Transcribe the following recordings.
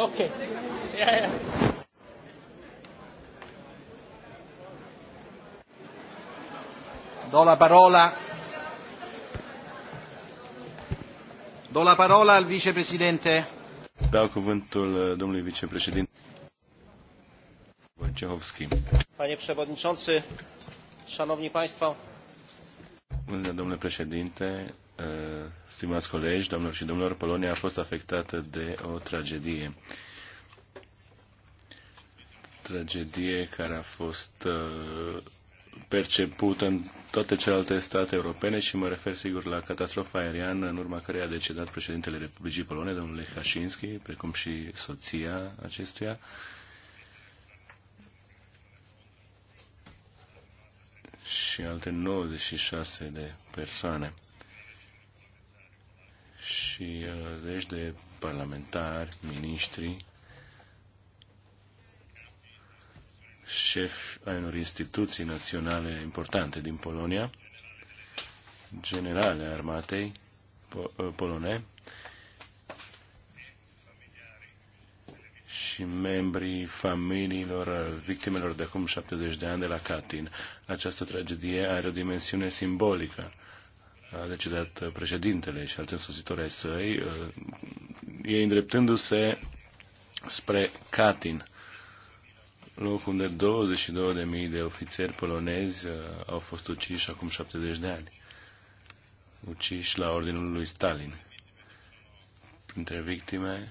Okay. Yeah, yeah. Do la parola. Do la parola al vicepresidente. Dau cuvântul uh, domnului vicepreședinte Wojciechowski. Panie przewodniczący, szanowni państwo. Domnule președinte, Eh, stimați colegi, doamnelor și domnilor, Polonia a fost afectată de o tragedie. Tragedie care a fost eh, percepută în toate celelalte state europene și mă refer sigur la catastrofa aeriană în urma care a decedat președintele Republicii Polone, domnul Lech Kaczynski, precum și soția acestuia. și alte 96 de persoane și uh, zeci de parlamentari, miniștri, șefi ai unor instituții naționale importante din Polonia, generale armatei uh, polone și membrii familiilor victimelor de acum 70 de ani de la Katyn. Această tragedie are o dimensiune simbolică a decedat președintele și alți însuțitori ai săi, ei îndreptându-se spre Katyn, loc unde 22.000 de ofițeri polonezi au fost uciși acum 70 de ani, uciși la ordinul lui Stalin. Printre victime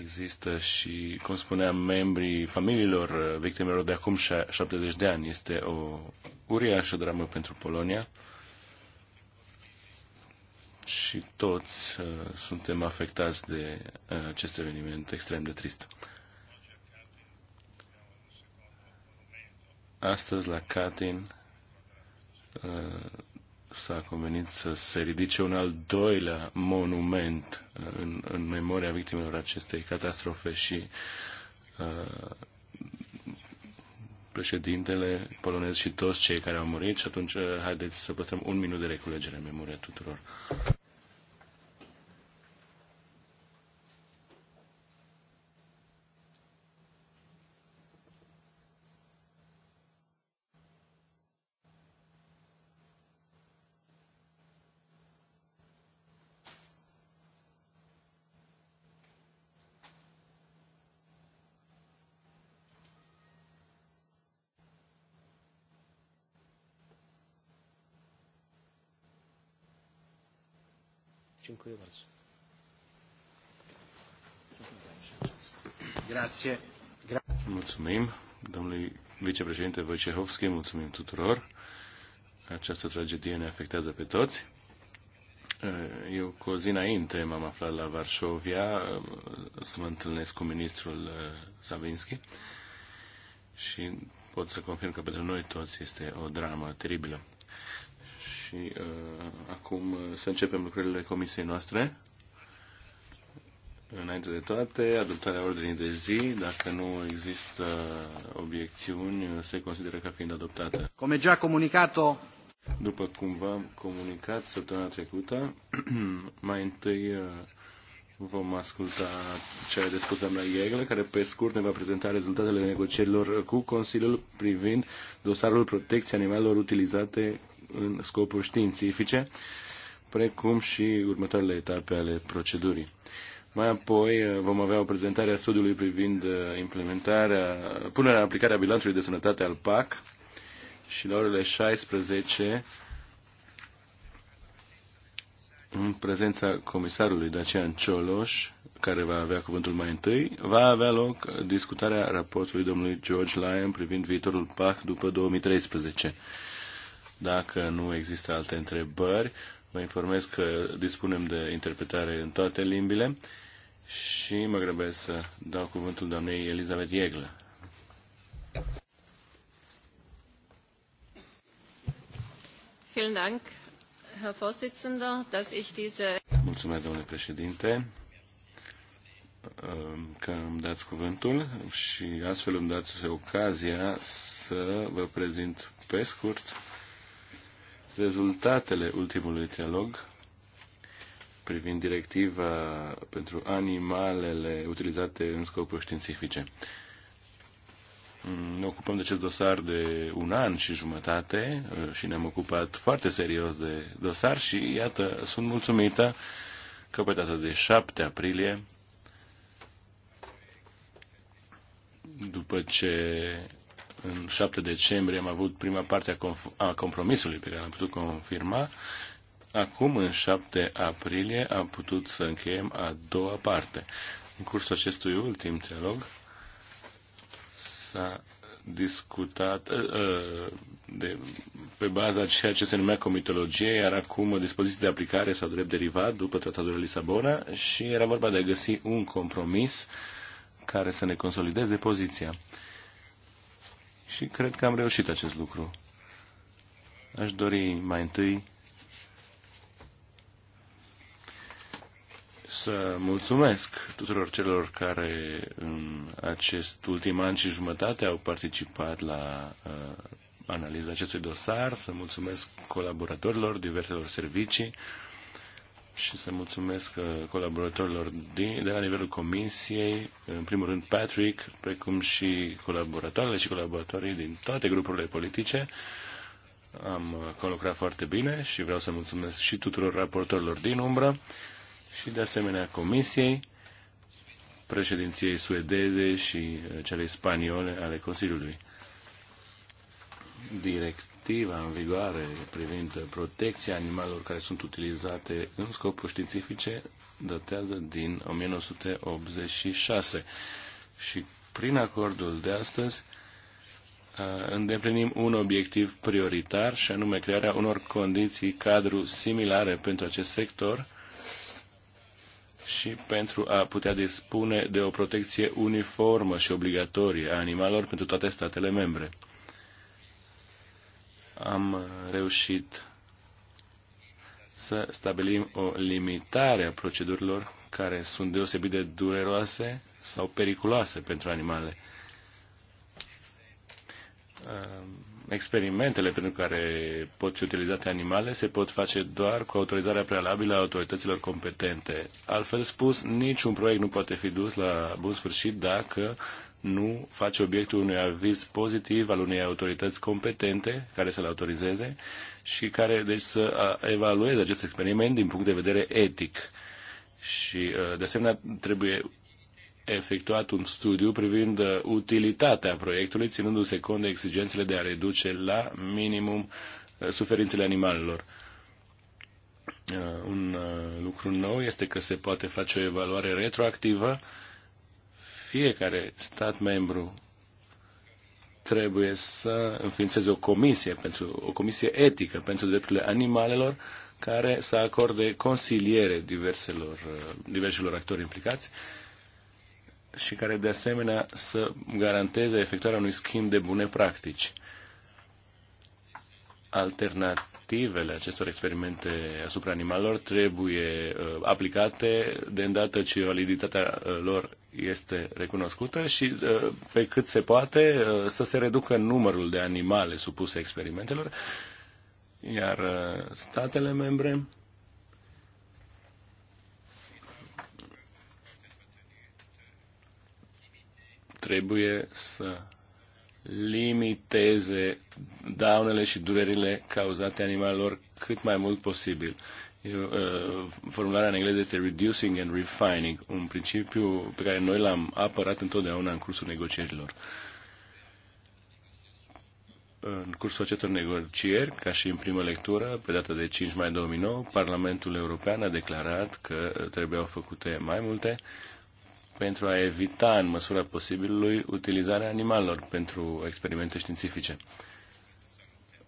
există și, cum spuneam, membrii familiilor victimelor de acum 70 de ani. Este o uriașă dramă pentru Polonia și toți uh, suntem afectați de uh, acest eveniment extrem de trist. Astăzi, la Katyn uh, s-a convenit să se ridice un al doilea monument uh, în, în memoria victimelor acestei catastrofe și uh, președintele polonez și toți cei care au murit și atunci eh, haideți să păstrăm un minut de reculegere în memoria tuturor. Grazie. Gra- mulțumim, domnului vicepreședinte Vojcehovski, mulțumim tuturor. Această tragedie ne afectează pe toți. Eu cu o zi înainte m-am aflat la Varșovia să mă întâlnesc cu ministrul Savinski și pot să confirm că pentru noi toți este o dramă teribilă. Și uh, acum să începem lucrările comisiei noastre. Înainte de toate, adoptarea ordinii de zi, dacă nu există obiecțiuni, se consideră ca fiind adoptată. Come già comunicato după cum v-am comunicat săptămâna trecută, mai întâi uh, vom asculta ce a de spus doamna Iegle, care pe scurt ne va prezenta rezultatele negocierilor cu Consiliul privind dosarul protecției animalelor utilizate în scopuri științifice, precum și următoarele etape ale procedurii. Mai apoi uh, vom avea o prezentare a studiului privind uh, implementarea, punerea în aplicare a bilanțului de sănătate al PAC și la orele 16 în prezența comisarului Dacian Cioloș, care va avea cuvântul mai întâi, va avea loc discutarea raportului domnului George Lyon privind viitorul PAC după 2013. Dacă nu există alte întrebări, vă informez că dispunem de interpretare în toate limbile și mă grăbesc să dau cuvântul doamnei Elizabeth Ieglă. Mulțumesc, domnule președinte, um, că îmi dați cuvântul și astfel îmi dați ocazia să vă prezint pe scurt rezultatele ultimului dialog privind directiva pentru animalele utilizate în scopuri științifice. Mm, ne ocupăm de acest dosar de un an și jumătate uh, și ne-am ocupat foarte serios de dosar și, iată, sunt mulțumită că pe data de 7 aprilie, după ce în 7 decembrie am avut prima parte a, a compromisului pe care l-am putut confirma, Acum, în 7 aprilie, am putut să încheiem a doua parte. În cursul acestui ultim dialog s-a discutat uh, uh, de, pe baza ceea ce se numea comitologie, iar acum dispoziții de aplicare sau drept derivat după tratatul de Lisabona și era vorba de a găsi un compromis care să ne consolideze poziția. Și cred că am reușit acest lucru. Aș dori mai întâi să mulțumesc tuturor celor care în acest ultim an și jumătate au participat la uh, analiza acestui dosar, să mulțumesc colaboratorilor diverselor servicii și să mulțumesc uh, colaboratorilor din, de la nivelul comisiei, în primul rând Patrick, precum și colaboratoarele și colaboratorii din toate grupurile politice. Am uh, colocat foarte bine și vreau să mulțumesc și tuturor raportorilor din umbră și de asemenea Comisiei, președinției suedeze și uh, cele spaniole ale Consiliului. Directiva în vigoare privind protecția animalelor care sunt utilizate în scopuri științifice datează din 1986 și prin acordul de astăzi uh, îndeplinim un obiectiv prioritar și anume crearea unor condiții cadru similare pentru acest sector și pentru a putea dispune de o protecție uniformă și obligatorie a animalelor pentru toate statele membre. Am reușit să stabilim o limitare a procedurilor care sunt deosebit de dureroase sau periculoase pentru animale experimentele pentru care pot fi utilizate animale se pot face doar cu autorizarea prealabilă a autorităților competente. Altfel spus, niciun proiect nu poate fi dus la bun sfârșit dacă nu face obiectul unui aviz pozitiv al unei autorități competente care să-l autorizeze și care deci să evalueze acest experiment din punct de vedere etic. Și uh, de asemenea trebuie efectuat un studiu privind uh, utilitatea proiectului, ținându-se cont de exigențele de a reduce la minimum uh, suferințele animalelor. Uh, un lucru nou este că se poate face o evaluare retroactivă. Fiecare stat membru trebuie să înființeze o comisie, pentru, o comisie etică pentru drepturile animalelor, care să acorde consiliere diverselor, diverselor actori implicați și care de asemenea să garanteze efectuarea unui schimb de bune practici. Alternativele acestor experimente asupra animalelor trebuie uh, aplicate de îndată ce validitatea uh, lor este recunoscută și uh, pe cât se poate să se reducă numărul de animale supuse experimentelor, iar statele membre trebuie să limiteze daunele și durerile cauzate animalelor cât mai mult posibil. Uh, formularea în engleză este reducing and refining, un principiu pe care noi l-am apărat întotdeauna în cursul negocierilor. În cursul acestor negocieri, ca și în primă lectură, pe data de 5 mai 2009, Parlamentul European a declarat că uh, trebuiau făcute mai multe uh, pentru a evita în măsura posibilului utilizarea animalelor pentru experimente științifice.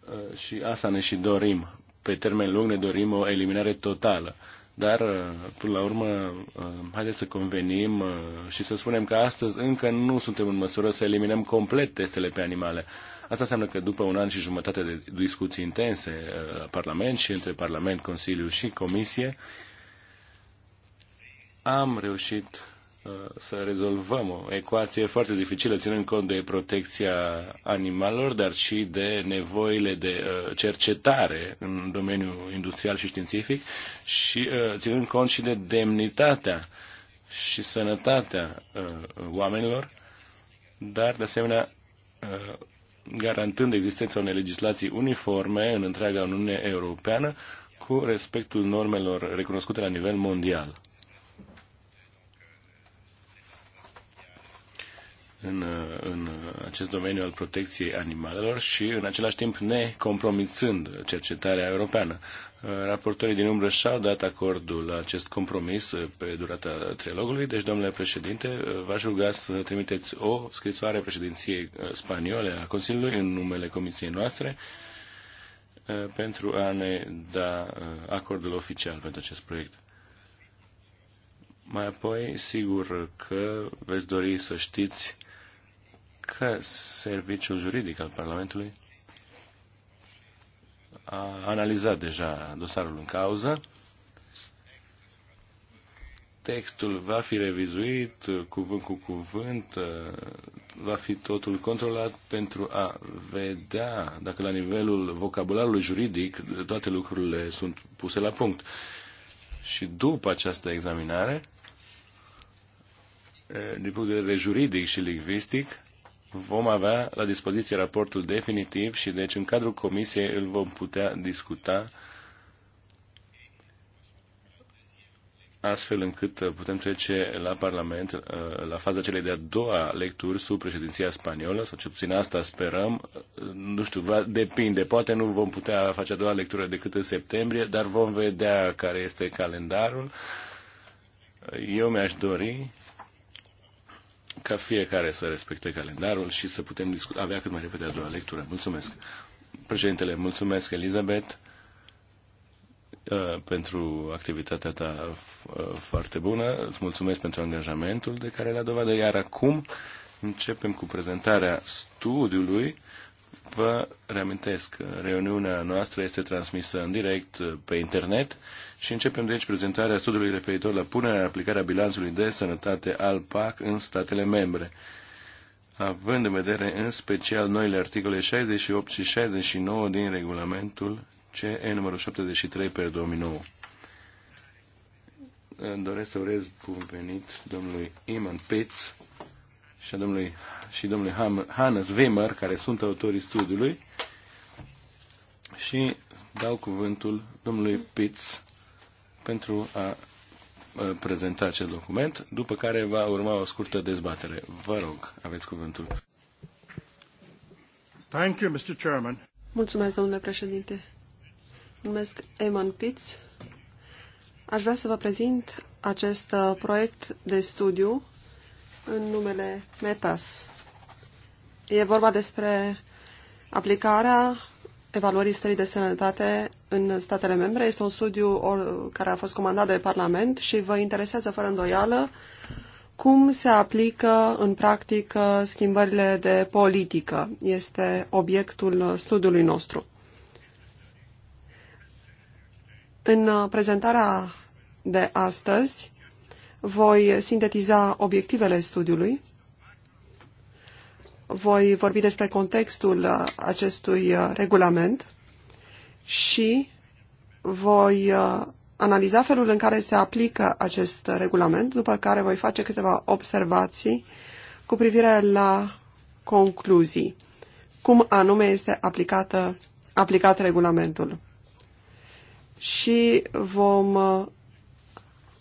Uh, și asta ne și dorim. Pe termen lung ne dorim o eliminare totală. Dar, uh, până la urmă, uh, haideți să convenim și să spunem că astăzi încă nu suntem în măsură să eliminăm complet testele pe animale. Asta înseamnă că după un an și jumătate de discuții intense la Parlament și între Parlament, Consiliu și Comisie, am reușit să rezolvăm o ecuație foarte dificilă, ținând cont de protecția animalelor, dar și de nevoile de uh, cercetare în domeniul industrial și științific și uh, ținând cont și de demnitatea și sănătatea uh, oamenilor, dar de asemenea garantând existența unei legislații uniforme în întreaga Uniune Europeană cu respectul normelor recunoscute la nivel mondial. în, uh, în uh, acest domeniu al protecției animalelor și în același timp ne compromițând cercetarea europeană. Uh, raportorii din umbră și-au dat acordul la acest compromis pe durata trilogului, deci, domnule președinte, v-aș ruga să trimiteți o scrisoare președinției spaniole a Consiliului în numele comisiei noastre pentru a ne da acordul oficial pentru acest proiect. Mai apoi, sigur că veți dori să știți că serviciul juridic al Parlamentului a analizat deja dosarul în cauză. Textul va fi revizuit cuvânt cu cuvânt, va fi totul controlat pentru a vedea dacă la nivelul vocabularului juridic toate lucrurile sunt puse la punct. Și după această examinare, din punct de vedere juridic și lingvistic, vom avea la dispoziție raportul definitiv și deci în cadrul comisiei îl vom putea discuta astfel încât uh, putem trece la Parlament, uh, la faza celei de-a doua lecturi sub președinția spaniolă, sau ce puțin asta sperăm, uh, nu știu, va depinde, poate nu vom putea face a doua lectură decât în septembrie, dar vom vedea care este calendarul. Eu mi-aș dori ca fiecare să respecte calendarul și să putem discuta, avea cât mai repede a doua lectură. Mulțumesc. Președintele, mulțumesc, Elizabeth, uh, pentru activitatea ta uh, foarte bună. Îți mulțumesc pentru angajamentul de care la dovadă. Iar acum începem cu prezentarea studiului Vă reamintesc că reuniunea noastră este transmisă în direct uh, pe internet și începem de aici prezentarea studiului referitor la punerea în aplicarea bilanțului de sănătate al PAC în statele membre, având în vedere în special noile articole 68 și 69 din regulamentul CE numărul 73 pe 2009. Doresc să urez bun venit domnului Iman Pitz și a domnului și domnului Hannes Wemer, care sunt autorii studiului, și dau cuvântul domnului Pitts pentru a prezenta acest document, după care va urma o scurtă dezbatere. Vă rog, aveți cuvântul. Thank you, Mr. Chairman. Mulțumesc, domnule președinte. Numesc Eamon Pitts. Aș vrea să vă prezint acest uh, proiect de studiu în numele METAS. E vorba despre aplicarea evaluării stării de sănătate în statele membre. Este un studiu care a fost comandat de Parlament și vă interesează fără îndoială cum se aplică în practică schimbările de politică. Este obiectul studiului nostru. În prezentarea de astăzi voi sintetiza obiectivele studiului voi vorbi despre contextul uh, acestui uh, regulament și voi uh, analiza felul în care se aplică acest regulament, după care voi face câteva observații cu privire la concluzii, cum anume este aplicată, aplicat regulamentul. Și vom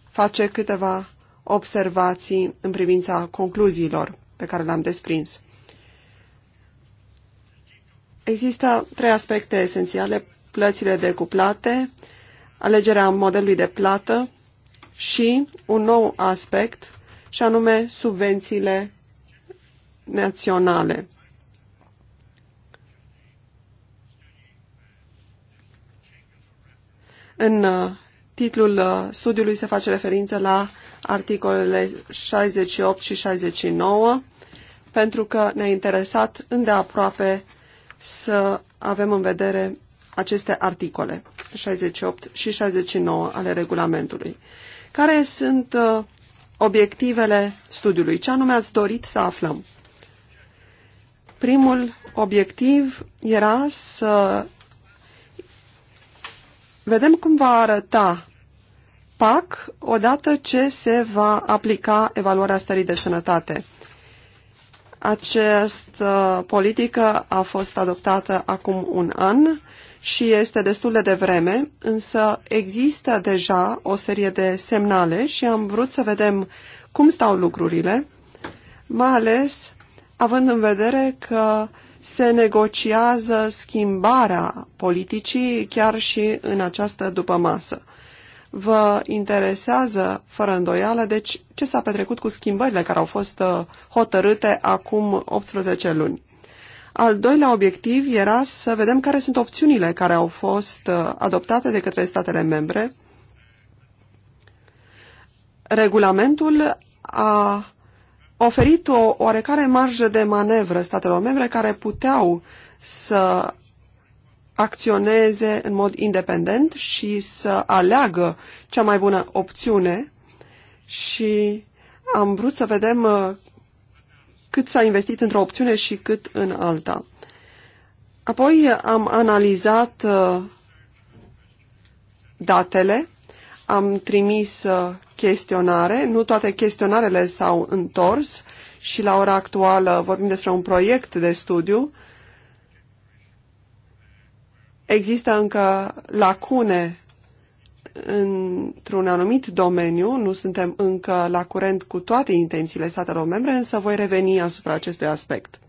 face câteva observații în privința concluziilor pe care le-am desprins. Există trei aspecte esențiale, plățile decuplate, alegerea modelului de plată și un nou aspect, și anume subvențiile naționale. În uh, titlul uh, studiului se face referință la articolele 68 și 69, pentru că ne-a interesat îndeaproape să avem în vedere aceste articole 68 și 69 ale regulamentului. Care sunt uh, obiectivele studiului? Ce anume ați dorit să aflăm? Primul obiectiv era să vedem cum va arăta PAC odată ce se va aplica evaluarea stării de sănătate. Această politică a fost adoptată acum un an și este destul de devreme, însă există deja o serie de semnale și am vrut să vedem cum stau lucrurile, mai ales având în vedere că se negociază schimbarea politicii chiar și în această dupămasă vă interesează fără îndoială, deci ce s-a petrecut cu schimbările care au fost uh, hotărâte acum 18 luni. Al doilea obiectiv era să vedem care sunt opțiunile care au fost uh, adoptate de către statele membre. Regulamentul a oferit o oarecare marjă de manevră statelor membre care puteau să acționeze în mod independent și să aleagă cea mai bună opțiune și am vrut să vedem uh, cât s-a investit într-o opțiune și cât în alta. Apoi am analizat uh, datele, am trimis uh, chestionare, nu toate chestionarele s-au întors și la ora actuală vorbim despre un proiect de studiu Există încă lacune într-un anumit domeniu, nu suntem încă la curent cu toate intențiile statelor membre, însă voi reveni asupra acestui aspect.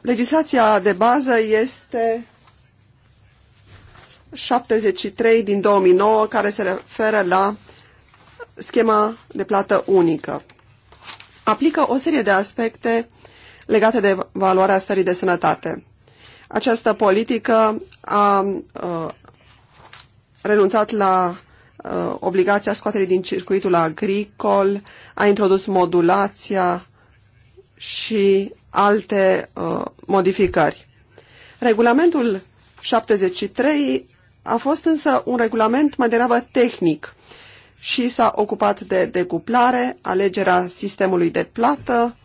Legislația de bază este 73 din 2009, care se referă la schema de plată unică. Aplică o serie de aspecte legate de valoarea stării de sănătate. Această politică a uh, renunțat la uh, obligația scoaterii din circuitul agricol, a introdus modulația și alte uh, modificări. Regulamentul 73 a fost însă un regulament mai degrabă tehnic și s-a ocupat de decuplare, alegerea sistemului de plată,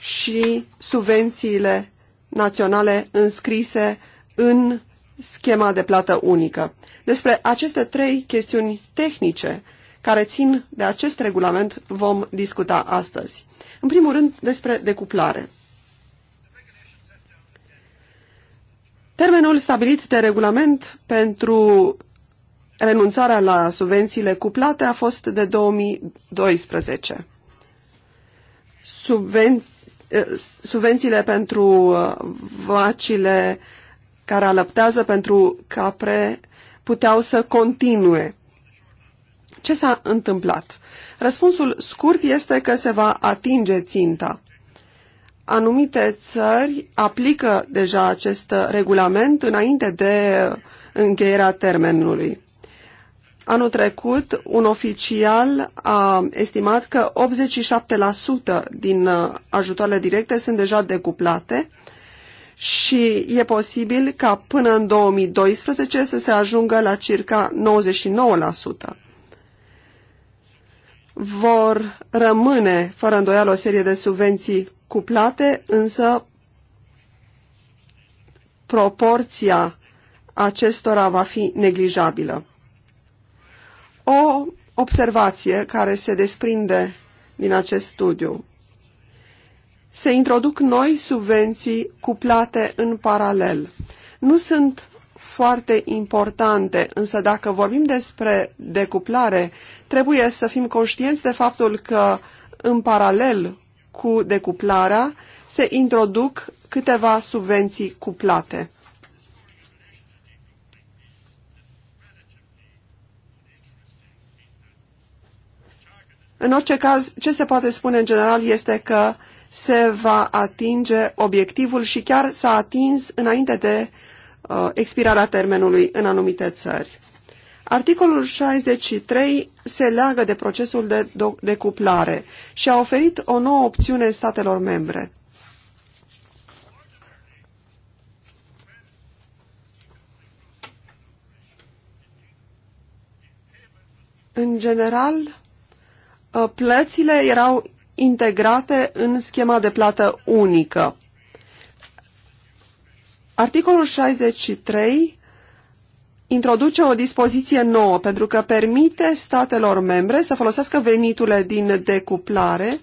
și subvențiile naționale înscrise în schema de plată unică. Despre aceste trei chestiuni tehnice care țin de acest regulament vom discuta astăzi. În primul rând, despre decuplare. Termenul stabilit de regulament pentru renunțarea la subvențiile cuplate a fost de 2012. Subvenț subvențiile pentru uh, vacile care alăptează pentru capre puteau să continue. Ce s-a întâmplat? Răspunsul scurt este că se va atinge ținta. Anumite țări aplică deja acest regulament înainte de încheierea termenului. Anul trecut, un oficial a estimat că 87% din uh, ajutoarele directe sunt deja decuplate și e posibil ca până în 2012 să se ajungă la circa 99%. Vor rămâne, fără îndoială, o serie de subvenții cuplate, însă proporția acestora va fi neglijabilă o observație care se desprinde din acest studiu. Se introduc noi subvenții cuplate în paralel. Nu sunt foarte importante, însă dacă vorbim despre decuplare, trebuie să fim conștienți de faptul că în paralel cu decuplarea se introduc câteva subvenții cuplate. În orice caz, ce se poate spune în general este că se va atinge obiectivul și chiar s-a atins înainte de uh, expirarea termenului în anumite țări. Articolul 63 se leagă de procesul de decuplare și a oferit o nouă opțiune statelor membre. În general, Uh, plățile erau integrate în schema de plată unică. Articolul 63 introduce o dispoziție nouă pentru că permite statelor membre să folosească veniturile din decuplare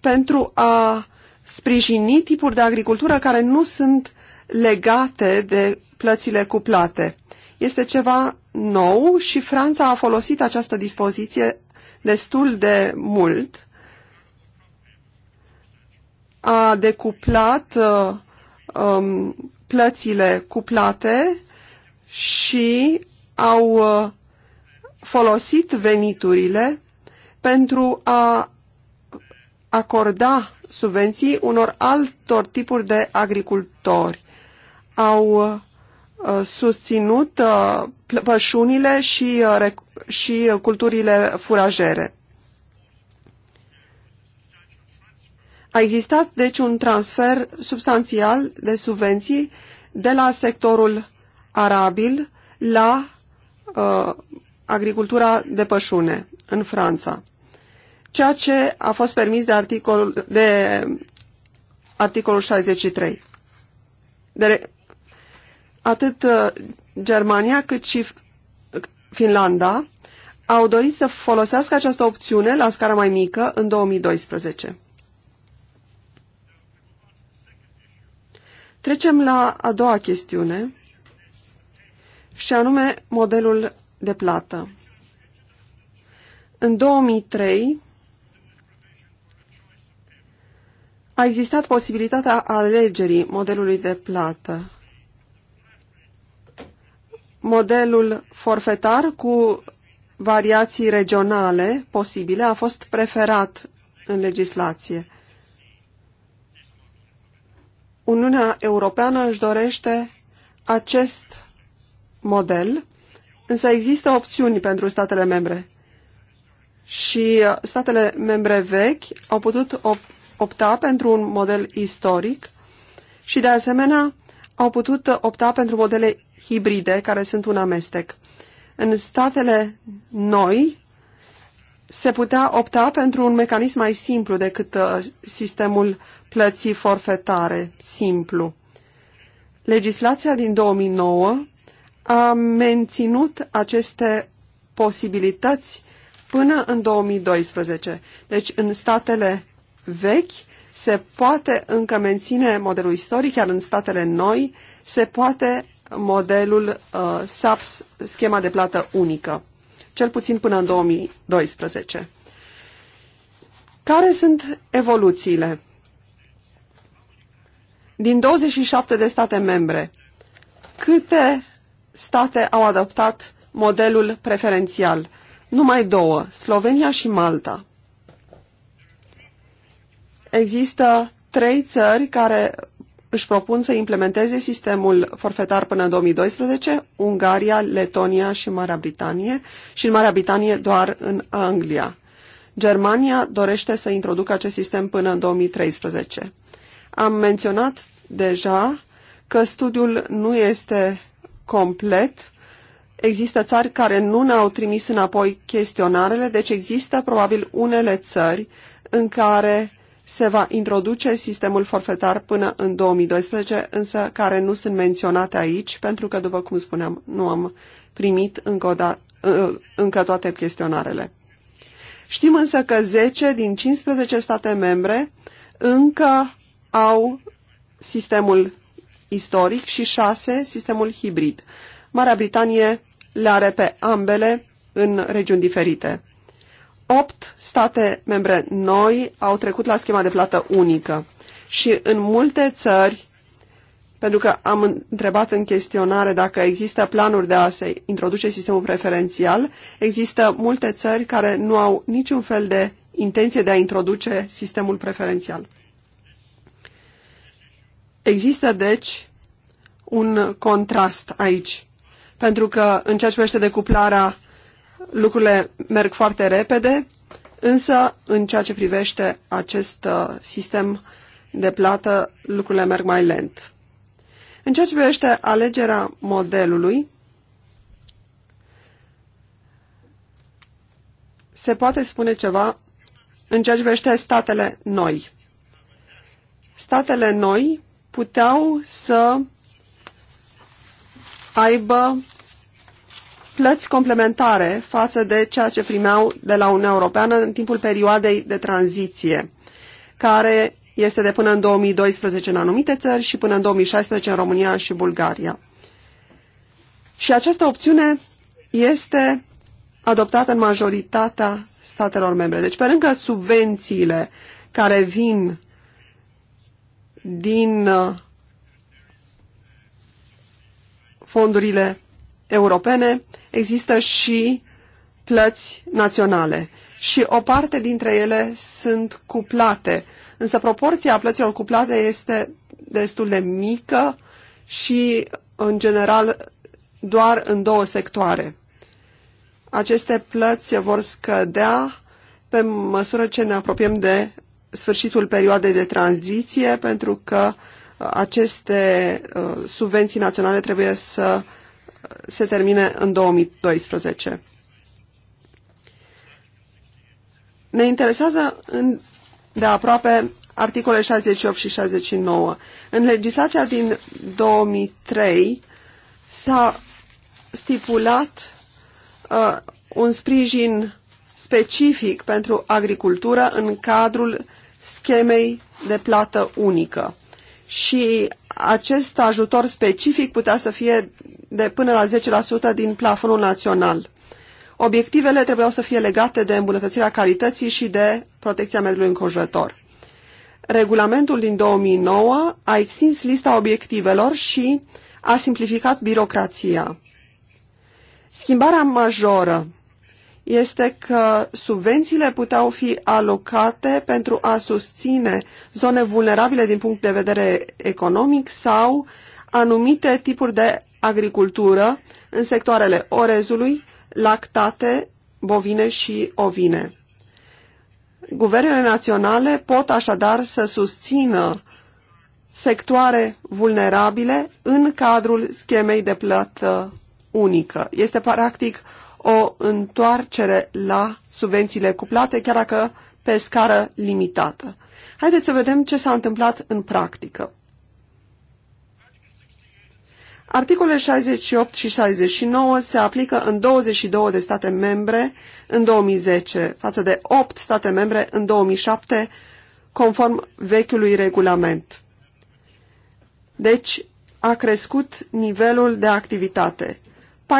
pentru a sprijini tipuri de agricultură care nu sunt legate de plățile cuplate. Este ceva nou și Franța a folosit această dispoziție destul de mult, a decuplat uh, um, plățile cuplate și au uh, folosit veniturile pentru a acorda subvenții unor altor tipuri de agricultori. Au uh, Uh, susținut uh, pășunile și, uh, și culturile furajere. A existat, deci, un transfer substanțial de subvenții de la sectorul arabil la uh, agricultura de pășune în Franța, ceea ce a fost permis de articolul, de articolul 63, de atât uh, Germania cât și uh, Finlanda au dorit să folosească această opțiune la scară mai mică în 2012. Trecem la a doua chestiune și anume modelul de plată. În 2003 a existat posibilitatea alegerii modelului de plată. Modelul forfetar cu variații regionale posibile a fost preferat în legislație. Uniunea Europeană își dorește acest model, însă există opțiuni pentru statele membre. Și statele membre vechi au putut opta pentru un model istoric și, de asemenea, au putut opta pentru modele hibride care sunt un amestec. În statele noi se putea opta pentru un mecanism mai simplu decât uh, sistemul plății forfetare simplu. Legislația din 2009 a menținut aceste posibilități până în 2012. Deci în statele vechi se poate încă menține modelul istoric, iar în statele noi se poate modelul uh, SAPS, schema de plată unică, cel puțin până în 2012. Care sunt evoluțiile? Din 27 de state membre, câte state au adoptat modelul preferențial? Numai două, Slovenia și Malta. Există trei țări care își propun să implementeze sistemul forfetar până în 2012, Ungaria, Letonia și Marea Britanie și în Marea Britanie doar în Anglia. Germania dorește să introducă acest sistem până în 2013. Am menționat deja că studiul nu este complet. Există țări care nu ne-au trimis înapoi chestionarele, deci există probabil unele țări în care se va introduce sistemul forfetar până în 2012, însă care nu sunt menționate aici, pentru că, după cum spuneam, nu am primit încă, o da, ă, încă toate chestionarele. Știm însă că 10 din 15 state membre încă au sistemul istoric și 6 sistemul hibrid. Marea Britanie le are pe ambele în regiuni diferite. Opt state membre noi au trecut la schema de plată unică și în multe țări, pentru că am întrebat în chestionare dacă există planuri de a se introduce sistemul preferențial, există multe țări care nu au niciun fel de intenție de a introduce sistemul preferențial. Există, deci, un contrast aici, pentru că în ceea ce privește decuplarea lucrurile merg foarte repede, însă în ceea ce privește acest uh, sistem de plată, lucrurile merg mai lent. În ceea ce privește alegerea modelului, se poate spune ceva în ceea ce privește statele noi. Statele noi puteau să aibă plăți complementare față de ceea ce primeau de la Uniunea Europeană în timpul perioadei de tranziție, care este de până în 2012 în anumite țări și până în 2016 în România și Bulgaria. Și această opțiune este adoptată în majoritatea statelor membre. Deci, pe lângă subvențiile care vin din uh, fondurile europene, există și plăți naționale și o parte dintre ele sunt cuplate, însă proporția plăților cuplate este destul de mică și, în general, doar în două sectoare. Aceste plăți vor scădea pe măsură ce ne apropiem de sfârșitul perioadei de tranziție, pentru că aceste uh, subvenții naționale trebuie să se termine în 2012. Ne interesează în, de aproape articole 68 și 69. În legislația din 2003 s-a stipulat uh, un sprijin specific pentru agricultură în cadrul schemei de plată unică și acest ajutor specific putea să fie de până la 10% din plafonul național. Obiectivele trebuiau să fie legate de îmbunătățirea calității și de protecția mediului înconjurător. Regulamentul din 2009 a extins lista obiectivelor și a simplificat birocrația. Schimbarea majoră este că subvențiile puteau fi alocate pentru a susține zone vulnerabile din punct de vedere economic sau anumite tipuri de agricultură în sectoarele orezului, lactate, bovine și ovine. Guvernele naționale pot așadar să susțină sectoare vulnerabile în cadrul schemei de plată unică. Este practic o întoarcere la subvențiile cuplate, chiar dacă pe scară limitată. Haideți să vedem ce s-a întâmplat în practică. Articolele 68 și 69 se aplică în 22 de state membre în 2010, față de 8 state membre în 2007, conform vechiului regulament. Deci, a crescut nivelul de activitate.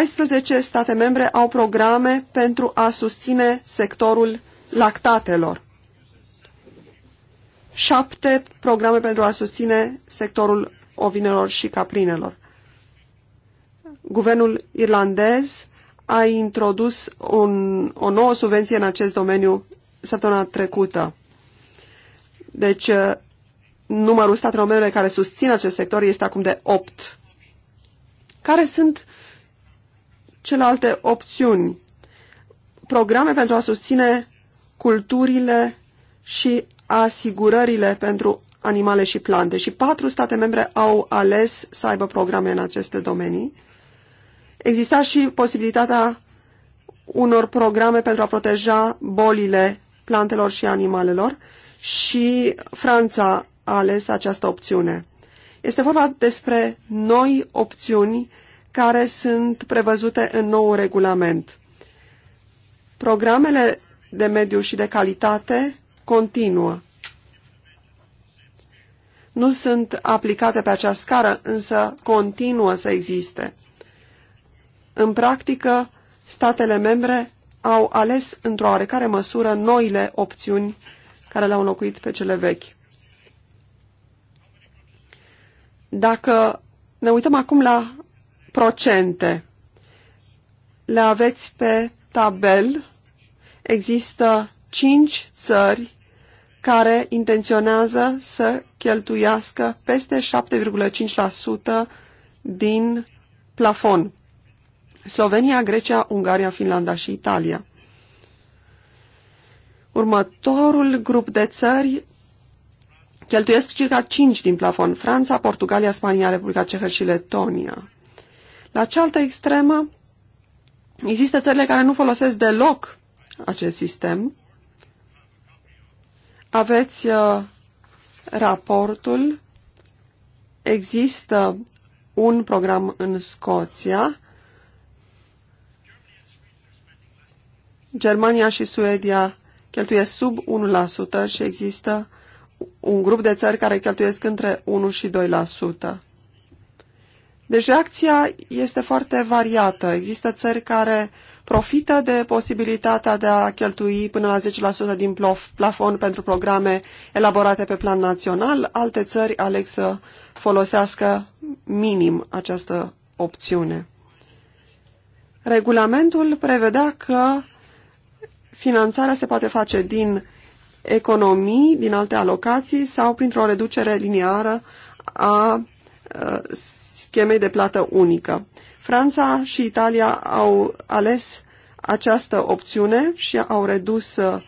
14 state membre au programe pentru a susține sectorul lactatelor. 7 programe pentru a susține sectorul ovinelor și caprinelor. Guvernul irlandez a introdus un, o nouă subvenție în acest domeniu săptămâna trecută. Deci, uh, numărul statelor membre care susțin acest sector este acum de 8. Care sunt celelalte opțiuni, programe pentru a susține culturile și asigurările pentru animale și plante. Și patru state membre au ales să aibă programe în aceste domenii. Exista și posibilitatea unor programe pentru a proteja bolile plantelor și animalelor și Franța a ales această opțiune. Este vorba despre noi opțiuni care sunt prevăzute în nou regulament. Programele de mediu și de calitate continuă. Nu sunt aplicate pe această scară, însă continuă să existe. În practică, statele membre au ales într-o oarecare măsură noile opțiuni care le-au înlocuit pe cele vechi. Dacă ne uităm acum la procente. Le aveți pe tabel. Există cinci țări care intenționează să cheltuiască peste 7,5% din plafon. Slovenia, Grecia, Ungaria, Finlanda și Italia. Următorul grup de țări cheltuiesc circa 5 din plafon. Franța, Portugalia, Spania, Republica Cehă și Letonia. La cealaltă extremă, există țările care nu folosesc deloc acest sistem. Aveți uh, raportul, există un program în Scoția, Germania și Suedia cheltuie sub 1% și există un grup de țări care cheltuiesc între 1 și 2%. Deci reacția este foarte variată. Există țări care profită de posibilitatea de a cheltui până la 10% din plafon pentru programe elaborate pe plan național, alte țări aleg să folosească minim această opțiune. Regulamentul prevedea că finanțarea se poate face din economii, din alte alocații sau printr-o reducere liniară a uh, schemei de plată unică. Franța și Italia au ales această opțiune și au redus uh,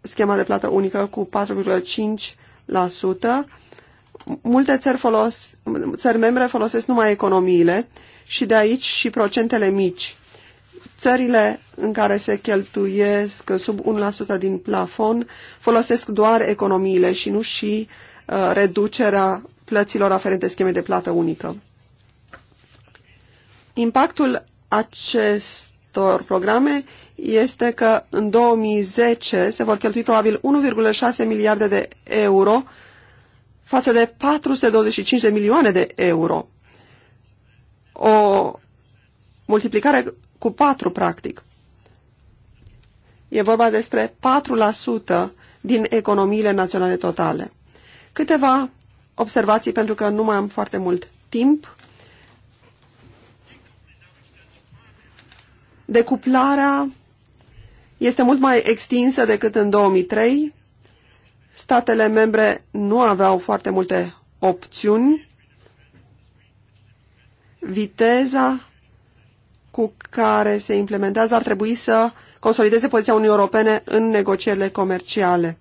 schema de plată unică cu 4,5%. Multe țări, folos, țări membre folosesc numai economiile și de aici și procentele mici. Țările în care se cheltuiesc sub 1% din plafon folosesc doar economiile și nu și uh, reducerea plăților aferente schemei de plată unică. Impactul acestor programe este că în 2010 se vor cheltui probabil 1,6 miliarde de euro față de 425 de milioane de euro. O multiplicare cu 4, practic. E vorba despre 4% din economiile naționale totale. Câteva observații, pentru că nu mai am foarte mult timp. Decuplarea este mult mai extinsă decât în 2003. Statele membre nu aveau foarte multe opțiuni. Viteza cu care se implementează ar trebui să consolideze poziția Uniunii Europene în negocierile comerciale.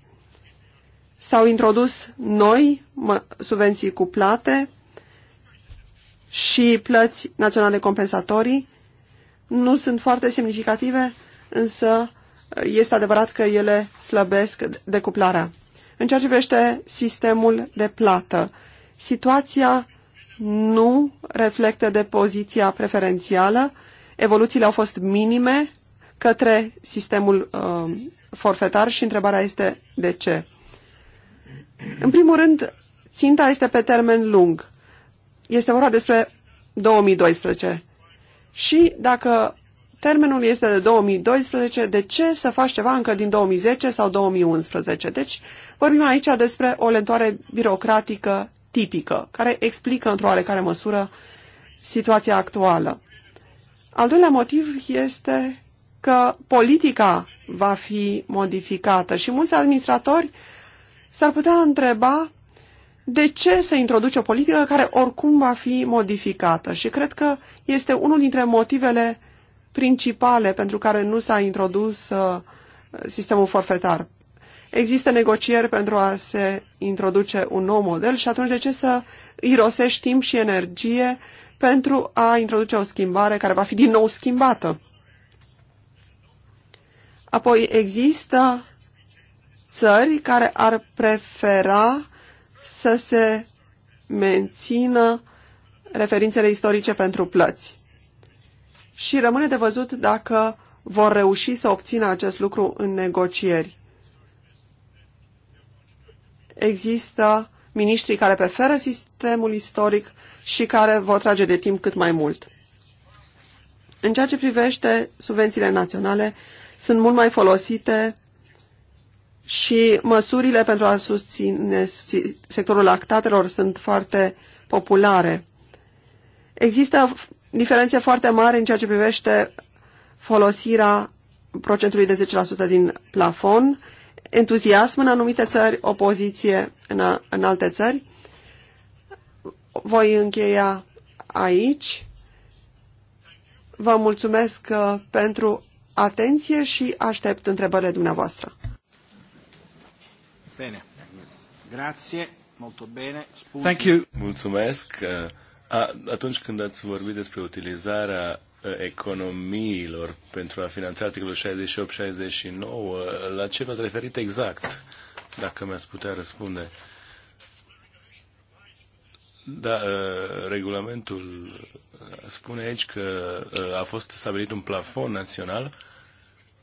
S-au introdus noi subvenții cuplate și plăți naționale compensatorii nu sunt foarte semnificative, însă uh, este adevărat că ele slăbesc decuplarea. În ceea ce privește sistemul de plată, situația nu reflectă poziția preferențială, evoluțiile au fost minime către sistemul uh, forfetar și întrebarea este de ce. În primul rând, ținta este pe termen lung. Este vorba despre 2012. Și dacă termenul este de 2012, de ce să faci ceva încă din 2010 sau 2011? Deci vorbim aici despre o lentoare birocratică tipică, care explică într-o oarecare măsură situația actuală. Al doilea motiv este că politica va fi modificată și mulți administratori s-ar putea întreba de ce să introduci o politică care oricum va fi modificată? Și cred că este unul dintre motivele principale pentru care nu s-a introdus uh, sistemul forfetar. Există negocieri pentru a se introduce un nou model și atunci de ce să irosești timp și energie pentru a introduce o schimbare care va fi din nou schimbată? Apoi există țări care ar prefera să se mențină referințele istorice pentru plăți. Și rămâne de văzut dacă vor reuși să obțină acest lucru în negocieri. Există miniștrii care preferă sistemul istoric și care vor trage de timp cât mai mult. În ceea ce privește subvențiile naționale, sunt mult mai folosite și măsurile pentru a susține sectorul lactatelor sunt foarte populare. Există diferențe foarte mari în ceea ce privește folosirea procentului de 10% din plafon, entuziasm în anumite țări, opoziție în, a, în alte țări. Voi încheia aici. Vă mulțumesc uh, pentru atenție și aștept întrebările dumneavoastră. Bine. Grazie. Molto bene. Spunti. Thank you. Mulțumesc. A, atunci când ați vorbit despre utilizarea economiilor pentru a finanța articolul 68-69, la ce v-ați referit exact, dacă mi-ați putea răspunde? Da, regulamentul spune aici că a fost stabilit un plafon național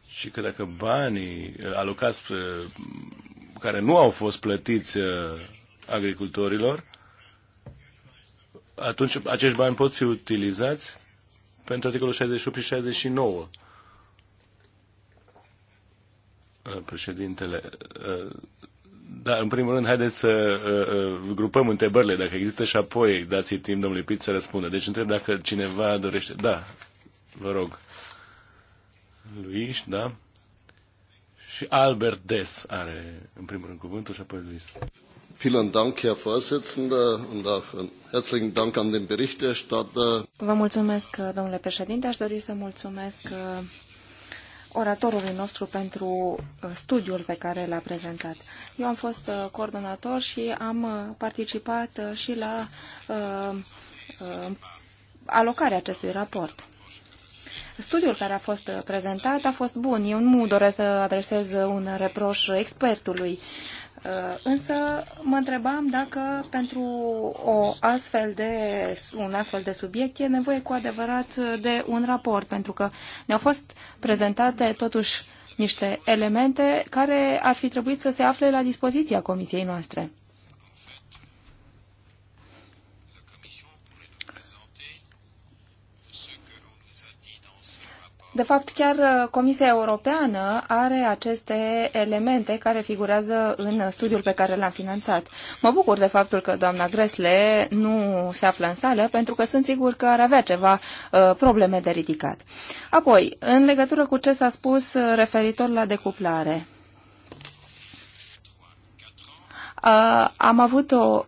și că dacă banii alocați care nu au fost plătiți uh, agricultorilor, atunci acești bani pot fi utilizați pentru articolul 68 și 69. Uh, președintele, uh, da, în primul rând, haideți să grupăm întrebările, dacă există și apoi dați-i timp domnului Pit să răspundă. Deci întreb dacă cineva dorește. Da, vă rog. Luis, da? Și Albert Des are în primul rând cuvântul și apoi Luis. Vielen Dank, Herr Vorsitzender, und auch herzlichen Dank an den Berichterstatter. Vă mulțumesc, domnule președinte. Aș dori să mulțumesc uh, oratorului nostru pentru uh, studiul pe care l-a prezentat. Eu am fost uh, coordonator și am participat și la alocarea acestui raport. Studiul care a fost prezentat a fost bun. Eu nu doresc să adresez un reproș expertului. Uh, însă mă întrebam dacă pentru o astfel de, un astfel de subiect e nevoie cu adevărat de un raport, pentru că ne-au fost prezentate totuși niște elemente care ar fi trebuit să se afle la dispoziția comisiei noastre. De fapt, chiar uh, Comisia Europeană are aceste elemente care figurează în studiul pe care l-am finanțat. Mă bucur de faptul că doamna Gresle nu se află în sală, pentru că sunt sigur că ar avea ceva uh, probleme de ridicat. Apoi, în legătură cu ce s-a spus uh, referitor la decuplare. Uh, am avut o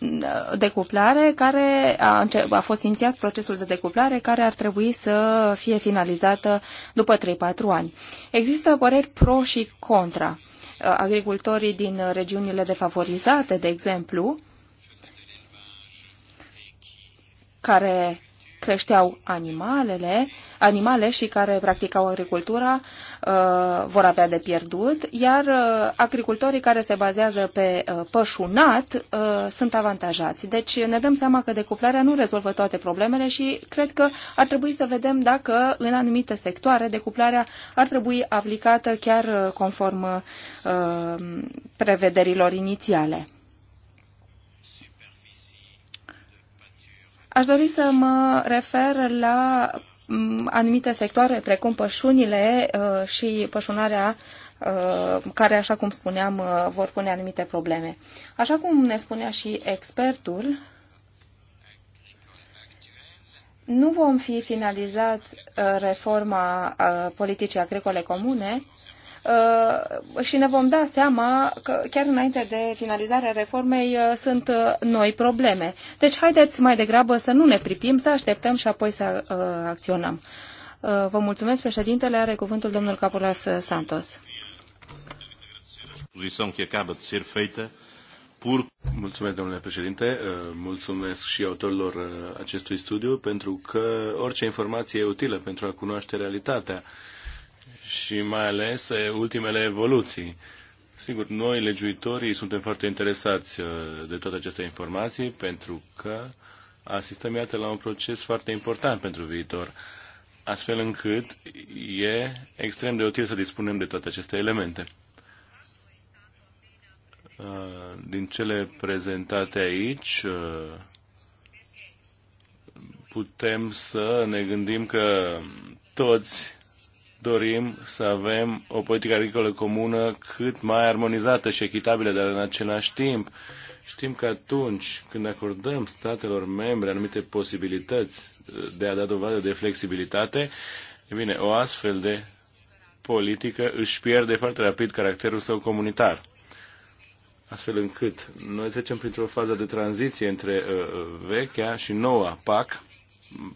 uh, decuplare care a, a fost inițiat procesul de decuplare care ar trebui să fie finalizată după 3-4 ani. Există păreri pro și contra. Uh, agricultorii din regiunile defavorizate, de exemplu, care creșteau animalele, animale și care practicau agricultura uh, vor avea de pierdut, iar uh, agricultorii care se bazează pe uh, pășunat sunt avantajați. Deci ne dăm seama că decuplarea nu rezolvă toate problemele și cred că ar trebui să vedem dacă în anumite sectoare decuplarea ar trebui aplicată chiar conform prevederilor inițiale. Aș dori să mă refer la mm, anumite sectoare, precum pășunile uh, și pășunarea uh, care, așa cum spuneam, uh, vor pune anumite probleme. Așa cum ne spunea și expertul, nu vom fi finalizat reforma politicii agricole comune Uh, și ne vom da seama că chiar înainte de finalizarea reformei uh, sunt uh, noi probleme. Deci haideți mai degrabă să nu ne pripim, să așteptăm și apoi să acționăm. Vă mulțumesc, președintele. Are cuvântul domnul Capulas Santos. Mulțumesc, domnule președinte. Mulțumesc și autorilor acestui studiu pentru că orice informație e utilă pentru a cunoaște realitatea și mai ales ultimele evoluții. Sigur, noi, legiuitorii, suntem foarte interesați de toate aceste informații pentru că asistăm, iată, la un proces foarte important pentru viitor, astfel încât e extrem de util să dispunem de toate aceste elemente. Din cele prezentate aici, putem să ne gândim că toți dorim să avem o politică agricolă comună cât mai armonizată și echitabilă, dar în același timp știm că atunci când acordăm statelor membre anumite posibilități uh, de a da dovadă de flexibilitate, e bine, o astfel de politică își pierde foarte rapid caracterul său comunitar astfel încât noi trecem printr-o fază de tranziție între uh, uh vechea și noua PAC,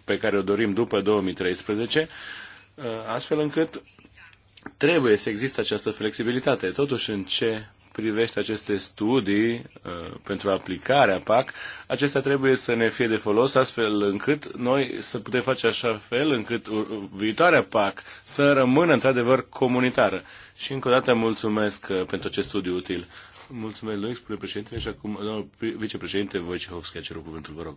pe care o dorim după 2013, Uh, astfel încât trebuie să existe această flexibilitate. Totuși, în ce privește aceste studii uh, pentru aplicarea PAC, acestea trebuie să ne fie de folos astfel încât noi să putem face așa fel încât viitoarea PAC să rămână într-adevăr comunitară. Și încă o dată mulțumesc uh, pentru acest studiu util. Mulțumesc, domnule președinte, și acum, domnul vicepreședinte Wojciechowski, a cerut cuvântul, vă rog.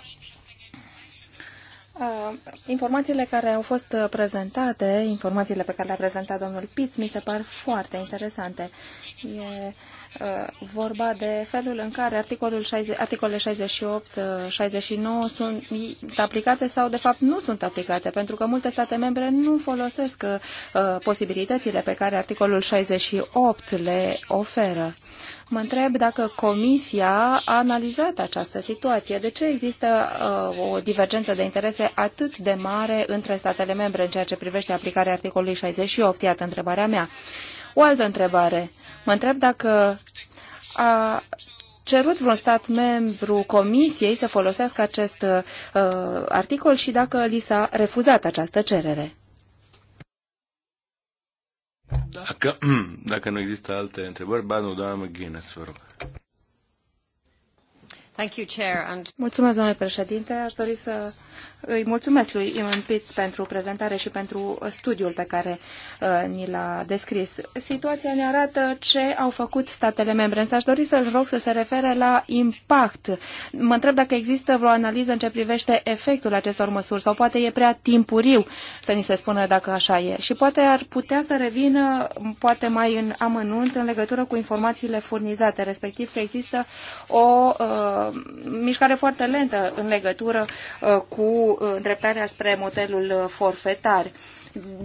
Uh, informațiile care au fost uh, prezentate, informațiile pe care le-a prezentat domnul Piț, mi se par foarte interesante. E uh, vorba de felul în care articolul 60, articolele 68, 69 sunt aplicate sau, de fapt, nu sunt aplicate, pentru că multe state membre nu folosesc posibilitățile pe care articolul 68 le oferă. Mă întreb dacă Comisia a analizat această situație. De ce există uh, o divergență de interese atât de mare între statele membre în ceea ce privește aplicarea articolului 68? Iată întrebarea mea. O altă întrebare. Mă întreb dacă a cerut vreun stat membru Comisiei să folosească acest uh, articol și dacă li s-a refuzat această cerere. Dacă, dacă nu există alte întrebări, ba nu, doamna McGuinness, vă rog. Mulțumesc, domnule președinte. Aș dori să îi mulțumesc lui Iman Pitts pentru prezentare și pentru studiul pe care uh, ni l-a descris. Situația ne arată ce au făcut statele membre, însă aș dori să-l rog să se refere la impact. Mă întreb dacă există vreo analiză în ce privește efectul acestor măsuri sau poate e prea timpuriu să ni se spună dacă așa e. Și poate ar putea să revină, poate mai în amănunt, în legătură cu informațiile furnizate, respectiv că există o uh, mișcare foarte lentă în legătură uh, cu Uh, îndreptarea spre modelul uh, forfetar.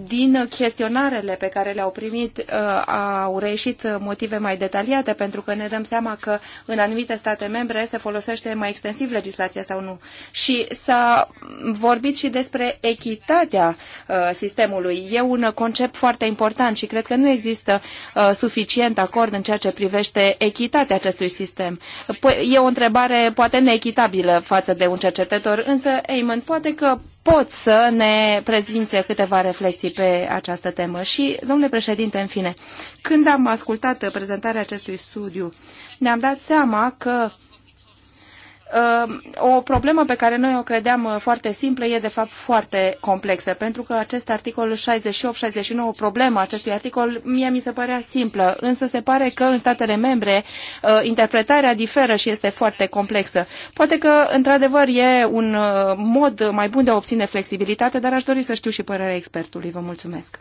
Din chestionarele pe care le-au primit uh, au reieșit motive mai detaliate, pentru că ne dăm seama că în anumite state membre se folosește mai extensiv legislația sau nu. Și s-a vorbit și despre echitatea uh, sistemului. E un concept foarte important și cred că nu există uh, suficient acord în ceea ce privește echitatea acestui sistem. Păi, e o întrebare poate neechitabilă față de un cercetător, însă, Eamon, poate că poți să ne prezinți câteva referințe reflexii pe această temă. Și, domnule președinte, în fine, când am ascultat prezentarea acestui studiu, ne-am dat seama că Ehm, o problemă pe care noi o credeam uh, foarte simplă e de fapt foarte complexă, pentru că acest articol 68-69, problema acestui articol, mie mi se părea simplă, însă se pare că în statele membre uh, interpretarea diferă și este foarte complexă. Poate că, într-adevăr, e un uh, mod mai bun de a obține flexibilitate, dar aș dori să știu și părerea expertului. Vă mulțumesc.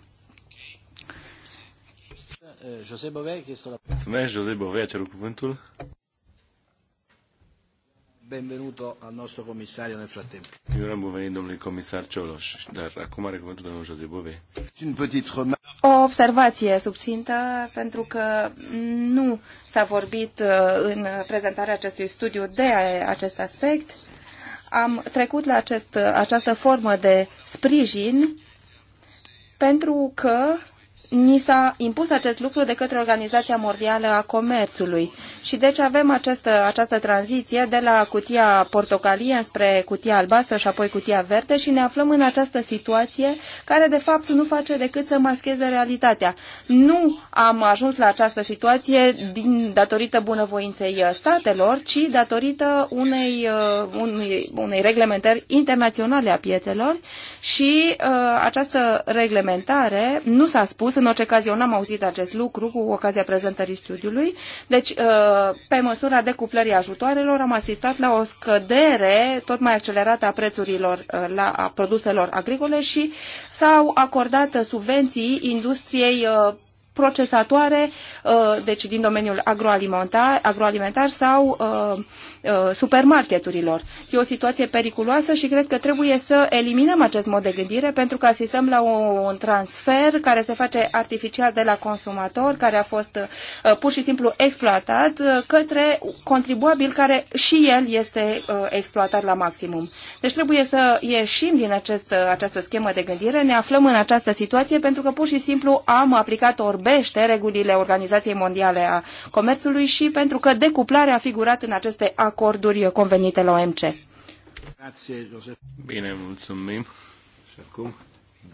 Mulțumesc, Bové, José Bové a cerut cuvântul. Benvenuto al nostro commissario nel frattempo. Eu bun venit comisar Cioloș, dar acum are cuvântul domnul José Bove. O observație subțintă, pentru că nu s-a vorbit uh, în prezentarea acestui studiu de acest aspect. Am trecut la acest, această formă de sprijin pentru că ni s-a impus acest lucru de către Organizația Mondială a Comerțului. Și deci avem această, această tranziție de la cutia portocalie spre cutia albastră și apoi cutia verde și ne aflăm în această situație care de fapt nu face decât să mascheze realitatea. Nu am ajuns la această situație din, datorită bunăvoinței uh, statelor, ci datorită unei, uh, unei, unei reglementări internaționale a piețelor și uh, această reglementare nu s-a spus în orice caz, eu n-am auzit acest lucru cu ocazia prezentării studiului. Deci, uh, pe măsura decuplării ajutoarelor, am asistat la o scădere tot mai accelerată a prețurilor uh, la a produselor agricole și s-au acordat subvenții industriei uh, procesatoare, deci din domeniul agroalimentar, agroalimentar sau Uh, supermarketurilor. E o situație periculoasă și cred că trebuie să eliminăm acest mod de gândire pentru că asistăm la un transfer care se face artificial de la consumator, care a fost uh, pur și simplu exploatat, uh, către contribuabil care și el este exploatat la maximum. Deci trebuie să ieșim din acest, această schemă de gândire, ne aflăm în această situație pentru că pur și simplu am aplicat orbește regulile Organizației Mondiale a Comerțului și pentru că decuplarea a figurat în aceste acorduri acorduri convenite la OMC. Bine, mulțumim. Și acum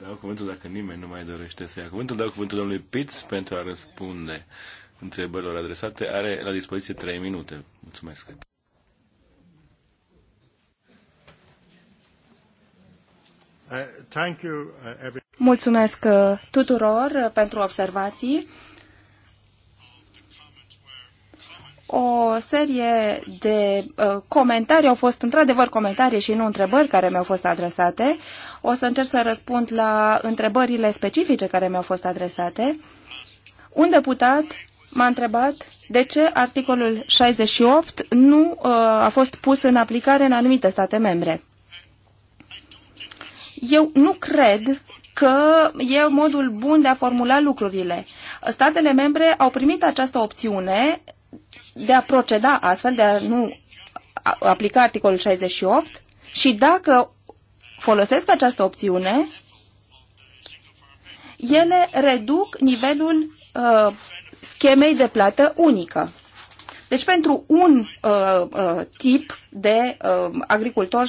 dau cuvântul dacă nimeni nu mai dorește să ia cuvântul. Dau cuvântul domnului Pitts pentru a răspunde întrebărilor adresate. Are la dispoziție 3 minute. Mulțumesc. Uh, uh, Mulțumesc uh, tuturor pentru observații. o serie de uh, comentarii, au fost într-adevăr comentarii și nu întrebări care mi-au fost adresate. O să încerc să răspund la întrebările specifice care mi-au fost adresate. Un deputat m-a întrebat de ce articolul 68 nu uh, a fost pus în aplicare în anumite state membre. Eu nu cred că e modul bun de a formula lucrurile. Statele membre au primit această opțiune de a proceda astfel, de a nu aplica articolul 68 și dacă folosesc această opțiune, ele reduc nivelul uh, schemei de plată unică. Deci pentru un uh, uh, tip de uh, agricultor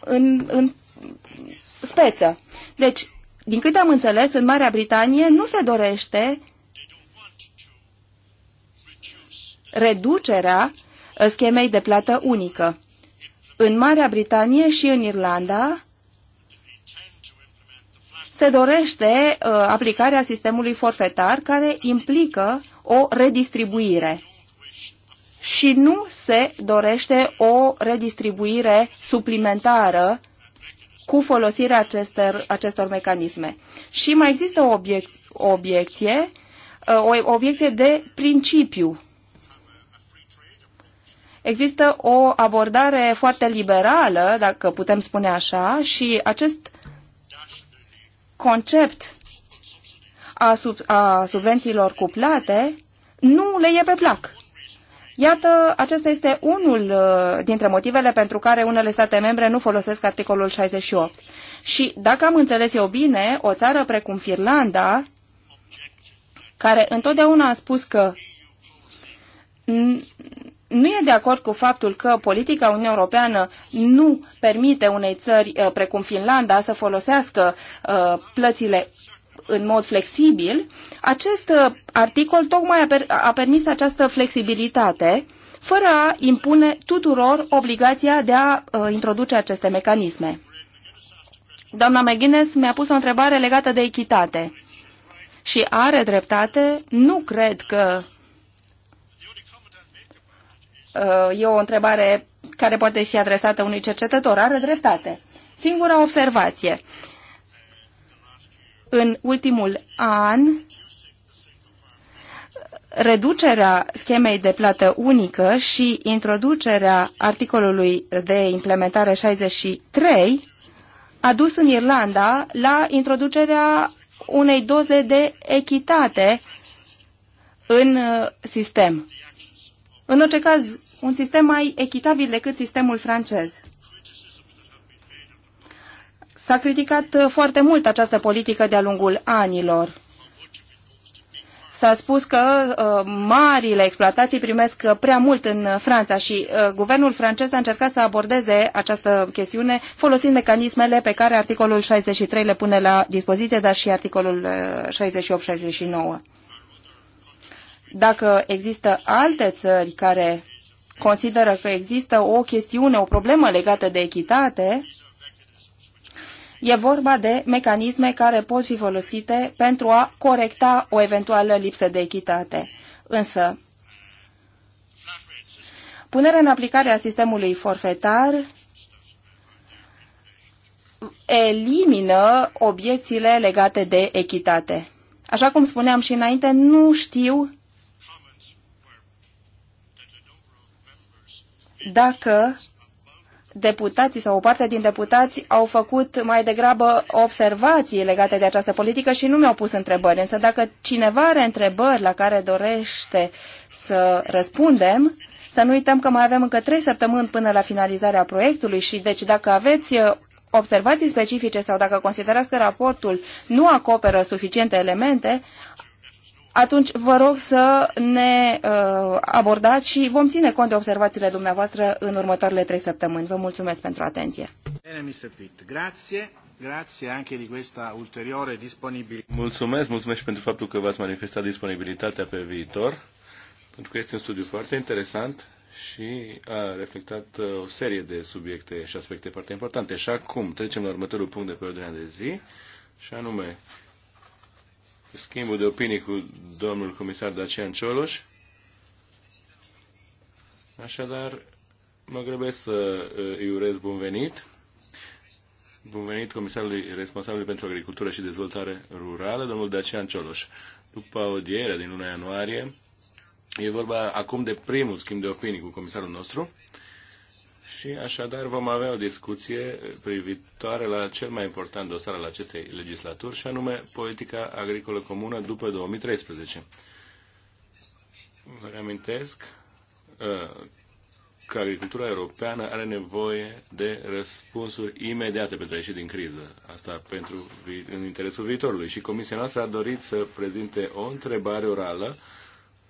în, în speță. Deci, din câte am înțeles, în Marea Britanie nu se dorește reducerea uh, schemei de plată unică. În Marea Britanie și în Irlanda se dorește uh, aplicarea sistemului forfetar care implică o redistribuire și nu se dorește o redistribuire suplimentară cu folosirea acestor, acestor mecanisme. Și mai există o, obiec, o obiecție, uh, o obiecție de principiu există o abordare foarte liberală, dacă putem spune așa, și acest concept a, sub, a subvențiilor cuplate nu le e pe plac. Iată, acesta este unul uh, dintre motivele pentru care unele state membre nu folosesc articolul 68. Și dacă am înțeles eu bine, o țară precum Finlanda, care întotdeauna a spus că nu e de acord cu faptul că politica Uniunii Europeană nu permite unei țări uh, precum Finlanda să folosească uh, plățile în mod flexibil, acest uh, articol tocmai a, permis această flexibilitate fără a impune tuturor obligația de a introduce aceste mecanisme. Doamna McGuinness mi-a pus o întrebare legată de echitate și are dreptate. Nu cred că Uh, e o întrebare care poate fi adresată unui cercetător. Are dreptate. Singura observație. În ultimul an, reducerea schemei de plată unică și introducerea articolului de implementare 63 a dus în Irlanda la introducerea unei doze de echitate în uh, sistem. În orice caz, un sistem mai echitabil decât sistemul francez. S-a criticat uh, foarte mult această politică de-a lungul anilor. S-a spus că uh, marile exploatații primesc uh, prea mult în Franța și uh, guvernul francez a încercat să abordeze această chestiune folosind mecanismele pe care articolul 63 le pune la dispoziție, dar și articolul uh, 68-69. Dacă există alte țări care consideră că există o chestiune, o problemă legată de echitate, e vorba de mecanisme care pot fi folosite pentru a corecta o eventuală lipsă de echitate. Însă, punerea în aplicare a sistemului forfetar elimină obiecțiile legate de echitate. Așa cum spuneam și înainte, nu știu dacă deputații sau o parte din deputați au făcut mai degrabă observații legate de această politică și nu mi-au pus întrebări. Însă dacă cineva are întrebări la care dorește să răspundem, să nu uităm că mai avem încă trei săptămâni până la finalizarea proiectului și deci dacă aveți uh, observații specifice sau dacă considerați că raportul nu acoperă suficiente elemente, atunci vă rog să ne uh, abordați și vom ține cont de observațiile dumneavoastră în următoarele trei săptămâni. Vă mulțumesc pentru atenție. Bine, Mr. Pitt. Grazie. Grazie anche di questa ulteriore disponibilità. Mulțumesc, mulțumesc și pentru faptul că v-ați manifestat disponibilitatea pe viitor, pentru că este un studiu foarte interesant și a reflectat uh, o serie de subiecte și aspecte foarte importante. Și acum trecem la următorul punct de pe ordinea de zi, și anume schimbul de opinii cu domnul comisar Dacian Cioloș. Așadar, mă grăbesc să uh, îi urez bun venit. Bun venit comisarului responsabil pentru agricultură și dezvoltare rurală, domnul Dacian Cioloș. După audierea din luna ianuarie, e vorba acum de primul schimb de opinii cu comisarul nostru și așadar vom avea o discuție privitoare la cel mai important dosar al acestei legislaturi, și anume politica agricolă comună după 2013. Vă reamintesc uh, că agricultura europeană are nevoie de răspunsuri imediate pentru a ieși din criză. Asta pentru, în interesul viitorului. Și Comisia noastră a dorit să prezinte o întrebare orală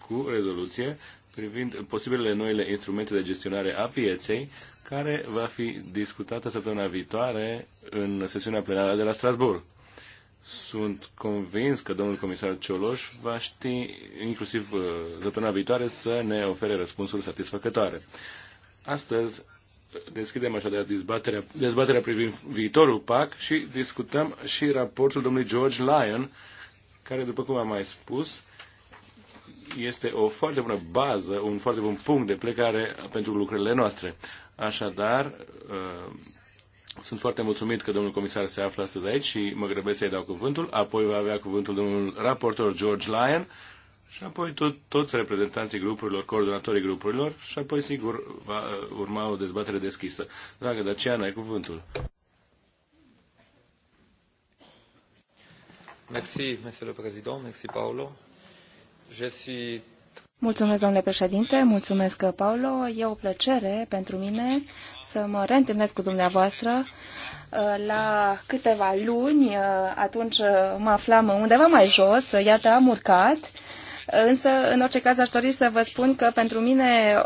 cu rezoluție privind posibilele noile instrumente de gestionare a pieței care va fi discutată săptămâna viitoare în sesiunea plenară de la Strasbourg. Sunt convins că domnul comisar Cioloș va ști, inclusiv uh, săptămâna viitoare, să ne ofere răspunsuri satisfăcătoare. Astăzi deschidem așadar dezbaterea, dezbaterea privind viitorul PAC și discutăm și raportul domnului George Lyon, care, după cum am mai spus, este o foarte bună bază, un foarte bun punct de plecare pentru lucrurile noastre. Așadar, uh, sunt foarte mulțumit că domnul comisar se află astăzi aici și mă grăbesc să-i dau cuvântul. Apoi va avea cuvântul domnul raportor George Lyon și apoi tot, toți reprezentanții grupurilor, coordonatorii grupurilor și apoi, sigur, va uh, urma o dezbatere deschisă. Dragă Daciana, ai cuvântul. Mersi, Monsieur le Président. Paolo. Je suis Mulțumesc, domnule președinte, mulțumesc, Paulo. E o plăcere pentru mine să mă reîntâlnesc cu dumneavoastră. Uh, la câteva luni, uh, atunci uh, mă aflam undeva mai jos, iată, am urcat. Însă, în orice caz, aș dori să vă spun că pentru mine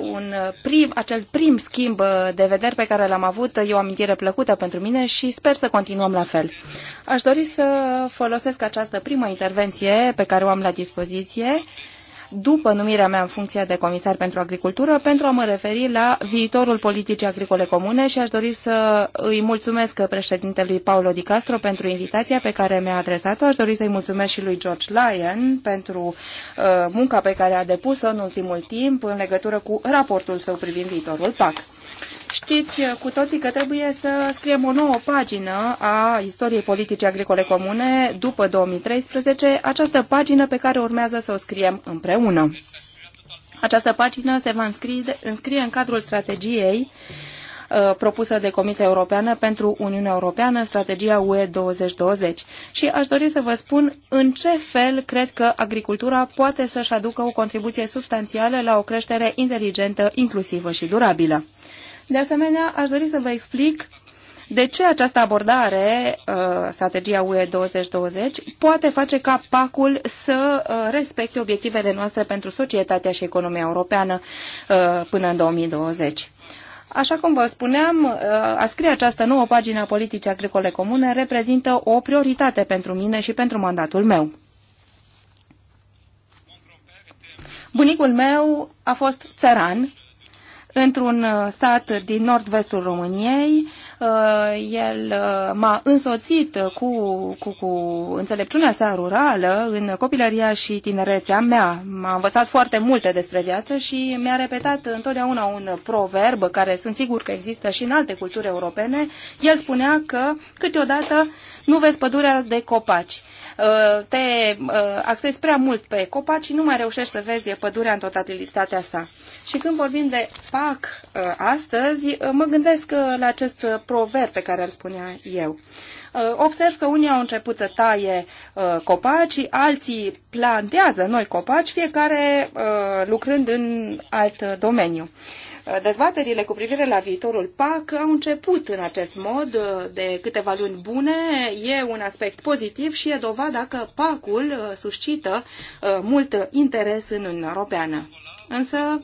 un prim, acel prim schimb de vederi pe care l-am avut e o amintire plăcută pentru mine și sper să continuăm la fel. Aș dori să folosesc această primă intervenție pe care o am la dispoziție după numirea mea în funcția de comisar pentru agricultură, pentru a mă referi la viitorul politicii agricole comune și aș dori să îi mulțumesc președintelui Paulo Di Castro pentru invitația pe care mi-a adresat-o. Aș dori să-i mulțumesc și lui George Lyon pentru uh, munca pe care a depus-o în ultimul timp în legătură cu raportul său privind viitorul PAC. Știți cu toții că trebuie să scriem o nouă pagină a istoriei politice agricole comune după 2013, această pagină pe care urmează să o scriem împreună. Această pagină se va înscrie, înscrie în cadrul strategiei uh, propusă de Comisia Europeană pentru Uniunea Europeană, strategia UE 2020. Și aș dori să vă spun în ce fel cred că agricultura poate să-și aducă o contribuție substanțială la o creștere inteligentă, inclusivă și durabilă. De asemenea, aș dori să vă explic de ce această abordare, uh, strategia UE 2020, poate face ca PAC-ul să uh, respecte obiectivele noastre pentru societatea și economia europeană uh, până în 2020? Așa cum vă spuneam, a scrie această nouă pagină a politicii agricole comune reprezintă o prioritate pentru mine și pentru mandatul meu. Bunicul meu a fost țăran într-un uh, sat din nord-vestul României. Uh, el uh, m-a însoțit cu, cu, cu înțelepciunea sa rurală în copilăria și tinerețea mea. M-a învățat foarte multe despre viață și mi-a repetat întotdeauna un proverb care sunt sigur că există și în alte culturi europene. El spunea că câteodată nu vezi pădurea de copaci, Uh, te uh, axezi prea mult pe copaci și nu mai reușești să vezi pădurea în totalitatea sa. Și când vorbim de PAC uh, astăzi, mă gândesc la acest proverb pe care îl spunea eu. Observ că unii au început să taie copaci, alții plantează noi copaci, fiecare lucrând în alt domeniu. Dezbaterile cu privire la viitorul PAC au început în acest mod uh, de câteva luni bune. E un aspect pozitiv și e dovada că PAC-ul uh, suscită uh, mult interes în Uniunea Europeană. Însă,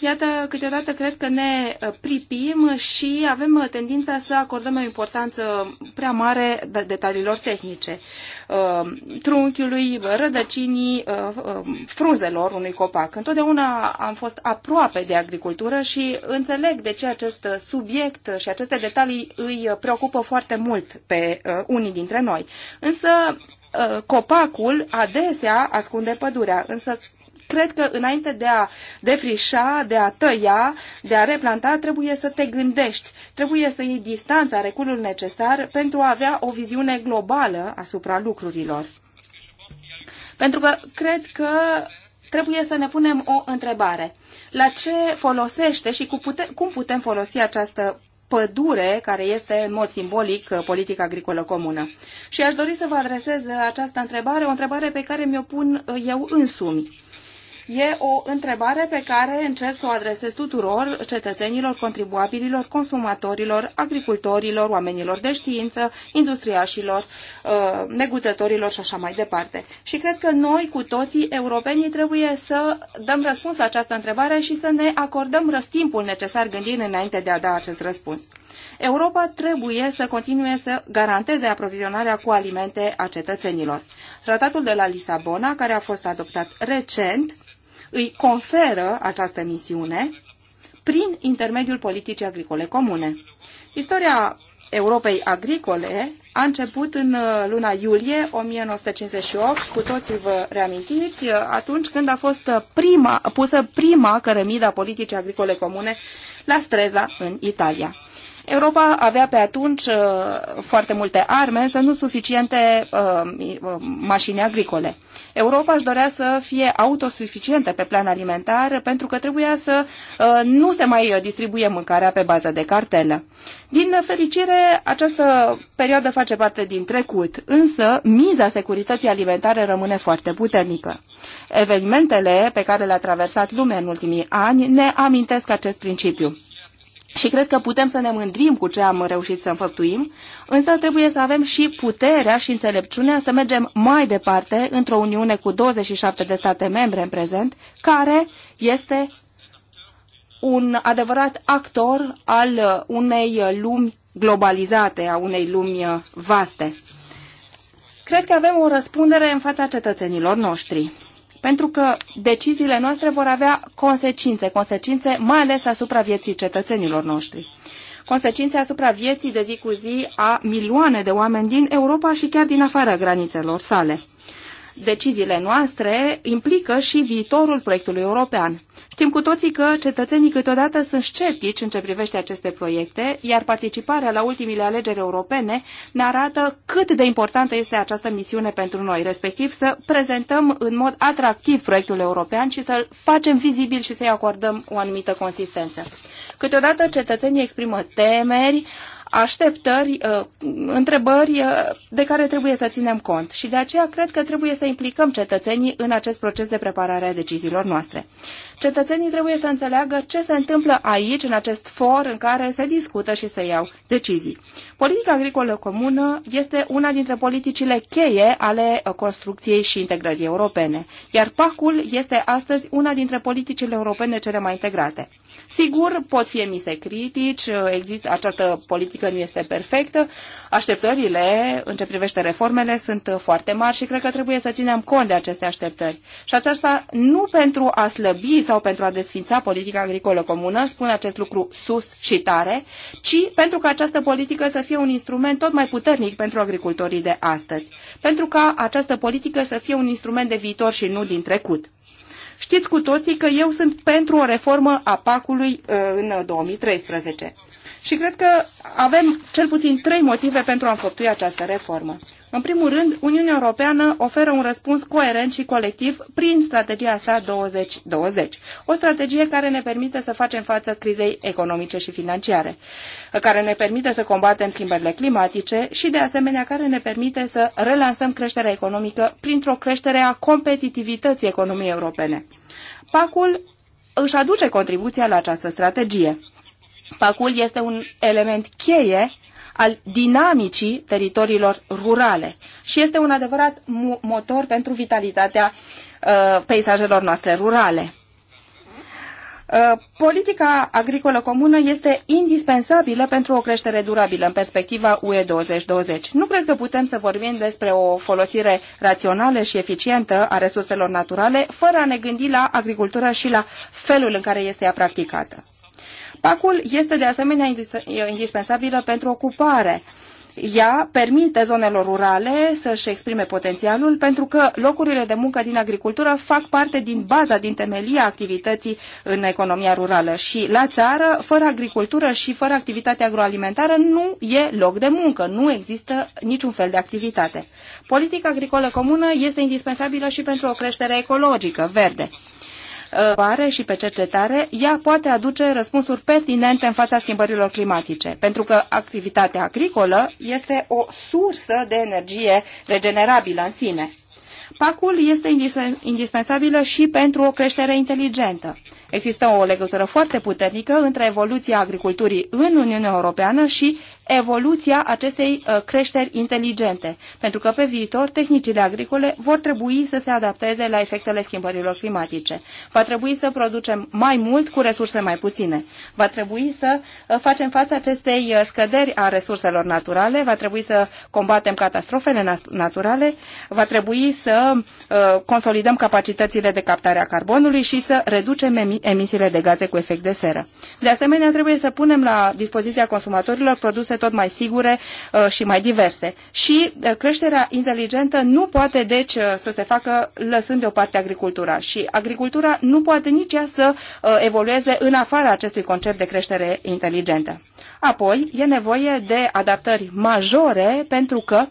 Iată, câteodată cred că ne pripim și avem tendința să acordăm o importanță prea mare detaliilor tehnice. Uh, trunchiului, rădăcinii uh, uh, frunzelor unui copac. Întotdeauna am fost aproape de agricultură și înțeleg de ce acest subiect și aceste detalii îi preocupă foarte mult pe unii dintre noi. Însă copacul adesea ascunde pădurea, însă cred că înainte de a defrișa, de a tăia, de a replanta, trebuie să te gândești, trebuie să iei distanța, reculul necesar pentru a avea o viziune globală asupra lucrurilor. Pentru că cred că trebuie să ne punem o întrebare. La ce folosește și cum putem folosi această pădure, care este în mod simbolic politica agricolă comună. Și aș dori să vă adresez această întrebare, o întrebare pe care mi-o pun eu însumi. E o întrebare pe care încerc să o adresez tuturor cetățenilor, contribuabililor, consumatorilor, agricultorilor, oamenilor de știință, industriașilor, uh, neguțătorilor și așa mai departe. Și cred că noi, cu toții europenii, trebuie să dăm răspuns la această întrebare și să ne acordăm răstimpul necesar gândind înainte de a da acest răspuns. Europa trebuie să continue să garanteze aprovizionarea cu alimente a cetățenilor. Tratatul de la Lisabona, care a fost adoptat recent, îi conferă această misiune prin intermediul politicii agricole comune. Istoria Europei agricole a început în uh, luna iulie 1958, cu toții vă reamintiți, uh, atunci când a fost uh, prima, pusă prima cărămidă a politicii agricole comune la Streza, în Italia. Europa avea pe atunci uh, foarte multe arme, însă nu suficiente uh, uh, mașini agricole. Europa își dorea să fie autosuficientă pe plan alimentar pentru că trebuia să nu se mai distribuie mâncarea pe bază de cartelă. Din fericire, această perioadă face parte din trecut, însă miza securității alimentare rămâne foarte puternică. Evenimentele pe care le-a traversat lumea în ultimii ani ne amintesc acest principiu și cred că putem să ne mândrim cu ce am reușit să înfăptuim, însă trebuie să avem și puterea și înțelepciunea să mergem mai departe într-o Uniune cu 27 de state membre în prezent, care este un adevărat actor al unei lumi globalizate, a unei lumi vaste. Cred că avem o răspundere în fața cetățenilor noștri pentru că deciziile noastre vor avea consecințe, consecințe mai ales asupra vieții cetățenilor noștri. Consecințe asupra vieții de zi cu zi a milioane de oameni din Europa și chiar din afara granițelor sale deciziile noastre implică și viitorul proiectului european. Știm cu toții că cetățenii câteodată sunt sceptici în ce privește aceste proiecte, iar participarea la ultimile alegeri europene ne arată cât de importantă este această misiune pentru noi, respectiv să prezentăm în mod atractiv proiectul european și să-l facem vizibil și să-i acordăm o anumită consistență. Câteodată cetățenii exprimă temeri, uh, așteptări, uh, întrebări uh, de care trebuie să ținem cont și de aceea cred că trebuie să implicăm cetățenii în acest proces de preparare a deciziilor noastre. Cetățenii trebuie să înțeleagă ce se întâmplă aici, în acest for în care se discută și se iau decizii. Politica agricolă comună este una dintre politicile cheie ale uh, construcției și integrării europene, iar PAC-ul este astăzi una dintre politicile europene cele mai integrate. Sigur, pot fi emise critici, există această politică politică nu este perfectă, așteptările în ce privește reformele sunt foarte mari și cred că trebuie să ținem cont de aceste așteptări. Și aceasta nu pentru a slăbi sau pentru a desfința politica agricolă comună, spun acest lucru sus și tare, ci pentru ca această politică să fie un instrument tot mai puternic pentru agricultorii de astăzi, pentru ca această politică să fie un instrument de viitor și nu din trecut. Știți cu toții că eu sunt pentru o reformă a PAC-ului uh, în 2013. Și cred că avem cel puțin trei motive pentru a înfăptui această reformă. În primul rând, Uniunea Europeană oferă un răspuns coerent și colectiv prin strategia sa 2020, o strategie care ne permite să facem față crizei economice și financiare, care ne permite să combatem schimbările climatice și, de asemenea, care ne permite să relansăm creșterea economică printr-o creștere a competitivității economiei europene. Pacul își aduce contribuția la această strategie. Pacul este un element cheie al dinamicii teritoriilor rurale și este un adevărat motor pentru vitalitatea uh, peisajelor noastre rurale. Uh, politica agricolă comună este indispensabilă pentru o creștere durabilă în perspectiva UE 2020. Nu cred că putem să vorbim despre o folosire rațională și eficientă a resurselor naturale fără a ne gândi la agricultură și la felul în care este ea practicată. PAC-ul este de asemenea indispensabilă pentru ocupare. Ea permite zonelor rurale să-și exprime potențialul pentru că locurile de muncă din agricultură fac parte din baza, din temelia activității în economia rurală și la țară, fără agricultură și fără activitate agroalimentară, nu e loc de muncă, nu există niciun fel de activitate. Politica agricolă comună este indispensabilă și pentru o creștere ecologică, verde pare și pe cercetare, ea poate aduce răspunsuri pertinente în fața schimbărilor climatice, pentru că activitatea agricolă este o sursă de energie regenerabilă în sine. Pacul este indispensabilă și pentru o creștere inteligentă. Există o legătură foarte puternică între evoluția agriculturii în Uniunea Europeană și evoluția acestei uh, creșteri inteligente, pentru că pe viitor tehnicile agricole vor trebui să se adapteze la efectele schimbărilor climatice. Va trebui să producem mai mult cu resurse mai puține. Va trebui să uh, facem față acestei uh, scăderi a resurselor naturale, va trebui să combatem catastrofele naturale, va trebui să consolidăm capacitățile de captare a carbonului și să reducem emisiile de gaze cu efect de seră. De asemenea, trebuie să punem la dispoziția consumatorilor produse tot mai sigure uh, și mai diverse. Și uh, creșterea inteligentă nu poate, deci, uh, să se facă lăsând deoparte agricultura. Și agricultura nu poate nici ea să evolueze în afara acestui concept de creștere inteligentă. Apoi, e nevoie de adaptări majore pentru că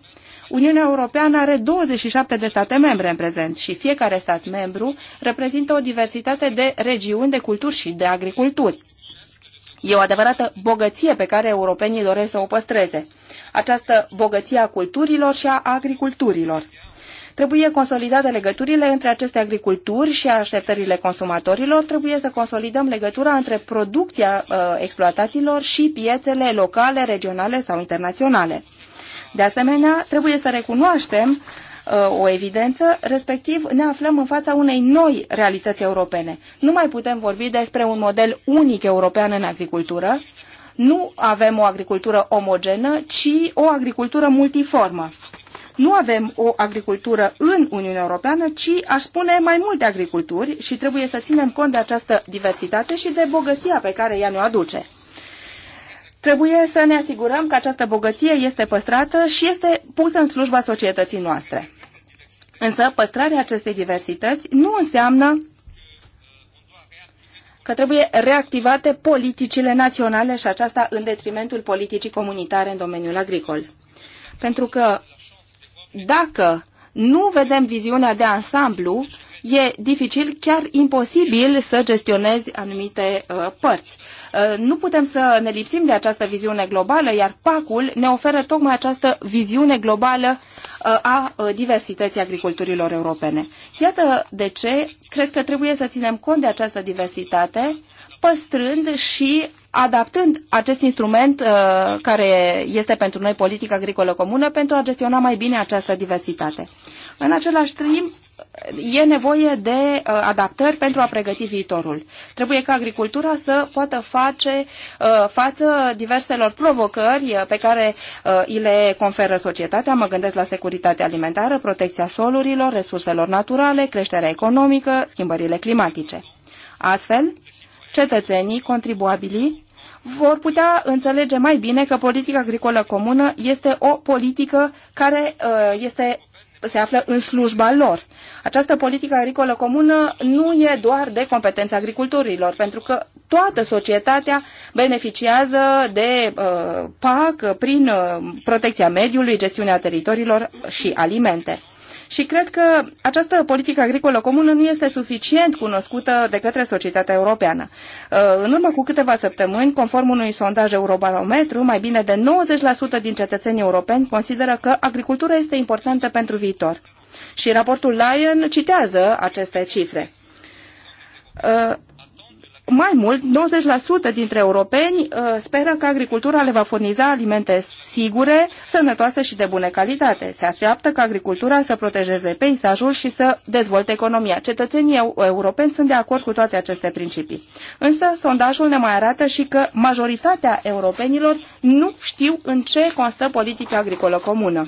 Uniunea Europeană are 27 de state membre în prezent și fiecare stat membru reprezintă o diversitate de regiuni, de culturi și de agriculturi. E o adevărată bogăție pe care europenii doresc să o păstreze. Această bogăție a culturilor și a agriculturilor. Trebuie consolidate legăturile între aceste agriculturi și așteptările consumatorilor, trebuie să consolidăm legătura între producția uh, exploatațiilor și piețele locale, regionale sau internaționale. De asemenea, trebuie să recunoaștem o evidență, respectiv ne aflăm în fața unei noi realități europene. Nu mai putem vorbi despre un model unic european în agricultură, nu avem o agricultură omogenă, ci o agricultură multiformă. Nu avem o agricultură în Uniunea Europeană, ci aș spune mai multe agriculturi și trebuie să ținem cont de această diversitate și de bogăția pe care ea ne aduce. Trebuie să ne asigurăm că această bogăție este păstrată și este pusă în slujba societății noastre. Însă, păstrarea acestei diversități nu înseamnă că trebuie reactivate politicile naționale și aceasta în detrimentul politicii comunitare în domeniul agricol. Pentru că dacă nu vedem viziunea de ansamblu, e dificil, chiar imposibil să gestionezi anumite uh, părți. Uh, nu putem să ne lipsim de această viziune globală, iar PAC-ul ne oferă tocmai această viziune globală uh, a uh, diversității agriculturilor europene. Iată de ce cred că trebuie să ținem cont de această diversitate, păstrând și adaptând acest instrument uh, care este pentru noi politica agricolă comună pentru a gestiona mai bine această diversitate. În același timp, e nevoie de uh, adaptări pentru a pregăti viitorul. Trebuie ca agricultura să poată face uh, față diverselor provocări uh, pe care îi le conferă societatea. Mă gândesc la securitatea alimentară, protecția solurilor, resurselor naturale, creșterea economică, schimbările climatice. Astfel, cetățenii, contribuabilii, vor putea înțelege mai bine că politica agricolă comună este o politică care este se află în slujba lor. Această politică agricolă comună nu e doar de competența agriculturilor, pentru că toată societatea beneficiază de uh, PAC prin uh, protecția mediului, gestiunea teritoriilor și alimente. Și cred că această politică agricolă comună nu este suficient cunoscută de către societatea europeană. Uh, în urmă cu câteva săptămâni, conform unui sondaj Eurobarometru, mai bine de 90% din cetățenii europeni consideră că agricultura este importantă pentru viitor. Și raportul Lyon citează aceste cifre uh, mai mult, 90% dintre europeni uh, speră că agricultura le va furniza alimente sigure, sănătoase și de bună calitate. Se așteaptă că agricultura să protejeze peisajul și să dezvolte economia. Cetățenii europeni sunt de acord cu toate aceste principii. Însă, sondajul ne mai arată și că majoritatea europenilor nu știu în ce constă politica agricolă comună.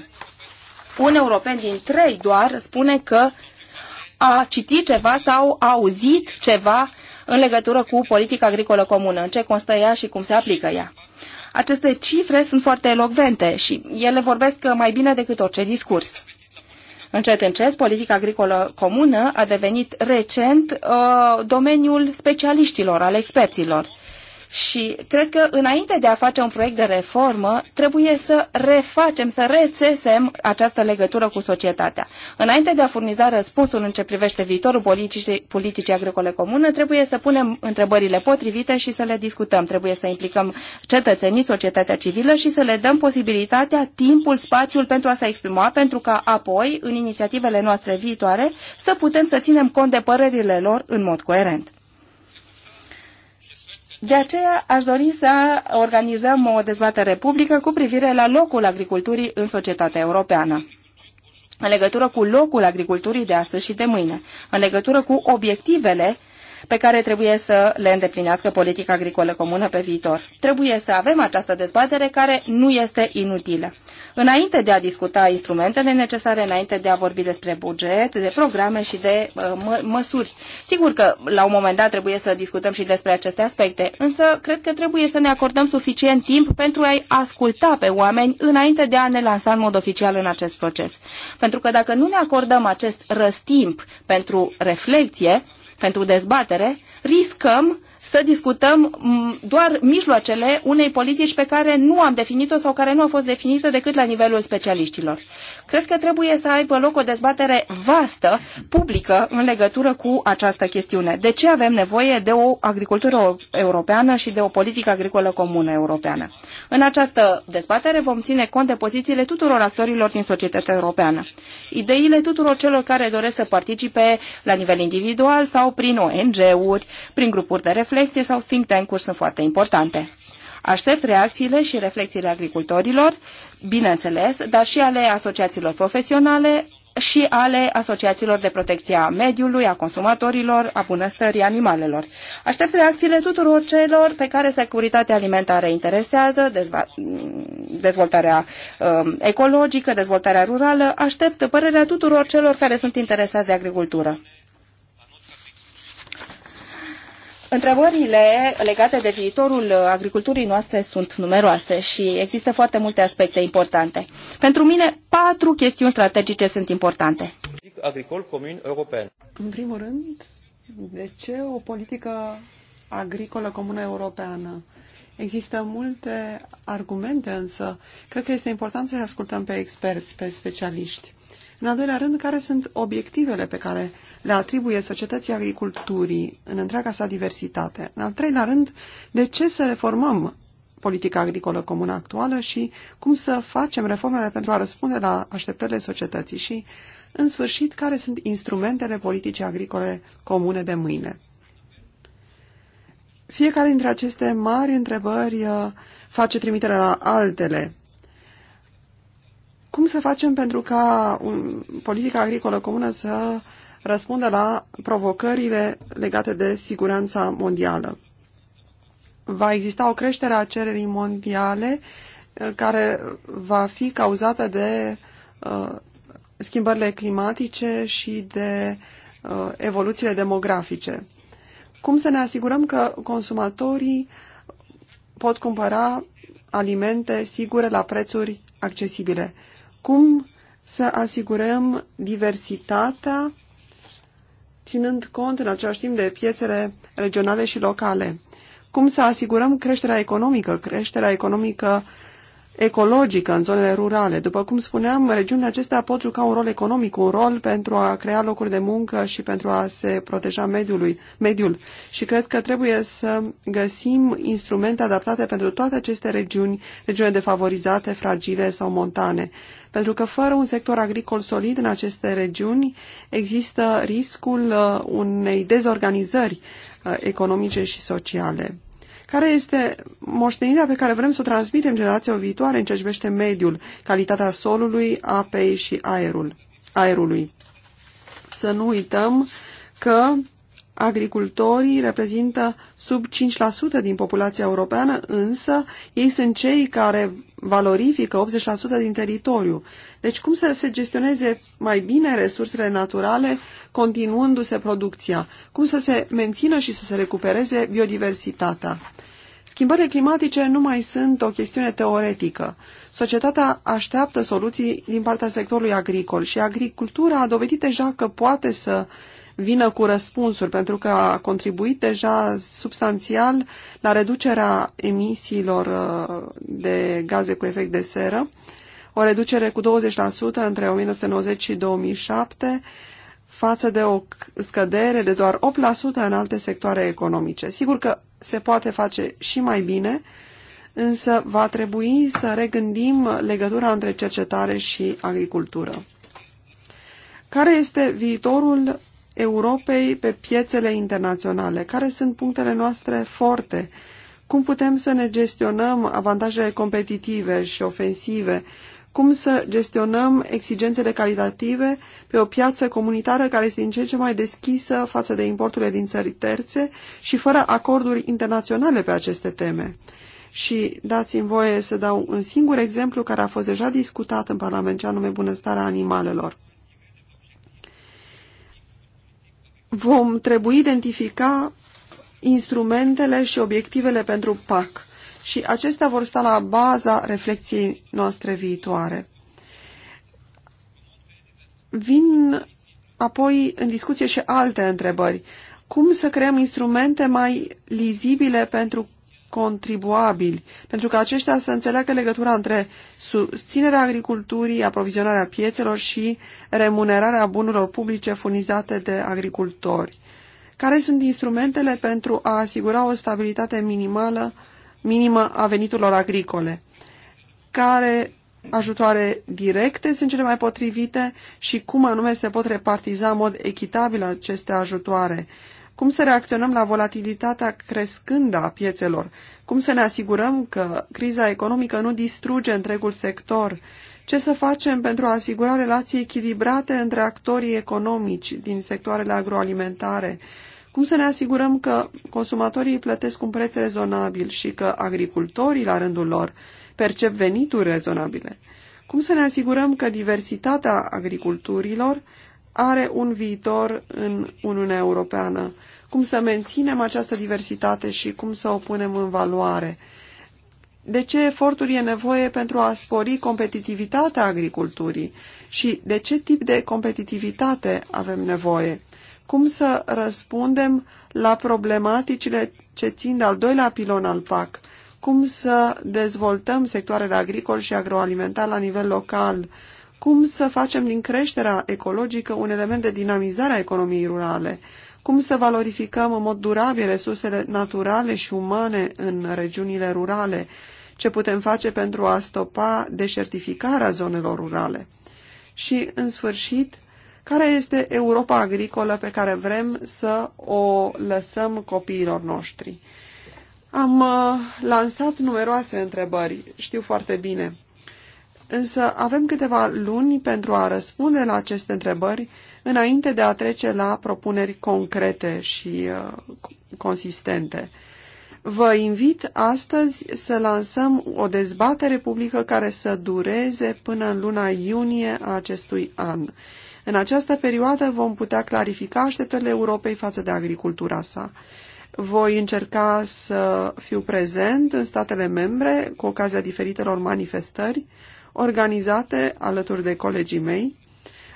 Un european din trei doar spune că a citit ceva sau a auzit ceva în legătură cu politica agricolă comună, în ce constă ea și cum se aplică ea. Aceste cifre sunt foarte elocvente și ele vorbesc mai bine decât orice discurs. Încet, încet, politica agricolă comună a devenit recent uh, domeniul specialiștilor, al experților. Și cred că înainte de a face un proiect de reformă, trebuie să refacem, să rețesem această legătură cu societatea. Înainte de a furniza răspunsul în ce privește viitorul politicii, politicii agricole comune, trebuie să punem întrebările potrivite și să le discutăm. Trebuie să implicăm cetățenii, societatea civilă și să le dăm posibilitatea, timpul, spațiul pentru a se exprima, pentru ca apoi, în inițiativele noastre viitoare, să putem să ținem cont de părerile lor în mod coerent. De aceea aș dori să organizăm o dezbatere publică cu privire la locul agriculturii în societatea europeană în legătură cu locul agriculturii de astăzi și de mâine, în legătură cu obiectivele pe care trebuie să le îndeplinească politica agricolă comună pe viitor. Trebuie să avem această dezbatere care nu este inutilă. Înainte de a discuta instrumentele necesare, înainte de a vorbi despre buget, de programe și de uh, mă măsuri. Sigur că la un moment dat trebuie să discutăm și despre aceste aspecte, însă cred că trebuie să ne acordăm suficient timp pentru a-i asculta pe oameni înainte de a ne lansa în mod oficial în acest proces. Pentru că dacă nu ne acordăm acest răstimp pentru reflecție, pentru dezbatere, riscăm să discutăm mm, doar mijloacele unei politici pe care nu am definit-o sau care nu a fost definită decât la nivelul specialiștilor. Cred că trebuie să aibă loc o dezbatere vastă, publică, în legătură cu această chestiune. De ce avem nevoie de o agricultură europeană și de o politică agricolă comună europeană? În această dezbatere vom ține cont de pozițiile tuturor actorilor din societatea europeană. Ideile tuturor celor care doresc să participe la nivel individual sau prin ONG-uri, prin grupuri de reflexie, reflecție sau think tank-uri sunt foarte importante. Aștept reacțiile și reflexiile agricultorilor, bineînțeles, dar și ale asociațiilor profesionale și ale asociațiilor de protecție a mediului, a consumatorilor, a bunăstării animalelor. Aștept reacțiile tuturor celor pe care securitatea alimentară interesează, dezvoltarea um, ecologică, dezvoltarea rurală. Aștept părerea tuturor celor care sunt interesați de agricultură. Întrebările legate de viitorul agriculturii noastre sunt numeroase și există foarte multe aspecte importante. Pentru mine, patru chestiuni strategice sunt importante. Agricol comun european. În primul rând, de ce o politică agricolă comună europeană? Există multe argumente, însă cred că este important să ascultăm pe experți, pe specialiști. În al doilea rând, care sunt obiectivele pe care le atribuie societății agriculturii în întreaga sa diversitate? În al treilea rând, de ce să reformăm politica agricolă comună actuală și cum să facem reformele pentru a răspunde la așteptările societății și, în sfârșit, care sunt instrumentele politicii agricole comune de mâine. Fiecare dintre aceste mari întrebări uh, face trimitere la altele cum să facem pentru ca un, politica agricolă comună să răspundă la provocările legate de siguranța mondială? Va exista o creștere a cererii mondiale eh, care va fi cauzată de uh, schimbările climatice și de uh, evoluțiile demografice. Cum să ne asigurăm că consumatorii pot cumpăra alimente sigure la prețuri accesibile? cum să asigurăm diversitatea, ținând cont în același timp de piețele regionale și locale. Cum să asigurăm creșterea economică, creșterea economică ecologică în zonele rurale. După cum spuneam, regiunile acestea pot juca un rol economic, un rol pentru a crea locuri de muncă și pentru a se proteja mediului, mediul. Și cred că trebuie să găsim instrumente adaptate pentru toate aceste regiuni, regiuni defavorizate, fragile sau montane. Pentru că fără un sector agricol solid în aceste regiuni există riscul uh, unei dezorganizări uh, economice și sociale. Care este moștenirea pe care vrem să o transmitem generației viitoare în ce privește mediul, calitatea solului, apei și aerul, aerului? Să nu uităm că agricultorii reprezintă sub 5% din populația europeană, însă ei sunt cei care valorifică 80% din teritoriu. Deci cum să se gestioneze mai bine resursele naturale continuându-se producția, cum să se mențină și să se recupereze biodiversitatea. Schimbările climatice nu mai sunt o chestiune teoretică. Societatea așteaptă soluții din partea sectorului agricol și agricultura a dovedit deja că poate să vină cu răspunsuri, pentru că a contribuit deja substanțial la reducerea emisiilor uh, de gaze cu efect de seră, o reducere cu 20% între 1990 și 2007, față de o scădere de doar 8% în alte sectoare economice. Sigur că se poate face și mai bine, însă va trebui să regândim legătura între cercetare și agricultură. Care este viitorul Europei pe piețele internaționale? Care sunt punctele noastre forte? Cum putem să ne gestionăm avantajele competitive și ofensive? cum să gestionăm exigențele calitative pe o piață comunitară care este din ce în ce mai deschisă față de importurile din țări terțe și fără acorduri internaționale pe aceste teme. Și dați-mi voie să dau un singur exemplu care a fost deja discutat în Parlament, ce anume bunăstarea animalelor. Vom trebui identifica instrumentele și obiectivele pentru PAC și acestea vor sta la baza reflexiei noastre viitoare. Vin apoi în discuție și alte întrebări. Cum să creăm instrumente mai lizibile pentru contribuabili, pentru că aceștia să înțeleagă legătura între susținerea agriculturii, aprovizionarea piețelor și remunerarea bunurilor publice furnizate de agricultori. Care sunt instrumentele pentru a asigura o stabilitate minimală minimă a veniturilor agricole. Care ajutoare directe sunt cele mai potrivite și cum anume se pot repartiza în mod echitabil aceste ajutoare? Cum să reacționăm la volatilitatea crescândă a piețelor? Cum să ne asigurăm că criza economică nu distruge întregul sector? Ce să facem pentru a asigura relații echilibrate între actorii economici din sectoarele agroalimentare? Cum să ne asigurăm că consumatorii plătesc un preț rezonabil și că agricultorii, la rândul lor, percep venituri rezonabile? Cum să ne asigurăm că diversitatea agriculturilor are un viitor în Uniunea Europeană? Cum să menținem această diversitate și cum să o punem în valoare? de ce eforturi e nevoie pentru a spori competitivitatea agriculturii și de ce tip de competitivitate avem nevoie cum să răspundem la problematicile ce țin de al doilea pilon al PAC, cum să dezvoltăm sectoarele agricol și agroalimentar la nivel local, cum să facem din creșterea ecologică un element de dinamizare a economiei rurale, cum să valorificăm în mod durabil resursele naturale și umane în regiunile rurale, ce putem face pentru a stopa deșertificarea zonelor rurale. Și, în sfârșit, care este Europa agricolă pe care vrem să o lăsăm copiilor noștri? Am uh, lansat numeroase întrebări, știu foarte bine. Însă avem câteva luni pentru a răspunde la aceste întrebări înainte de a trece la propuneri concrete și uh, consistente. Vă invit astăzi să lansăm o dezbatere publică care să dureze până în luna iunie a acestui an. În această perioadă vom putea clarifica așteptările Europei față de agricultura sa. Voi încerca să fiu prezent în statele membre cu ocazia diferitelor manifestări organizate alături de colegii mei.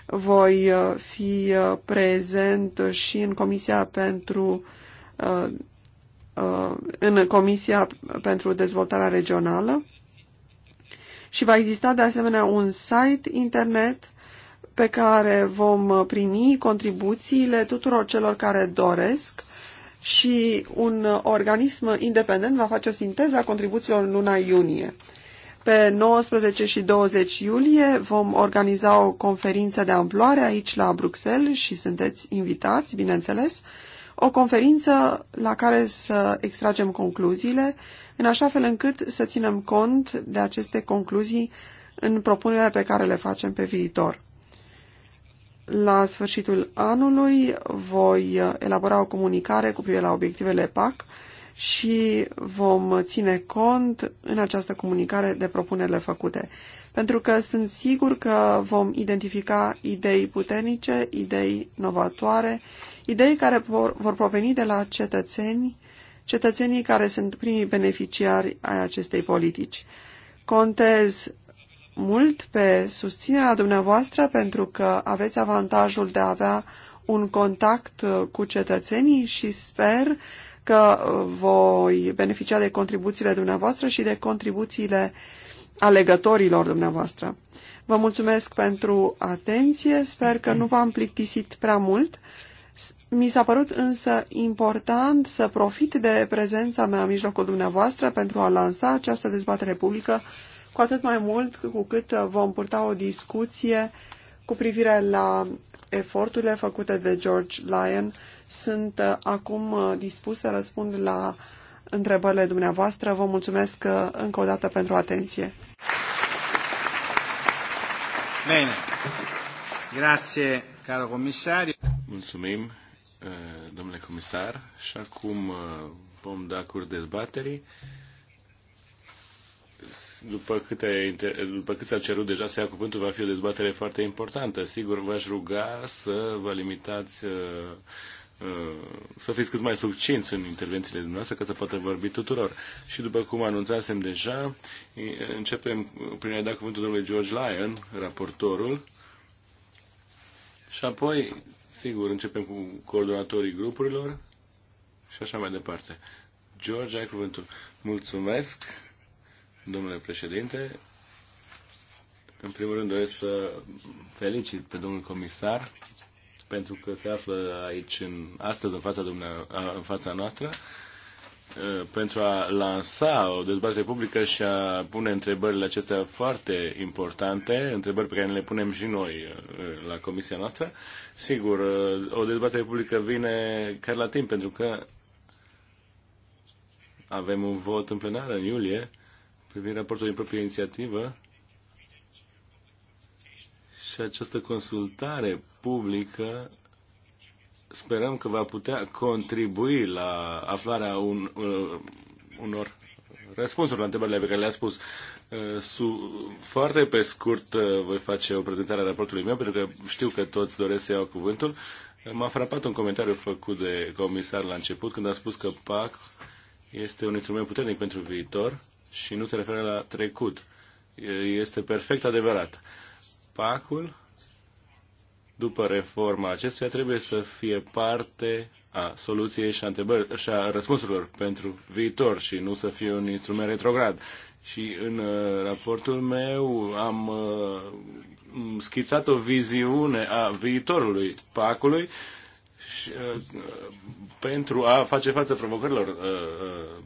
Voi uh, fi uh, prezent și în Comisia pentru uh, în Comisia pentru Dezvoltarea Regională și va exista de asemenea un site internet pe care vom uh, primi contribuțiile tuturor celor care doresc și un uh, organism independent va face o sinteză a contribuțiilor în luna iunie. Pe 19 și 20 iulie vom organiza o conferință de amploare aici la Bruxelles și sunteți invitați, bineînțeles, o conferință la care să extragem concluziile, în așa fel încât să ținem cont de aceste concluzii în propunerea pe care le facem pe viitor. La sfârșitul anului voi elabora o comunicare cu privire la obiectivele PAC și vom ține cont în această comunicare de propunerile făcute. Pentru că sunt sigur că vom identifica idei puternice, idei novatoare, idei care vor proveni de la cetățeni, cetățenii care sunt primii beneficiari ai acestei politici. Contez mult pe susținerea dumneavoastră pentru că aveți avantajul de a avea un contact uh, cu cetățenii și sper că uh, voi beneficia de contribuțiile dumneavoastră și de contribuțiile alegătorilor dumneavoastră. Vă mulțumesc pentru atenție, sper că nu v-am plictisit prea mult. Mi s-a părut însă important să profit de prezența mea în mijlocul dumneavoastră pentru a lansa această dezbatere publică cu atât mai mult cu cât uh, vom purta o discuție cu privire la eforturile făcute de George Lyon. Sunt uh, acum uh, dispus să răspund la întrebările dumneavoastră. Vă mulțumesc încă o dată pentru atenție. Bine. Grazie, caro comisario. Mulțumim, domnule comisar. Și acum vom da curs dezbaterii după, câte, după cât s-a cerut deja să ia cuvântul, va fi o dezbatere foarte importantă. Sigur, v-aș ruga să vă limitați, uh, uh, să fiți cât mai succinți în intervențiile dumneavoastră, ca să poată vorbi tuturor. Și după cum anunțasem deja, începem prin a da cuvântul domnului George Lyon, raportorul, și apoi, sigur, începem cu coordonatorii grupurilor și așa mai departe. George, ai cuvântul. Mulțumesc! domnule președinte. În primul rând doresc să felicit pe domnul comisar pentru că se află aici în, astăzi în fața, dumnea, în fața noastră pentru a lansa o dezbatere publică și a pune întrebările acestea foarte importante, întrebări pe care ne le punem și noi la comisia noastră. Sigur, o dezbatere publică vine chiar la timp, pentru că avem un vot în plenară în iulie privind raportul din proprie inițiativă și această consultare publică sperăm că va putea contribui la aflarea un, uh, unor răspunsuri la întrebările pe care le-a spus. Uh, su, foarte pe scurt uh, voi face o prezentare a raportului meu, pentru că știu că toți doresc să iau cuvântul. Uh, m-a frapat un comentariu făcut de comisar la început, când a spus că PAC este un instrument puternic pentru viitor și nu se referă la trecut. Este perfect adevărat. Pacul, după reforma acestuia, trebuie să fie parte a soluției și a, și a răspunsurilor pentru viitor și nu să fie un instrument retrograd. Și în uh, raportul meu am uh, schițat o viziune a viitorului pacului și, uh, pentru a face față provocărilor uh, uh,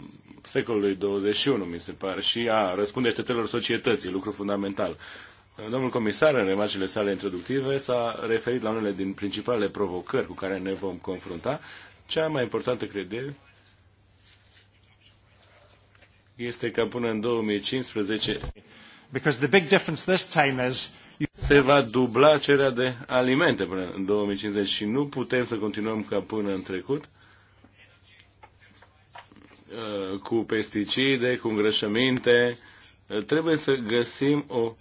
secolului 21, mi se pare, și a răspunde așteptărilor societății, lucru fundamental. Domnul comisar, în remarcile sale introductive, s-a referit la unele din principalele provocări cu care ne vom confrunta. Cea mai importantă, cred eu, este că până în 2015 Because the big difference this time is se va dubla cererea de alimente până în 2050 și nu putem să continuăm ca până în trecut Uh, cu pesticide, cu îngrășăminte. Uh, trebuie să găsim o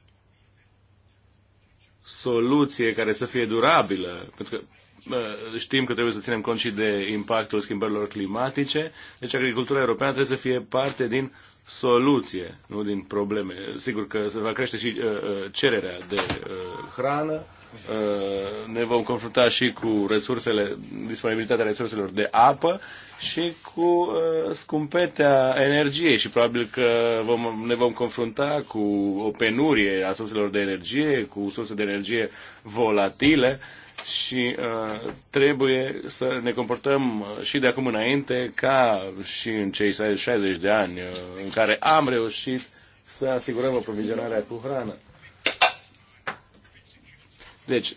soluție care să fie durabilă, pentru că uh, știm că trebuie să ținem cont și de impactul schimbărilor climatice, deci agricultura europeană trebuie să fie parte din soluție, nu din probleme. Sigur că se va crește și cererea de hrană ne vom confrunta și cu resursele, disponibilitatea resurselor de apă și cu uh, scumpetea energiei și probabil că vom, ne vom confrunta cu o penurie a surselor de energie, cu surse de energie volatile și uh, trebuie să ne comportăm uh, și de acum înainte ca și în cei 60 de ani uh, în care am reușit să asigurăm aprovizionarea cu hrană. Deci,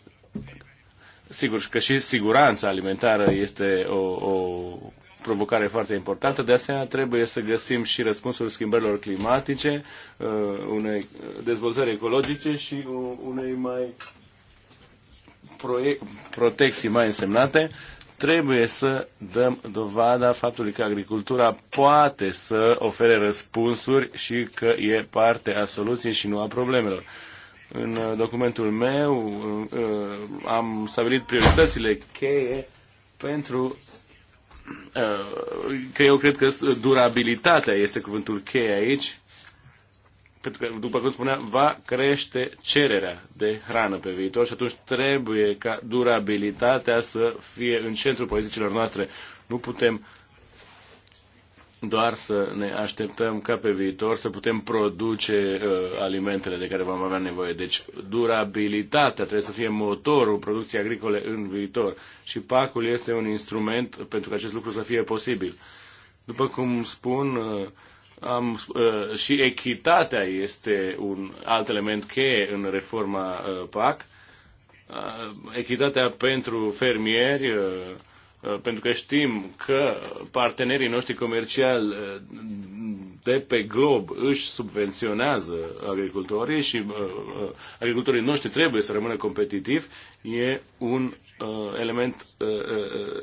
sigur că și siguranța alimentară este o, o provocare foarte importantă. De asemenea, trebuie să găsim și răspunsul schimbărilor climatice, uh, unei dezvoltări ecologice și unei mai protecții mai însemnate. Trebuie să dăm dovada faptului că agricultura poate să ofere răspunsuri și că e parte a soluției și nu a problemelor. În uh, documentul meu uh, uh, am stabilit prioritățile cheie pentru că eu cred că durabilitatea este cuvântul cheie aici, pentru că, după cum spunea va crește cererea de hrană pe viitor și atunci trebuie ca durabilitatea să fie în centrul politicilor noastre. Nu putem doar să ne așteptăm ca pe viitor să putem produce uh, alimentele de care vom avea nevoie. Deci durabilitatea trebuie să fie motorul producției agricole în viitor și PAC-ul este un instrument pentru că acest lucru să fie posibil. După cum spun, uh, am, uh, și echitatea este un alt element cheie în reforma uh, PAC. Uh, echitatea pentru fermieri uh, Uh, pentru că știm că partenerii noștri comerciali uh, de pe glob își subvenționează agricultorii și uh, agricultorii noștri trebuie să rămână competitivi, e un element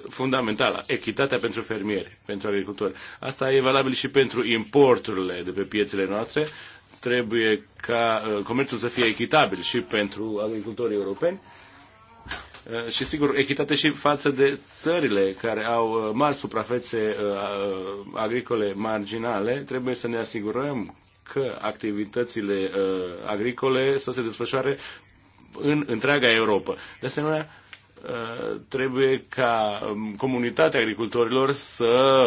fundamental. Echitatea pentru fermieri, pentru agricultori. Asta e valabil și pentru importurile de pe piețele noastre. Trebuie ca comerțul să fie echitabil și pentru agricultorii europeni Eh, și sigur echitate și față de țările care au eh, mari suprafețe eh, agricole marginale, trebuie să ne asigurăm că activitățile agricole să se desfășoare în întreaga Europa. De asemenea, trebuie ca mm, comunitatea agricultorilor să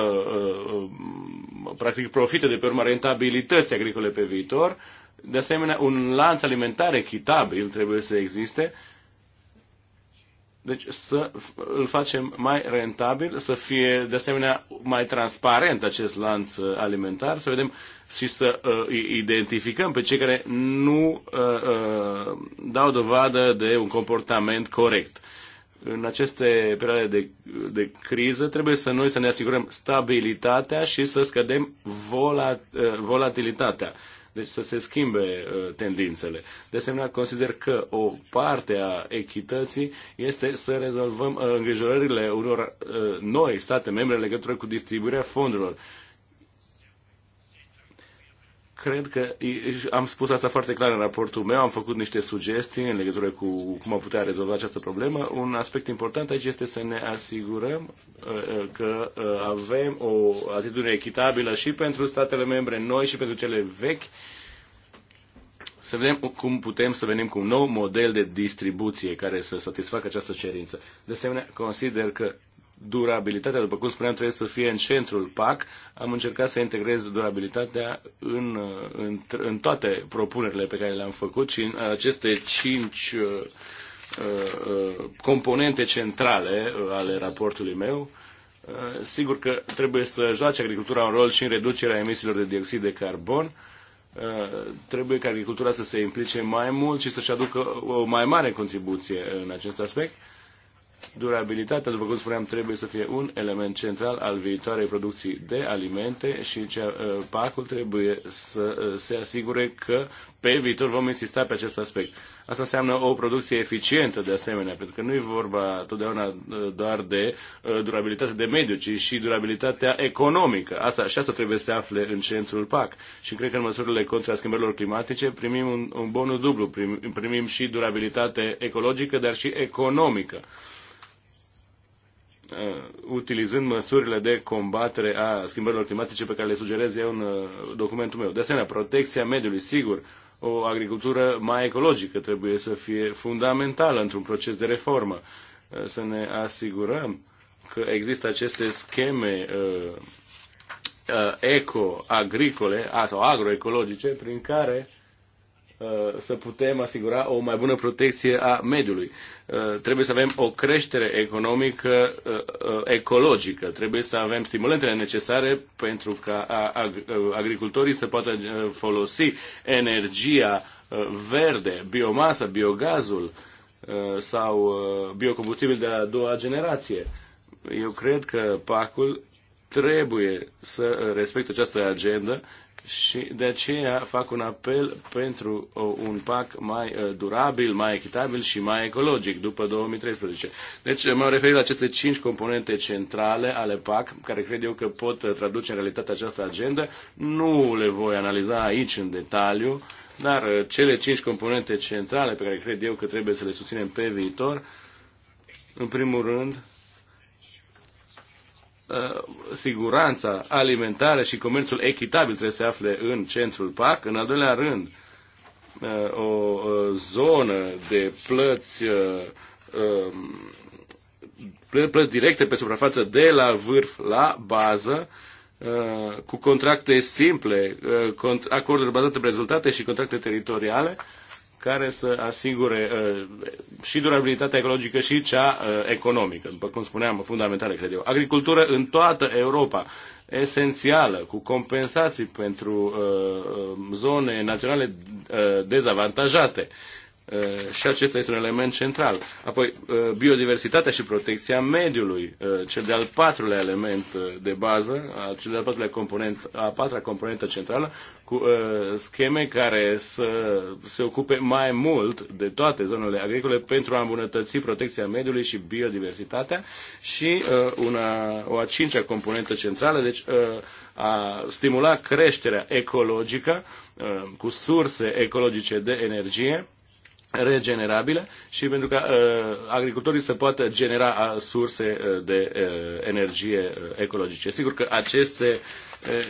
mm, practic profite de pe urma rentabilității agricole pe viitor. De asemenea, un lanț alimentar echitabil trebuie să existe deci să îl facem mai rentabil, să fie de asemenea mai transparent acest lanț uh, alimentar, să vedem și să uh, identificăm pe cei care nu uh, uh, dau dovadă de un comportament corect. În aceste perioade de, de criză trebuie să noi să ne asigurăm stabilitatea și să scădem volat, uh, volatilitatea. Uh, deci să se schimbe uh, tendințele. De asemenea, consider că o parte a echității este să rezolvăm uh, îngrijorările unor uh, noi state membre în legătură cu distribuirea fondurilor Cred că am spus asta foarte clar în raportul meu, am făcut niște sugestii în legătură cu cum am putea rezolva această problemă. Un aspect important aici este să ne asigurăm uh, uh, că uh, avem o atitudine echitabilă și pentru statele membre noi și pentru cele vechi, să vedem cum putem să venim cu un nou model de distribuție care să satisfacă această cerință. De asemenea, consider că durabilitatea, după cum spuneam, trebuie să fie în centrul PAC. Am încercat să integrez durabilitatea în, în, în toate propunerile pe care le-am făcut și în aceste cinci uh, uh, componente centrale uh, ale raportului meu. sigur că trebuie să joace agricultura un rol și în reducerea emisiilor de dioxid de carbon. Trebuie ca agricultura să se implice mai mult și să-și aducă o mai mare contribuție în acest aspect. Durabilitatea, după cum spuneam, trebuie să fie un element central al viitoarei producții de alimente și cea, ă, PAC-ul trebuie să ă, se asigure că pe viitor vom insista pe acest aspect. Asta înseamnă o producție eficientă de asemenea, pentru că nu e vorba totdeauna ă, doar de durabilitate de mediu, ci și durabilitatea economică. Asta, și asta trebuie să se afle în centrul PAC. Și cred că în măsurile contra schimbărilor climatice primim un, un bonus dublu, primim, primim și durabilitate ecologică, dar și economică. Uh, utilizând măsurile de combatere a schimbărilor climatice pe care le sugerez eu în uh, documentul meu. De asemenea, protecția mediului, sigur, o agricultură mai ecologică trebuie să fie fundamentală într-un proces de reformă. Uh, să ne asigurăm că există aceste scheme eco-agricole sau agroecologice prin care Uh, să putem asigura o mai bună protecție a mediului. Uh, trebuie să avem o creștere economică uh, ecologică, trebuie să avem stimulentele necesare pentru ca agricultorii să poată folosi energia verde, biomasa, biogazul sau biocombustibil de a doua generație. Eu cred că pacul trebuie să respecte această agendă și de aceea fac un apel pentru uh, un pac mai uh, durabil, mai echitabil și mai ecologic după 2013. Deci uh, m-am referit la aceste cinci componente centrale ale PAC, care cred eu că pot traduce în realitate această agenda. Nu le voi analiza aici în detaliu, dar cele cinci componente centrale pe care cred eu că trebuie să le susținem pe viitor, în primul rând, Uh, siguranța alimentară și comerțul echitabil trebuie să se afle în centrul PAC. În al doilea rând, uh, o uh, zonă de plăți um, plăți directe pe suprafață de la vârf la bază, cu contracte simple, acorduri bazate pe rezultate și contracte teritoriale, care să asigure uh, și durabilitatea ecologică și cea uh, economică, după cum spuneam, fundamentale, cred eu. Agricultură în toată Europa, esențială, cu compensații pentru uh, uh zone naționale uh, dezavantajate. Uh, Uh, și acesta este un element central. Apoi, uh, biodiversitatea și protecția mediului, uh, cel de-al patrulea element de bază, cel de-al patrulea component, a patra componentă centrală, cu scheme care să se ocupe mai mult de toate zonele agricole pentru a îmbunătăți protecția mediului și biodiversitatea și una, o a cincea componentă centrală, deci a stimula creșterea ecologică cu surse ecologice de energie, regenerabile și pentru ca uh, agricultorii să poată genera uh, surse uh, de uh, energie uh, ecologice. Sigur că aceste uh,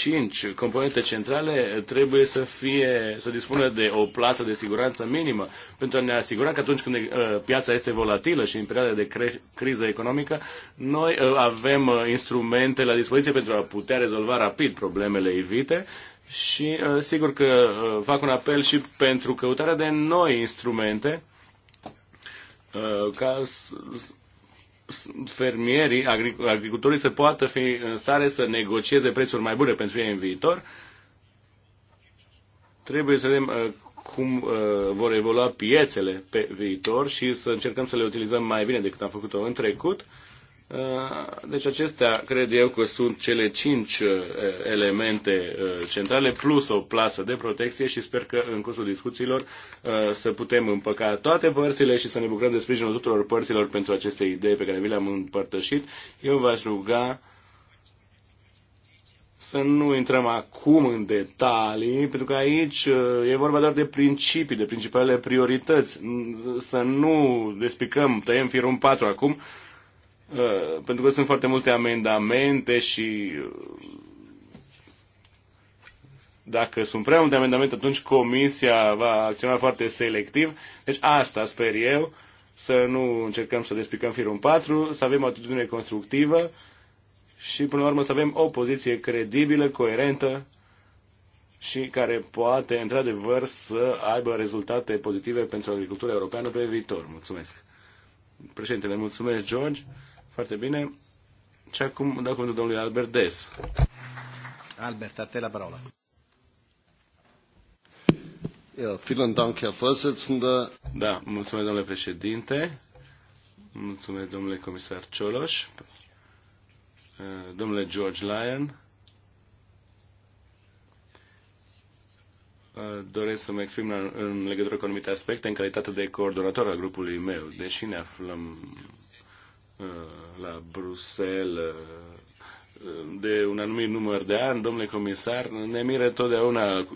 cinci componente centrale trebuie să fie, să dispună de o plasă de siguranță minimă pentru a ne asigura că atunci când uh, piața este volatilă și în perioada de cre- criză economică, noi uh, avem instrumente la dispoziție pentru a putea rezolva rapid problemele evite uh, și uh, sigur că uh, fac un apel și pentru căutarea de noi instrumente uh, ca fermierii, agricultorii să poată fi în stare să negocieze prețuri mai bune pentru ei în viitor. Trebuie să vedem cum vor evolua piețele pe viitor și să încercăm să le utilizăm mai bine decât am făcut-o în trecut Uh, deci acestea, cred eu, că sunt cele cinci uh, elemente uh, centrale, plus o plasă de protecție și sper că în cursul discuțiilor să putem împăca toate părțile și să ne bucurăm de sprijinul tuturor părților pentru aceste idei pe care vi le-am împărtășit. Eu v-aș ruga să nu intrăm acum în detalii, pentru că aici e vorba doar de principii, de principalele priorități. Să nu despicăm, tăiem firul în patru acum, Uh, pentru că sunt foarte multe amendamente și uh, dacă sunt prea multe amendamente, atunci comisia va acționa foarte selectiv. Deci asta sper eu, să nu încercăm să despicăm firul 4, patru, să avem o atitudine constructivă și până la urmă să avem o poziție credibilă, coerentă și care poate, într-adevăr, să aibă rezultate pozitive pentru agricultura europeană pe viitor. Mulțumesc. Președintele, mulțumesc, George. Foarte bine. Și acum dau cuvântul domnului Albert Des. Albert, a te la parola. Ja, vielen Dank, Herr Vorsitzender. Da, mulțumesc, domnule președinte. Mulțumesc, domnule comisar Cioloș. Domnule George Lyon. Doresc să mă exprim în legătură cu anumite aspecte în calitate de coordonator al grupului meu, deși ne aflăm la Bruxelles de un anumit număr de ani, domnule comisar, ne miră totdeauna uh,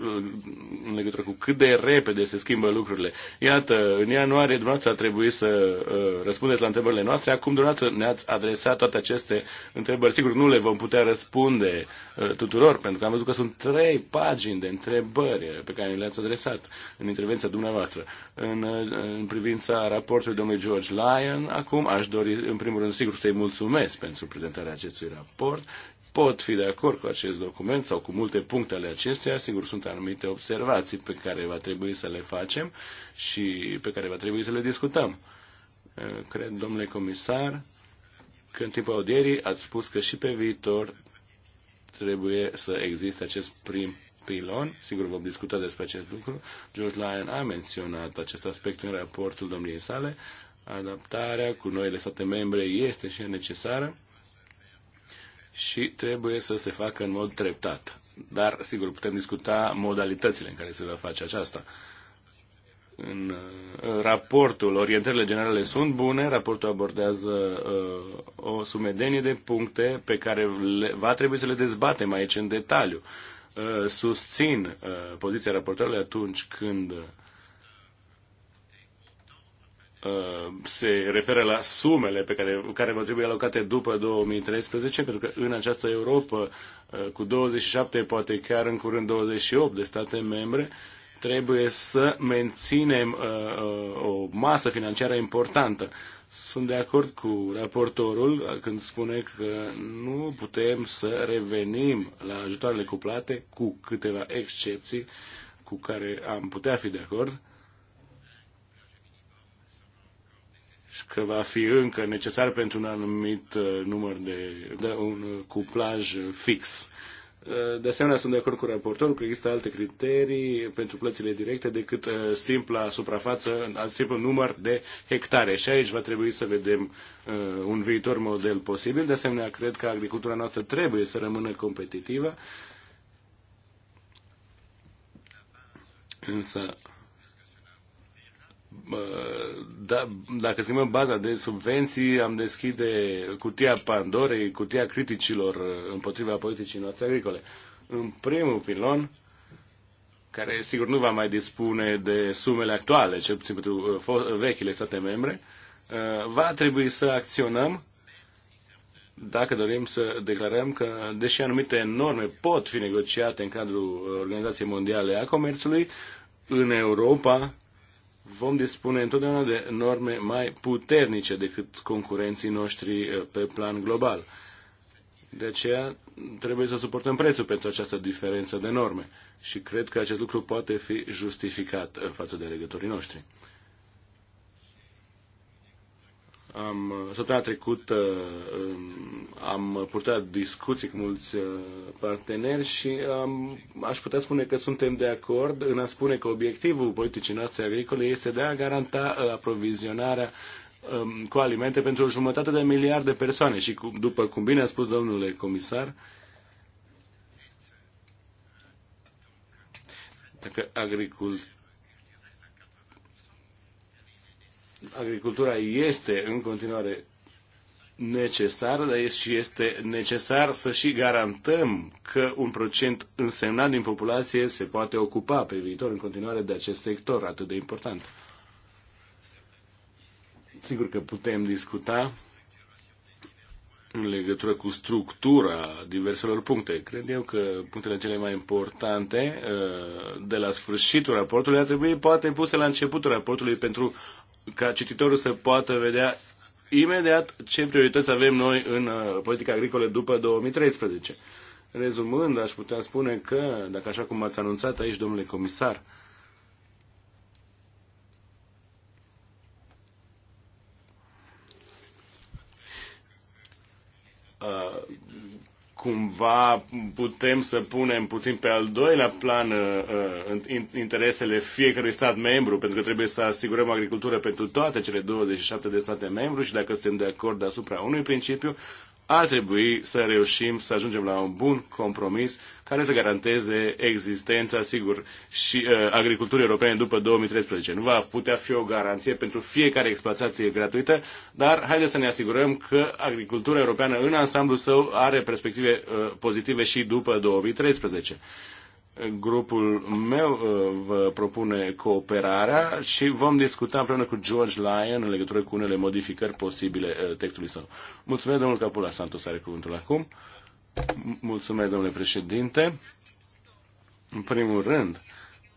în legătură cu cât de repede se schimbă lucrurile. Iată, în ianuarie dumneavoastră a trebuit să uh, răspundeți la întrebările noastre, acum dumneavoastră ne-ați adresat toate aceste întrebări. Sigur, nu le vom putea răspunde uh, tuturor, pentru că am văzut că sunt trei pagini de întrebări pe care le-ați adresat în intervenția dumneavoastră. În, în privința raportului domnului George Lyon, acum aș dori, în primul rând, sigur, să-i mulțumesc pentru prezentarea acestui raport pot fi de acord cu acest document sau cu multe puncte ale acestuia. Sigur, sunt anumite observații pe care va trebui să le facem și pe care va trebui să le discutăm. Cred, domnule comisar, că în timpul audierii ați spus că și pe viitor trebuie să existe acest prim pilon. Sigur, vom discuta despre acest lucru. George Lyon a menționat acest aspect în raportul domniei sale. Adaptarea cu noile state membre este și necesară și trebuie să se facă în mod treptat. Dar, sigur, putem discuta modalitățile în care se va face aceasta. În uh, raportul, orientările generale sunt bune, raportul abordează uh, o sumedenie de puncte pe care le, va trebui să le dezbatem aici în detaliu. Uh, susțin uh, poziția raportorului atunci când uh, Uh, se referă la sumele pe care, care vor trebui alocate după 2013, pentru că în această Europa, uh, cu 27, poate chiar în curând 28 de state membre, trebuie să menținem uh, o masă financiară importantă. Sunt de acord cu raportorul când spune că nu putem să revenim la ajutoarele cuplate, cu câteva excepții cu care am putea fi de acord, că va fi încă necesar pentru un anumit uh, număr de, de un uh, cuplaj fix. Uh, de asemenea, sunt de acord cu raportorul că există alte criterii pentru plățile directe decât simpla suprafață, simplu număr de hectare. Și aici va trebui să vedem un viitor model posibil. De asemenea, cred că agricultura noastră trebuie să rămână competitivă. Însă, da, dacă schimbăm baza de subvenții, am deschide cutia Pandorei, cutia criticilor împotriva politicii noastre agricole. În primul pilon, care sigur nu va mai dispune de sumele actuale, cel puțin pentru uh, uh, vechile state membre, uh, va trebui să acționăm dacă dorim să declarăm că, deși anumite norme pot fi negociate în cadrul Organizației Mondiale a Comerțului, în Europa vom dispune întotdeauna de norme mai puternice decât concurenții noștri eh, pe plan global. De aceea trebuie să suportăm prețul pentru această diferență de norme și cred că acest lucru poate fi justificat față de legătorii noștri. Am, săptămâna trecută um, am purtat discuții cu mulți uh, parteneri și am, um, aș putea spune că suntem de acord în a spune că obiectivul politicii noastre agricole este de a garanta uh, aprovizionarea um, cu alimente pentru o jumătate de miliard de persoane și după cum bine a spus domnule comisar, dacă agricultura agricultura este în continuare necesară, dar este și este necesar să și garantăm că un procent însemnat din populație se poate ocupa pe viitor în continuare de acest sector atât de important. Sigur că putem discuta în legătură cu structura diverselor puncte. Cred eu că punctele cele mai importante uh, de la sfârșitul raportului ar trebui poate puse la începutul raportului pentru ca cititorul să poată vedea imediat ce priorități avem noi în uh, politica agricolă după 2013. Rezumând, aș putea spune că, dacă așa cum ați anunțat aici, domnule comisar, uh, cumva putem să punem puțin pe al doilea plan uh, uh interesele fiecărui stat membru, pentru că trebuie să asigurăm agricultură pentru toate cele 27 de state membru și dacă suntem de acord asupra unui principiu, ar trebui să reușim să ajungem la un bun compromis care să garanteze existența, sigur, și uh, agriculturii europene după 2013. Nu va putea fi o garanție pentru fiecare exploatație gratuită, dar haideți să ne asigurăm că agricultura europeană în ansamblu său are perspective uh, pozitive și după 2013 grupul meu uh, vă propune cooperarea și vom discuta împreună cu George Lyon în legătură cu unele modificări posibile uh, textului său. Mulțumesc, domnul Capula Santos, are cuvântul acum. Mulțumesc, domnule președinte. În primul rând,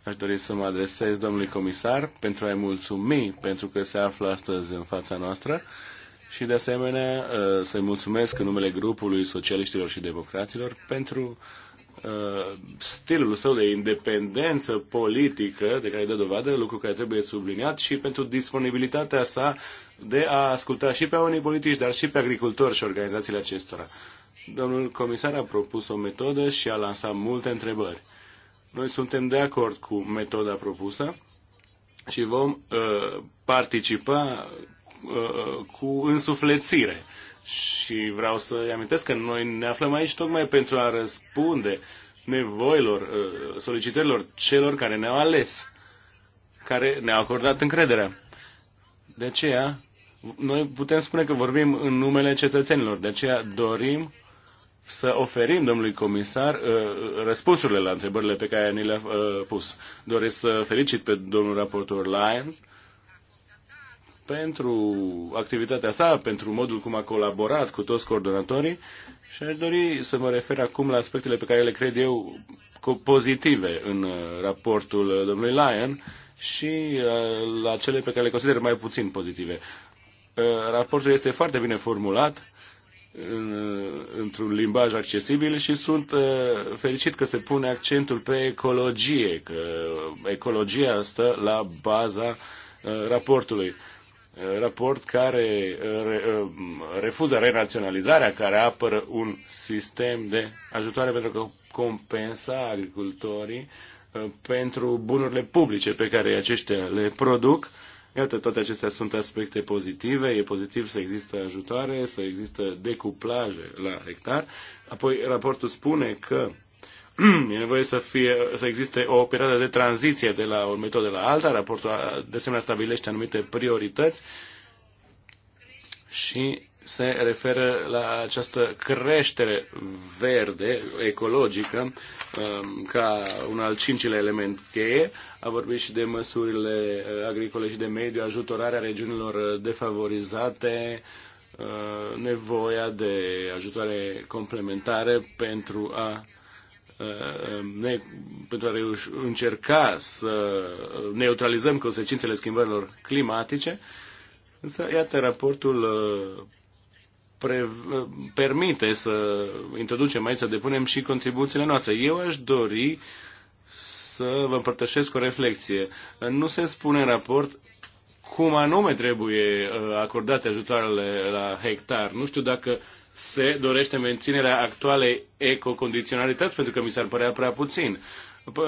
aș dori să mă adresez domnului comisar pentru a-i mulțumi pentru că se află astăzi în fața noastră și, de asemenea, uh, să-i mulțumesc în numele grupului socialiștilor și democraților pentru uh, Uh, stilul său de independență politică de care dă dovadă, lucru care trebuie subliniat, și pentru disponibilitatea sa de a asculta și pe unii politici, dar și pe agricultori și organizațiile acestora. Domnul comisar a propus o metodă și a lansat multe întrebări. Noi suntem de acord cu metoda propusă și vom uh, participa uh, uh cu însuflețire uh, și vreau să-i amintesc că noi ne aflăm aici tocmai pentru a răspunde nevoilor, uh, solicitărilor celor care ne-au ales, care ne-au acordat încrederea. De aceea, noi putem spune că vorbim în numele cetățenilor, de aceea dorim să oferim domnului comisar uh, răspunsurile la întrebările pe care ni le-a uh, pus. Doresc să felicit pe domnul raportor Lyon pentru activitatea sa, pentru modul cum a colaborat cu toți coordonatorii și aș dori să mă refer acum la aspectele pe care le cred eu pozitive în uh, raportul uh, domnului Lyon și uh, la cele pe care le consider mai puțin pozitive. Raportul este foarte bine formulat, într-un limbaj accesibil și sunt fericit că se pune accentul pe ecologie, că ecologia stă la baza raportului raport care um, refuză renaționalizarea, care apără un sistem de ajutoare pentru că compensa agricultorii uh, pentru bunurile publice pe care aceștia le produc. Iată, toate acestea sunt aspecte pozitive. E pozitiv să există ajutoare, să există decuplaje la hectar. Apoi, raportul spune că e nevoie să, fie, să existe o perioadă de tranziție de la o metodă la alta. Raportul de asemenea stabilește anumite priorități și se referă la această creștere verde, ecologică, um, ca un al cincilea element cheie. A vorbit și de măsurile uh, agricole și de mediu, ajutorarea regiunilor uh, defavorizate, uh, nevoia de ajutoare complementare pentru a Uh, ne, pentru a încerca să neutralizăm consecințele schimbărilor climatice, însă, iată, raportul uh, pre, uh, permite să introducem aici, să depunem și contribuțiile noastre. Eu aș dori să vă împărtășesc o reflexie. Nu se spune în raport cum anume trebuie acordate ajutoarele la hectar. Nu știu dacă se dorește menținerea actualei ecocondiționalități, pentru că mi s-ar părea prea puțin.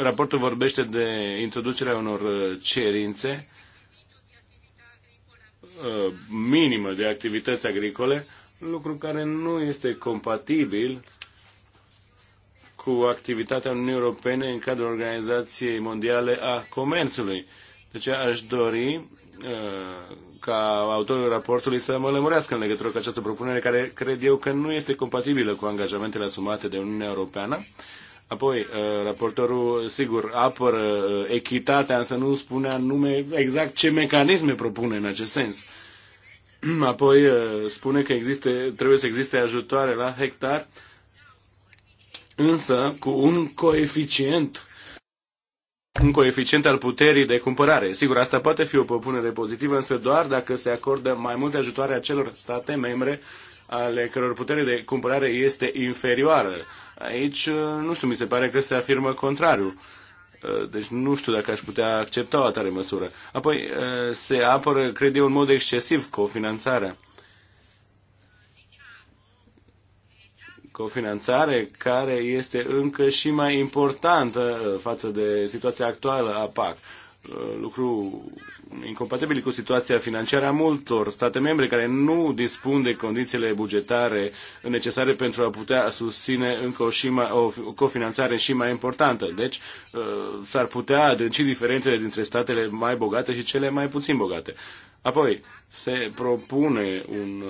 Raportul vorbește de introducerea unor uh, cerințe uh, minimă de activități agricole, lucru care nu este compatibil cu activitatea Uniunii Europene în cadrul Organizației Mondiale a Comerțului. Deci aș dori uh, ca autorul raportului să mă lămurească în legătură cu această propunere care cred eu că nu este compatibilă cu angajamentele asumate de Uniunea Europeană. Apoi, uh, raportorul, sigur, apără uh, echitatea, însă nu spune anume exact ce mecanisme propune în acest sens. Apoi spune că existe, trebuie să existe ajutoare la hectar, însă cu un coeficient un coeficient al puterii de cumpărare. Sigur, asta poate fi o propunere pozitivă, însă doar dacă se acordă mai multe ajutoare acelor state membre ale căror putere de cumpărare este inferioară. Aici, uh, nu știu, mi se pare că se afirmă contrariul. Uh, deci nu știu dacă aș putea accepta o atare măsură. Apoi uh, se apără, cred eu, în mod excesiv cofinanțarea. cofinanțare care este încă și mai importantă uh, față de situația actuală a PAC uh, lucru incompatibil cu situația financiară a multor state membre care nu dispun de condițiile bugetare necesare pentru a putea susține încă o, și mai, o cofinanțare și mai importantă. Deci uh, s-ar putea adânci diferențele dintre statele mai bogate și cele mai puțin bogate. Apoi, se propune un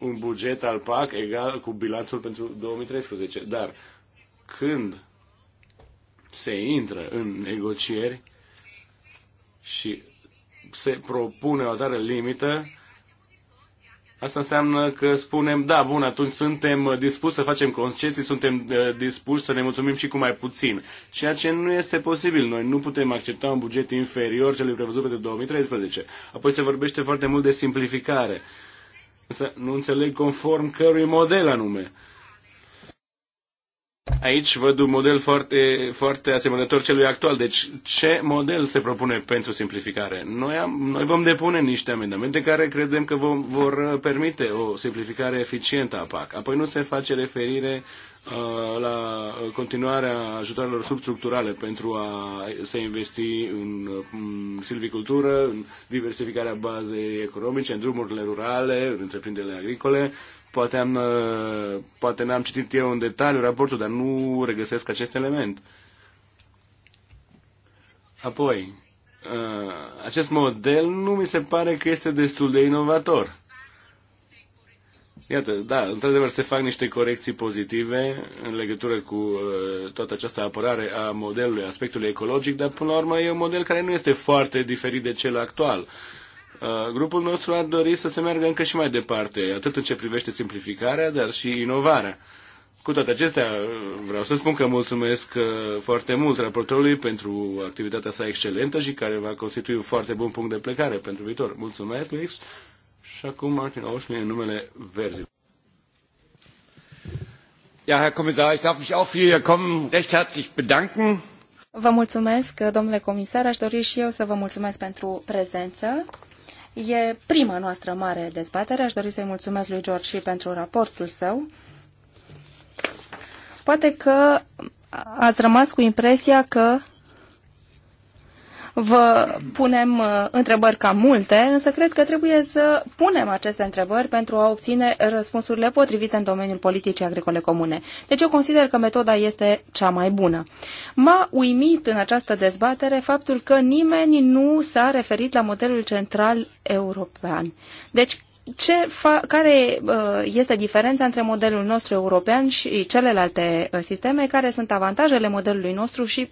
un buget al PAC egal cu bilanțul pentru 2013. Dar când se intră în negocieri și se propune o dată limită, asta înseamnă că spunem, da, bun, atunci suntem dispuși să facem concesii, suntem uh, dispuși să ne mulțumim și cu mai puțin. Ceea ce nu este posibil. Noi nu putem accepta un buget inferior celui prevăzut pentru 2013. Apoi se vorbește foarte mult de simplificare. Uh, Însă nu înțeleg conform cărui model anume. Aici văd un model foarte, foarte asemănător celui actual. Deci, ce model se propune pentru simplificare? Noi, am, noi vom depune niște amendamente care credem că vom, vor permite o simplificare eficientă a PAC. Apoi nu se face referire la continuarea ajutoarelor substructurale pentru a se investi în silvicultură, în diversificarea bazei economice, în drumurile rurale, în întreprinderile agricole. Poate, am, poate n-am citit eu în detaliu raportul, dar nu regăsesc acest element. Apoi, acest model nu mi se pare că este destul de inovator Iată, da, într-adevăr se fac niște corecții pozitive în legătură cu uh, toată această apărare a modelului, aspectului ecologic, dar până la urmă e un model care nu este foarte diferit de cel actual. Uh, grupul nostru ar dori să se meargă încă și mai departe, atât în ce privește simplificarea, dar și inovarea. Cu toate acestea, uh, vreau să spun că mulțumesc uh, foarte mult raportorului pentru activitatea sa excelentă și care va constitui un foarte bun punct de plecare pentru viitor. Mulțumesc, Lips! Și acum Martin Ocean în numele verzi. Ja, Herr Kommissar, ich darf mich auch für Ihr Kommen recht herzlich bedanken. Vă mulțumesc, domnule comisar. Aș dori și eu să vă mulțumesc pentru prezență. E prima noastră mare dezbatere. Aș dori să-i mulțumesc lui George și pentru raportul său. Poate că ați rămas cu impresia că vă punem uh, întrebări cam multe, însă cred că trebuie să punem aceste întrebări pentru a obține răspunsurile potrivite în domeniul politicii agricole comune. Deci eu consider că metoda este cea mai bună. M-a uimit în această dezbatere faptul că nimeni nu s-a referit la modelul central european. Deci ce fa- care uh, este diferența între modelul nostru european și celelalte uh, sisteme, care sunt avantajele modelului nostru și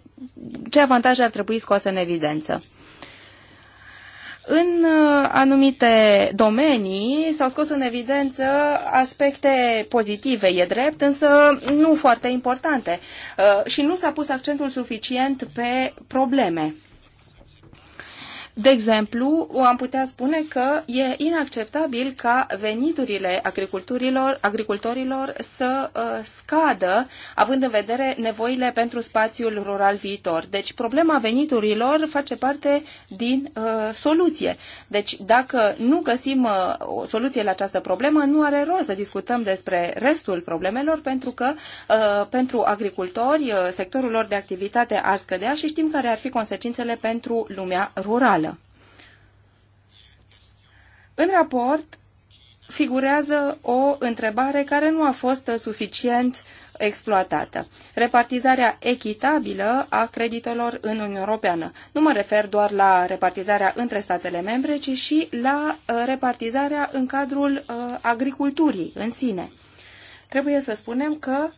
ce avantaje ar trebui scoase în evidență. În uh, anumite domenii s-au scos în evidență aspecte pozitive, e drept, însă nu foarte importante și nu s-a pus accentul suficient pe probleme. De exemplu, am putea spune că e inacceptabil ca veniturile agricultorilor, agricultorilor să uh, scadă, având în vedere nevoile pentru spațiul rural viitor. Deci, problema veniturilor face parte din uh, soluție. Deci, dacă nu găsim uh, o soluție la această problemă, nu are rost să discutăm despre restul problemelor, pentru că uh, pentru agricultori, uh, sectorul lor de activitate ar scădea și știm care ar fi consecințele pentru lumea rurală. În raport figurează o întrebare care nu a fost suficient exploatată. Repartizarea echitabilă a creditelor în Uniunea Europeană. Nu mă refer doar la repartizarea între statele membre, ci și la uh, repartizarea în cadrul uh, agriculturii în sine. Trebuie să spunem că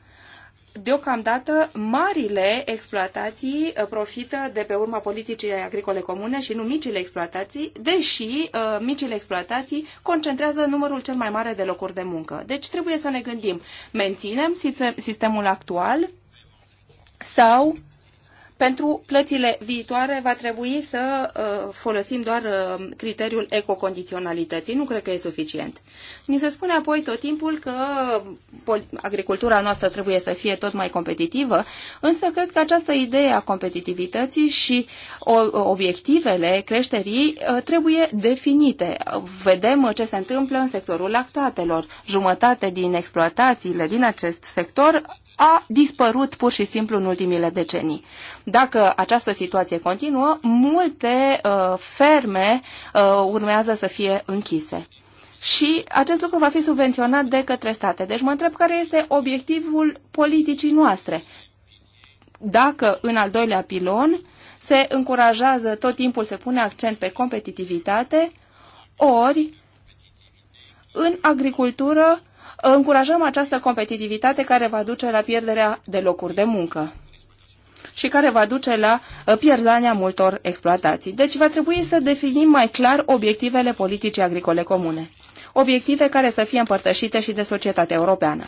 deocamdată marile exploatații uh, profită de pe urma politicii agricole comune și nu micile exploatații, deși uh, micile exploatații concentrează numărul cel mai mare de locuri de muncă. Deci trebuie să ne gândim, menținem sistemul actual sau pentru plățile viitoare va trebui să uh, folosim doar uh, criteriul ecocondiționalității. Nu cred că e suficient. Ni se spune apoi tot timpul că agricultura noastră trebuie să fie tot mai competitivă, însă cred că această idee a competitivității și obiectivele creșterii uh, trebuie definite. Vedem ce se întâmplă în sectorul lactatelor. Jumătate din exploatațiile din acest sector a dispărut pur și simplu în ultimile decenii. Dacă această situație continuă, multe uh, ferme uh, urmează să fie închise. Și acest lucru va fi subvenționat de către state. Deci mă întreb care este obiectivul politicii noastre. Dacă în al doilea pilon se încurajează, tot timpul se pune accent pe competitivitate, ori în agricultură încurajăm această competitivitate care va duce la pierderea de locuri de muncă și care va duce la uh, pierzania multor exploatații. Deci va trebui să definim mai clar obiectivele politicii agricole comune obiective care să fie împărtășite și de societatea europeană.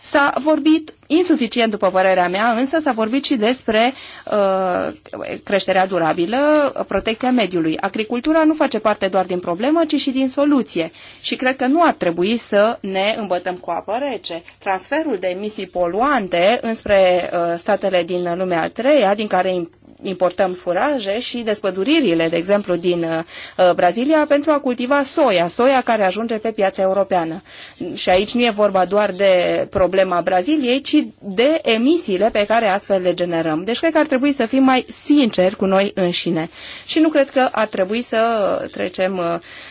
S-a vorbit insuficient, după părerea mea, însă s-a vorbit și despre uh, creșterea durabilă, protecția mediului. Agricultura nu face parte doar din problemă, ci și din soluție. Și cred că nu ar trebui să ne îmbătăm cu apă rece. Transferul de emisii poluante înspre uh, statele din lumea a treia, din care importăm furaje și despăduririle, de exemplu, din uh, Brazilia pentru a cultiva soia, soia care ajunge pe piața europeană. Și aici nu e vorba doar de problema Braziliei, ci de emisiile pe care astfel le generăm. Deci cred că ar trebui să fim mai sinceri cu noi înșine. Și nu cred că ar trebui să trecem uh,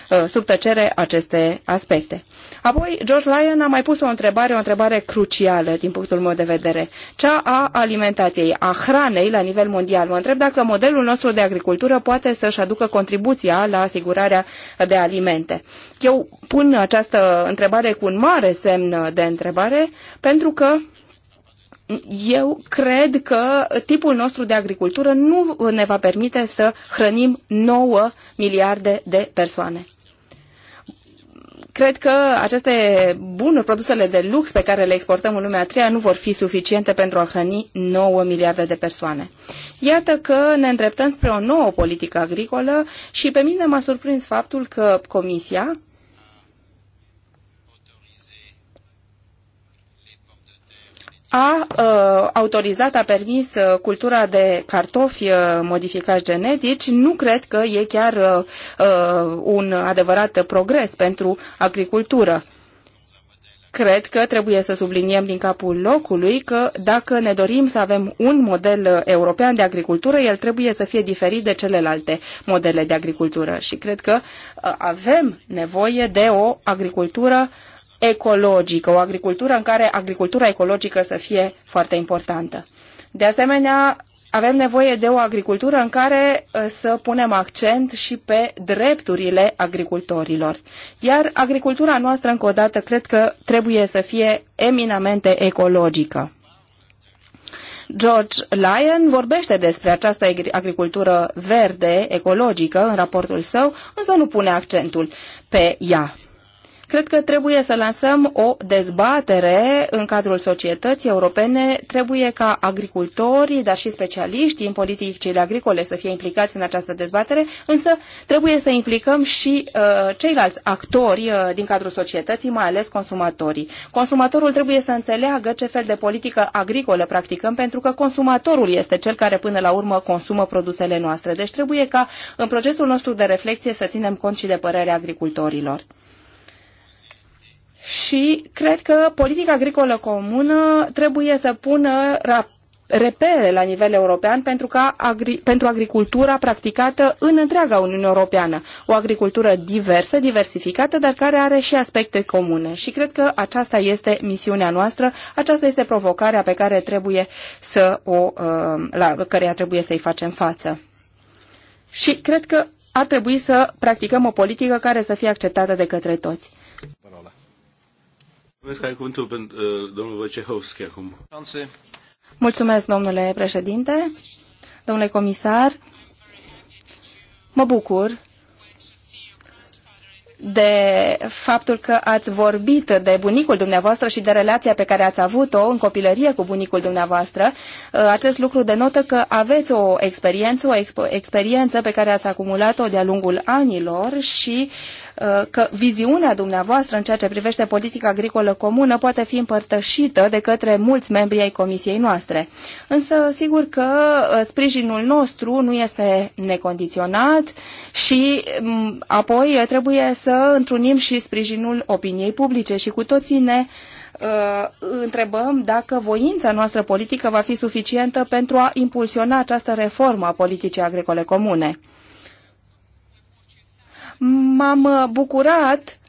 Uh, sub tăcere aceste aspecte. Apoi, George Lyon a mai pus o întrebare, o întrebare crucială din punctul meu de vedere, cea a alimentației, a hranei la nivel mondial. Mă întreb dacă modelul nostru de agricultură poate să-și aducă contribuția la asigurarea de alimente. Eu pun această întrebare cu un mare semn de întrebare, pentru că eu cred că tipul nostru de agricultură nu ne va permite să hrănim 9 miliarde de persoane cred că aceste bunuri, produsele de lux pe care le exportăm în lumea a treia, nu vor fi suficiente pentru a hrăni 9 miliarde de persoane. Iată că ne îndreptăm spre o nouă politică agricolă și pe mine m-a surprins faptul că Comisia a uh, autorizat, a permis uh, cultura de cartofi uh, modificați genetici, nu cred că e chiar uh, uh, un adevărat progres pentru agricultură. Cred că trebuie să subliniem din capul locului că dacă ne dorim să avem un model uh, european de agricultură, el trebuie să fie diferit de celelalte modele de agricultură și cred că uh, avem nevoie de o agricultură uh, ecologică, o agricultură în care agricultura ecologică să fie foarte importantă. De asemenea, avem nevoie de o agricultură în care ă, să punem accent și pe drepturile agricultorilor. Iar agricultura noastră, încă o dată, cred că trebuie să fie eminamente ecologică. George Lyon vorbește despre această agricultură verde, ecologică, în raportul său, însă nu pune accentul pe ea. Cred că trebuie să lansăm o dezbatere în cadrul societății europene. Trebuie ca agricultorii, dar și specialiștii în politicile agricole să fie implicați în această dezbatere, însă trebuie să implicăm și uh, ceilalți actori uh, din cadrul societății, mai ales consumatorii. Consumatorul trebuie să înțeleagă ce fel de politică agricolă practicăm, pentru că consumatorul este cel care până la urmă consumă produsele noastre. Deci trebuie ca în procesul nostru de reflexie să ținem cont și de părerea agricultorilor și cred că politica agricolă comună trebuie să pună repere la nivel european pentru, ca agri, pentru agricultura practicată în întreaga Uniune Europeană. O agricultură diversă, diversificată, dar care are și aspecte comune. Și cred că aceasta este misiunea noastră, aceasta este provocarea pe care trebuie să o, uh, la care trebuie să-i facem față. Și cred că ar trebui să practicăm o politică care să fie acceptată de către toți. Uh, Mulțumesc, domnule președinte, domnule comisar. Mă bucur de faptul că ați vorbit de bunicul dumneavoastră și de relația pe care ați avut-o în copilărie cu bunicul dumneavoastră. Uh, acest lucru denotă că aveți o experiență, o experiență pe care ați acumulat-o de-a lungul anilor și uh, Uh, că viziunea dumneavoastră în ceea ce privește politica agricolă comună poate fi împărtășită de către mulți membri ai comisiei noastre. Însă, sigur că uh, sprijinul nostru nu este necondiționat și mm, apoi uh, trebuie să întrunim și sprijinul opiniei publice și cu toții ne întrebăm dacă voința noastră politică va fi suficientă pentru a impulsiona această reformă a politicii agricole comune. M-am uh, bucurat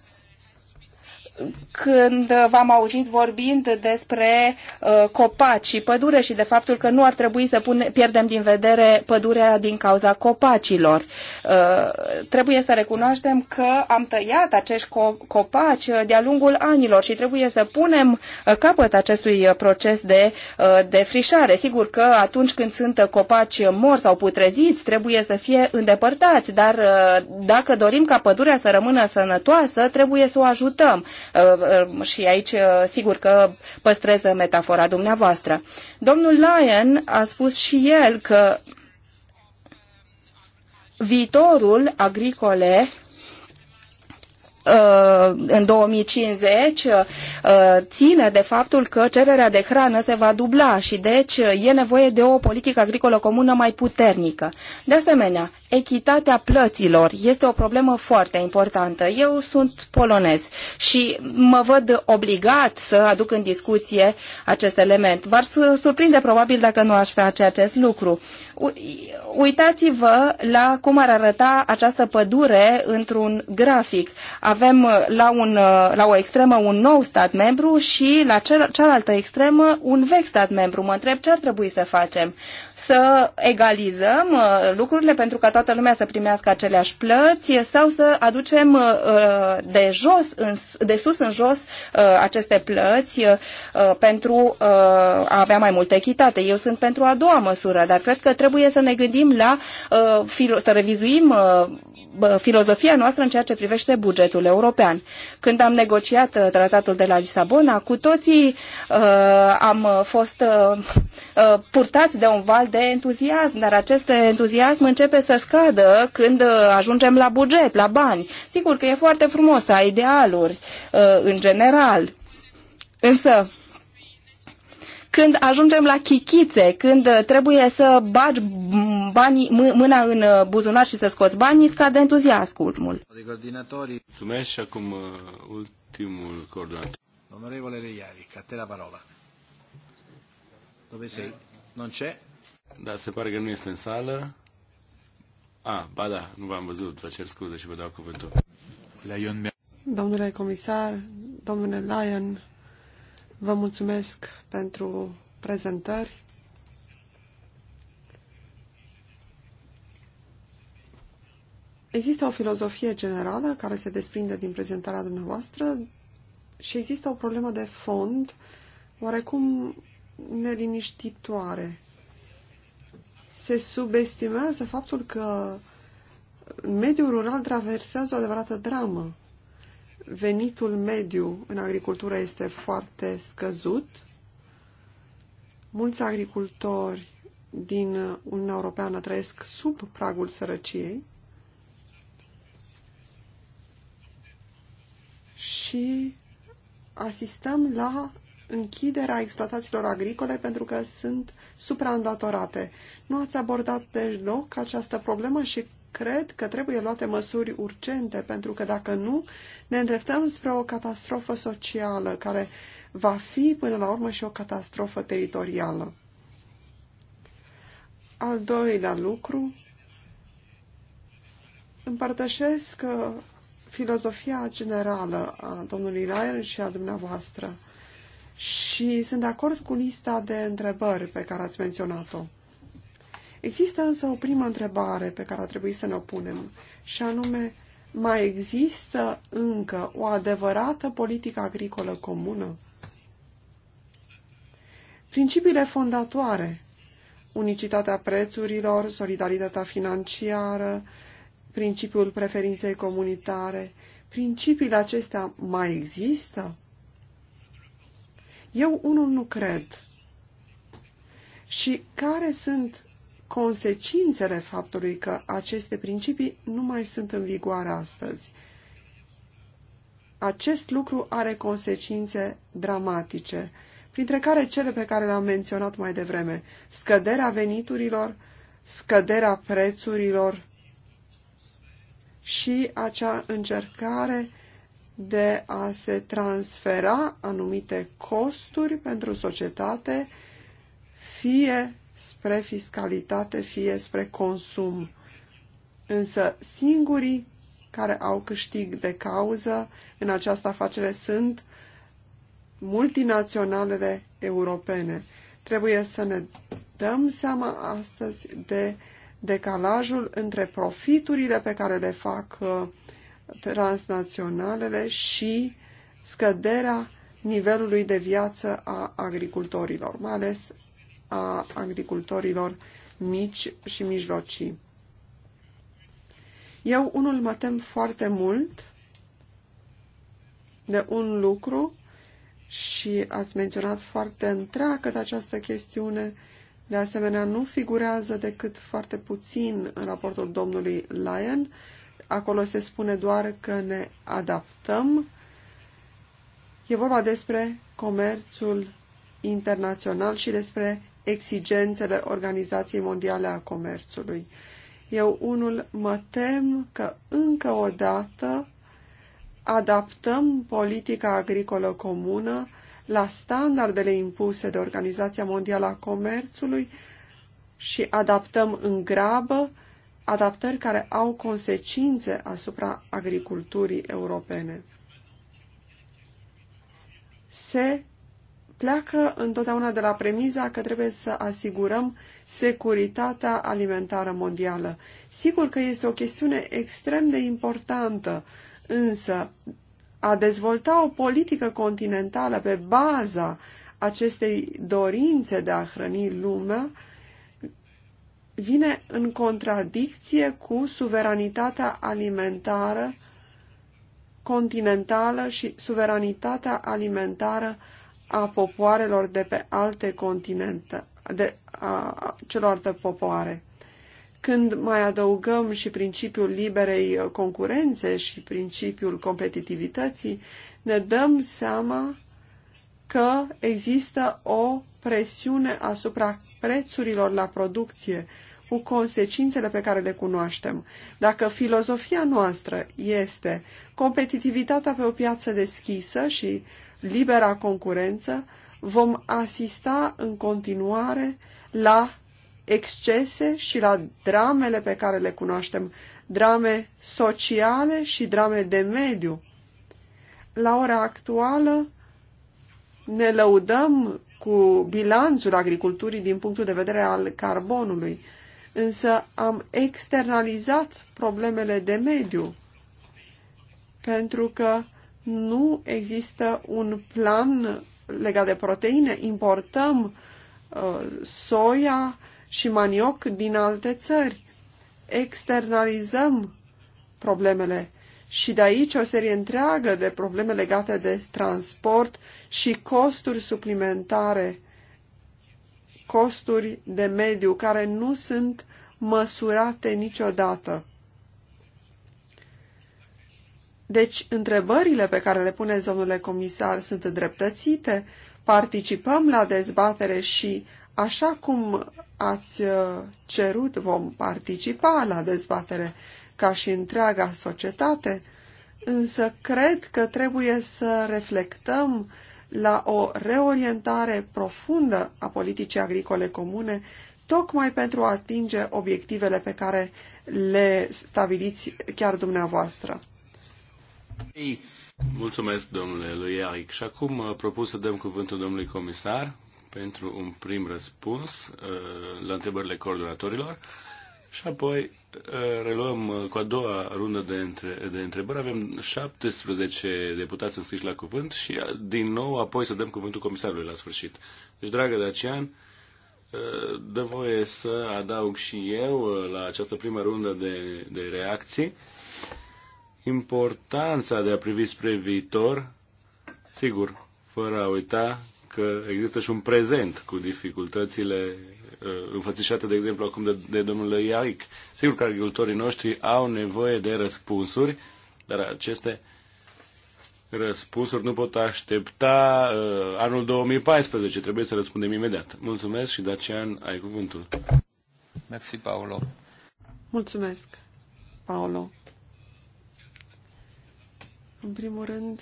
când uh, v-am auzit vorbind despre uh, copaci și pădure și de faptul că nu ar trebui să pune, pierdem din vedere pădurea din cauza copacilor. Uh, trebuie să recunoaștem că am tăiat acești co- copaci uh, de-a lungul anilor și trebuie să punem uh, capăt acestui proces de, uh, de frișare. Sigur că atunci când sunt copaci morți sau putreziți, trebuie să fie îndepărtați, dar uh, dacă dorim ca pădurea să rămână sănătoasă, trebuie să o ajutăm. Uh, Uh, și aici uh, sigur că păstrez metafora dumneavoastră. Domnul Lyon a spus și el că viitorul agricole Uh, în 2050 uh, ține de faptul că cererea de hrană se va dubla și deci e nevoie de o politică agricolă comună mai puternică. De asemenea, echitatea plăților este o problemă foarte importantă. Eu sunt polonez și mă văd obligat să aduc în discuție acest element. V-ar surprinde probabil dacă nu aș face acest lucru. Uitați-vă la cum ar arăta această pădure într-un grafic. Avem uh, la, un, uh, la o extremă un nou stat membru și la cealaltă extremă un vechi stat membru. Mă întreb ce ar trebui să facem să egalizăm uh, lucrurile pentru ca toată lumea să primească aceleași plăți sau să aducem uh, de, jos în, de sus în jos uh, aceste plăți pentru a avea mai multă echitate. Eu sunt pentru a doua măsură, dar cred că trebuie să ne gândim la, să revizuim filozofia noastră în ceea ce privește bugetul european. Când am negociat uh, tratatul de la Lisabona, cu toții uh, am fost uh, uh, purtați de un val de entuziasm, dar acest entuziasm începe să scadă când uh, ajungem la buget, la bani. Sigur că e foarte frumos să ai idealuri uh, în general, însă când ajungem la chichițe, când uh, trebuie să bagi banii, mâna în uh, buzunar și să scoți banii, scade entuziasmul. Mulțumesc și acum uh, ultimul coordonat. Onorevole Reiari, ca te la parola. Dove sei? Non c'è? Da, se pare că nu este în sală. A, ba da, nu v-am văzut, vă cer scuze și vă dau cuvântul. Domnule comisar, domnule Lyon, Vă mulțumesc pentru prezentări. Există o filozofie generală care se desprinde din prezentarea dumneavoastră și există o problemă de fond oarecum neliniștitoare. Se subestimează faptul că mediul rural traversează o adevărată dramă venitul mediu în agricultură este foarte scăzut. Mulți agricultori din Uniunea Europeană trăiesc sub pragul sărăciei și asistăm la închiderea exploatațiilor agricole pentru că sunt supraîndatorate. Nu ați abordat deloc această problemă și cred că trebuie luate măsuri urgente, pentru că dacă nu, ne îndreptăm spre o catastrofă socială, care va fi până la urmă și o catastrofă teritorială. Al doilea lucru, împărtășesc uh, filozofia generală a domnului Lyon și a dumneavoastră și sunt de acord cu lista de întrebări pe care ați menționat-o. Există însă o primă întrebare pe care ar trebui să ne o punem și anume, mai există încă o adevărată politică agricolă comună? Principiile fondatoare, unicitatea prețurilor, solidaritatea financiară, principiul preferinței comunitare, principiile acestea mai există? Eu unul nu cred. Și care sunt consecințele faptului că aceste principii nu mai sunt în vigoare astăzi. Acest lucru are consecințe dramatice, printre care cele pe care le-am menționat mai devreme, scăderea veniturilor, scăderea prețurilor și acea încercare de a se transfera anumite costuri pentru societate, fie spre fiscalitate, fie spre consum. Însă singurii care au câștig de cauză în această afacere sunt multinaționalele europene. Trebuie să ne dăm seama astăzi de decalajul între profiturile pe care le fac uh, transnaționalele și scăderea nivelului de viață a agricultorilor, mai ales a agricultorilor mici și mijlocii. Eu unul mă tem foarte mult de un lucru și ați menționat foarte întreagă de această chestiune. De asemenea, nu figurează decât foarte puțin în raportul domnului Lyon. Acolo se spune doar că ne adaptăm. E vorba despre comerțul internațional și despre exigențele Organizației Mondiale a Comerțului. Eu unul mă tem că încă o dată adaptăm politica agricolă comună la standardele impuse de Organizația Mondială a Comerțului și adaptăm în grabă adaptări care au consecințe asupra agriculturii europene. Se pleacă întotdeauna de la premiza că trebuie să asigurăm securitatea alimentară mondială. Sigur că este o chestiune extrem de importantă, însă a dezvolta o politică continentală pe baza acestei dorințe de a hrăni lumea vine în contradicție cu suveranitatea alimentară continentală și suveranitatea alimentară a popoarelor de pe alte continente, de a celorlalte popoare. Când mai adăugăm și principiul liberei concurențe și principiul competitivității, ne dăm seama că există o presiune asupra prețurilor la producție, cu consecințele pe care le cunoaștem. Dacă filozofia noastră este competitivitatea pe o piață deschisă și libera concurență, vom asista în continuare la excese și la dramele pe care le cunoaștem, drame sociale și drame de mediu. La ora actuală ne lăudăm cu bilanțul agriculturii din punctul de vedere al carbonului, însă am externalizat problemele de mediu, pentru că nu există un plan legat de proteine. Importăm uh, soia și manioc din alte țări. Externalizăm problemele. Și de aici o serie întreagă de probleme legate de transport și costuri suplimentare, costuri de mediu care nu sunt măsurate niciodată. Deci, întrebările pe care le puneți, domnule comisar, sunt îndreptățite. Participăm la dezbatere și, așa cum ați uh, cerut, vom participa la dezbatere ca și întreaga societate, însă cred că trebuie să reflectăm la o reorientare profundă a politicii agricole comune, tocmai pentru a atinge obiectivele pe care le stabiliți chiar dumneavoastră. Mulțumesc, domnule lui Iaric. Și acum uh, propun să dăm cuvântul domnului comisar pentru un prim răspuns uh, la întrebările coordonatorilor și apoi uh, reluăm cu a doua rundă de, între, de întrebări. Avem 17 deputați înscriși la cuvânt și din nou apoi să dăm cuvântul comisarului la sfârșit. Deci, dragă Dacian, dă voie să adaug și eu la această primă rundă de, de reacții importanța de a privi spre viitor, sigur, fără a uita că există și un prezent cu dificultățile uh, înfățișate, de exemplu, acum de, de domnul Iaic. Sigur că agricultorii noștri au nevoie de răspunsuri, dar aceste răspunsuri nu pot aștepta uh, anul 2014. Trebuie să răspundem imediat. Mulțumesc și Dacian, ai cuvântul. Mersi, Paolo. Mulțumesc, Paolo. În primul rând,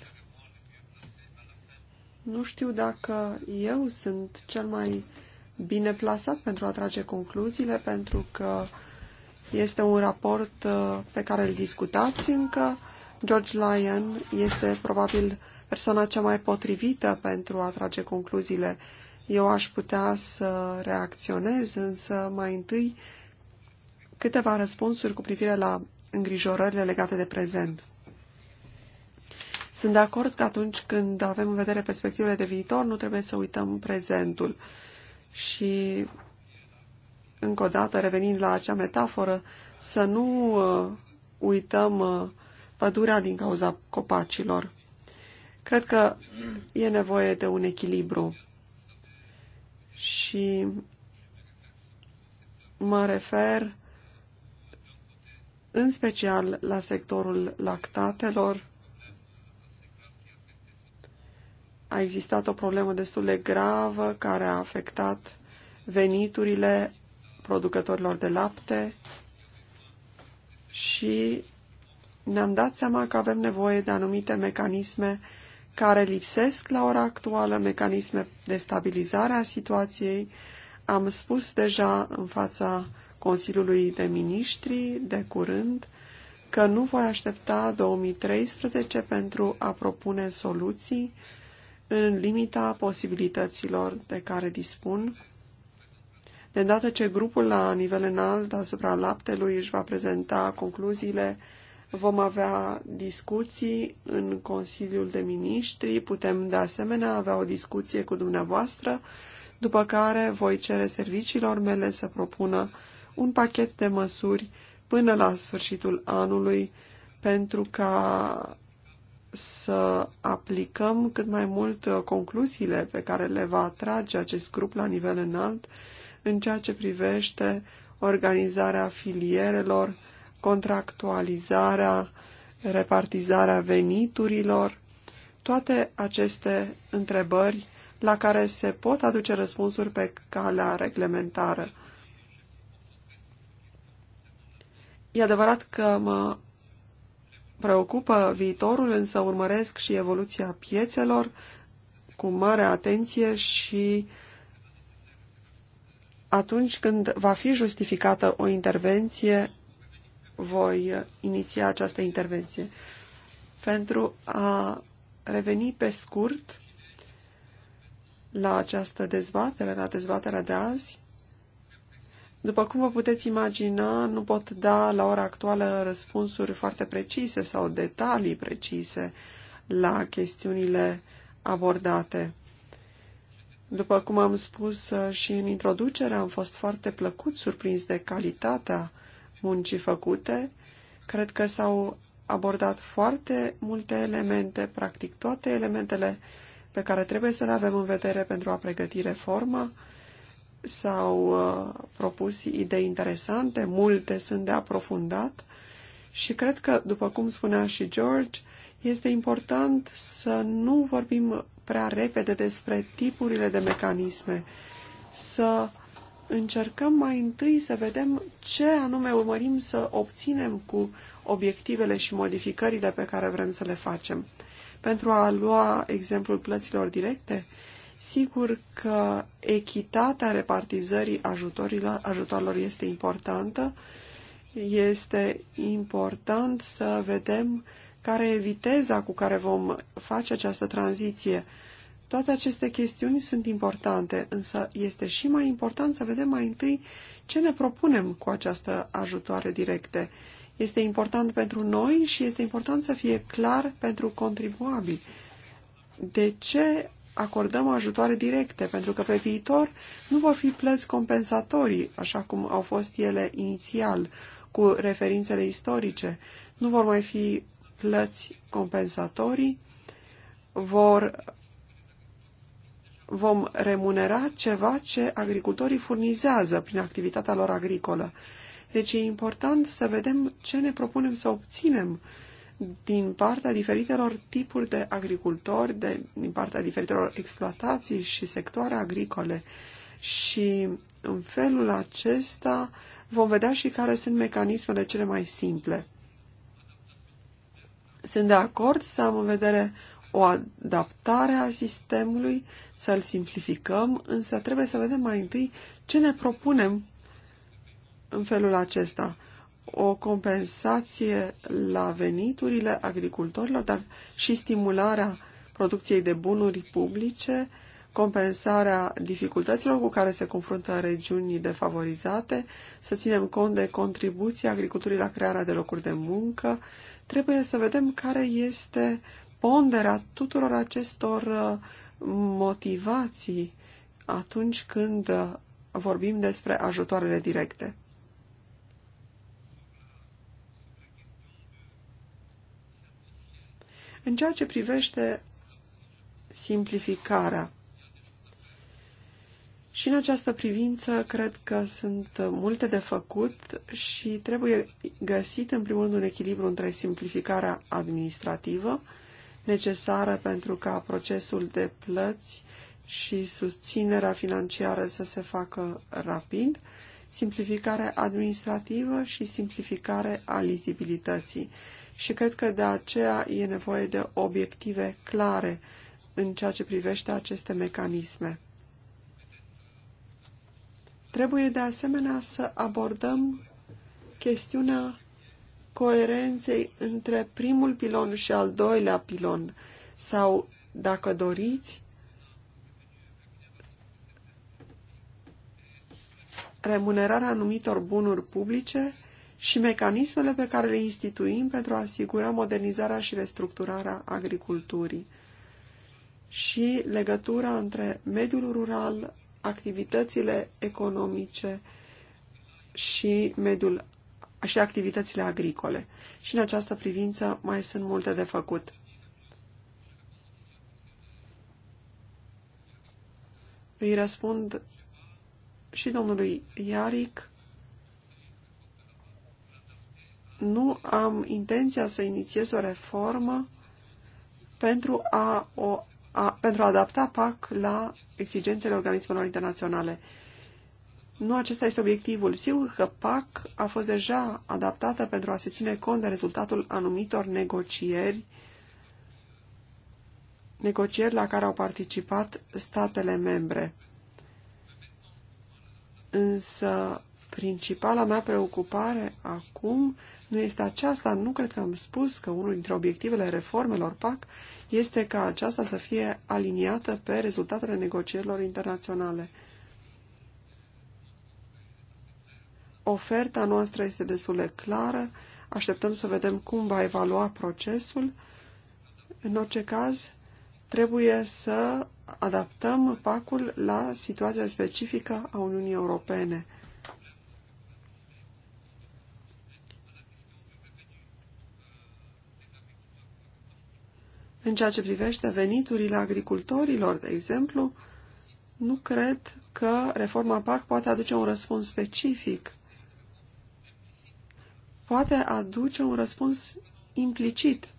nu știu dacă eu sunt cel mai bine plasat pentru a trage concluziile, pentru că este un raport uh, pe care îl discutați încă. George Lyon este probabil persoana cea mai potrivită pentru a trage concluziile. Eu aș putea să reacționez, însă mai întâi câteva răspunsuri cu privire la îngrijorările legate de prezent. Sunt de acord că atunci când avem în vedere perspectivele de viitor, nu trebuie să uităm prezentul. Și, încă o dată, revenind la acea metaforă, să nu uh, uităm uh, pădurea din cauza copacilor. Cred că e nevoie de un echilibru. Și mă refer în special la sectorul lactatelor a existat o problemă destul de gravă care a afectat veniturile producătorilor de lapte și ne-am dat seama că avem nevoie de anumite mecanisme care lipsesc la ora actuală, mecanisme de stabilizare a situației. Am spus deja în fața Consiliului de Ministri de curând că nu voi aștepta 2013 pentru a propune soluții în limita posibilităților de care dispun, de îndată ce grupul la nivel înalt asupra laptelui își va prezenta concluziile, vom avea discuții în Consiliul de Ministri, putem de asemenea avea o discuție cu dumneavoastră, după care voi cere serviciilor mele să propună un pachet de măsuri până la sfârșitul anului pentru ca să aplicăm cât mai mult uh, concluziile pe care le va atrage acest grup la nivel înalt în ceea ce privește organizarea filierelor, contractualizarea, repartizarea veniturilor, toate aceste întrebări la care se pot aduce răspunsuri pe calea reglementară. E adevărat că mă preocupă viitorul, însă urmăresc și evoluția piețelor cu mare atenție și atunci când va fi justificată o intervenție, voi iniția această intervenție. Pentru a reveni pe scurt la această dezbatere, la dezbaterea de azi, după cum vă puteți imagina, nu pot da la ora actuală răspunsuri foarte precise sau detalii precise la chestiunile abordate. După cum am spus și în introducere, am fost foarte plăcut surprins de calitatea muncii făcute. Cred că s-au abordat foarte multe elemente, practic toate elementele pe care trebuie să le avem în vedere pentru a pregăti reforma s-au uh, propus idei interesante, multe sunt de aprofundat și cred că, după cum spunea și George, este important să nu vorbim prea repede despre tipurile de mecanisme, să încercăm mai întâi să vedem ce anume urmărim să obținem cu obiectivele și modificările pe care vrem să le facem. Pentru a lua exemplul plăților directe, Sigur că echitatea repartizării ajutorilor, ajutorilor este importantă. Este important să vedem care e viteza cu care vom face această tranziție. Toate aceste chestiuni sunt importante, însă este și mai important să vedem mai întâi ce ne propunem cu această ajutoare directe. Este important pentru noi și este important să fie clar pentru contribuabili. De ce acordăm ajutoare directe, pentru că pe viitor nu vor fi plăți compensatorii, așa cum au fost ele inițial, cu referințele istorice. Nu vor mai fi plăți compensatorii, vor, vom remunera ceva ce agricultorii furnizează prin activitatea lor agricolă. Deci e important să vedem ce ne propunem să obținem din partea diferitelor tipuri de agricultori, de, din partea diferitelor exploatații și sectoare agricole. Și în felul acesta vom vedea și care sunt mecanismele cele mai simple. Sunt de acord să am în vedere o adaptare a sistemului, să-l simplificăm, însă trebuie să vedem mai întâi ce ne propunem în felul acesta o compensație la veniturile agricultorilor, dar și stimularea producției de bunuri publice, compensarea dificultăților cu care se confruntă regiunii defavorizate, să ținem cont de contribuția agriculturii la crearea de locuri de muncă. Trebuie să vedem care este ponderea tuturor acestor uh, motivații atunci când uh, vorbim despre ajutoarele directe. În ceea ce privește simplificarea, și în această privință cred că sunt multe de făcut și trebuie găsit în primul rând un echilibru între simplificarea administrativă necesară pentru ca procesul de plăți și susținerea financiară să se facă rapid, simplificare administrativă și simplificare a lizibilității și cred că de aceea e nevoie de obiective clare în ceea ce privește aceste mecanisme. Trebuie de asemenea să abordăm chestiunea coerenței între primul pilon și al doilea pilon sau, dacă doriți, remunerarea anumitor bunuri publice și mecanismele pe care le instituim pentru a asigura modernizarea și restructurarea agriculturii și legătura între mediul rural, activitățile economice și mediul și activitățile agricole. Și în această privință mai sunt multe de făcut. Îi răspund și domnului Iaric nu am intenția să inițiez o reformă pentru a, o, a, pentru a adapta PAC la exigențele organismelor internaționale. Nu acesta este obiectivul. Sigur că PAC a fost deja adaptată pentru a se ține cont de rezultatul anumitor negocieri, negocieri la care au participat statele membre. Însă Principala mea preocupare acum nu este aceasta. Nu cred că am spus că unul dintre obiectivele reformelor PAC este ca aceasta să fie aliniată pe rezultatele negocierilor internaționale. Oferta noastră este destul de clară. Așteptăm să vedem cum va evalua procesul. În orice caz, trebuie să adaptăm pacul la situația specifică a Uniunii Europene. În ceea ce privește veniturile agricultorilor, de exemplu, nu cred că reforma PAC poate aduce un răspuns specific. Poate aduce un răspuns implicit.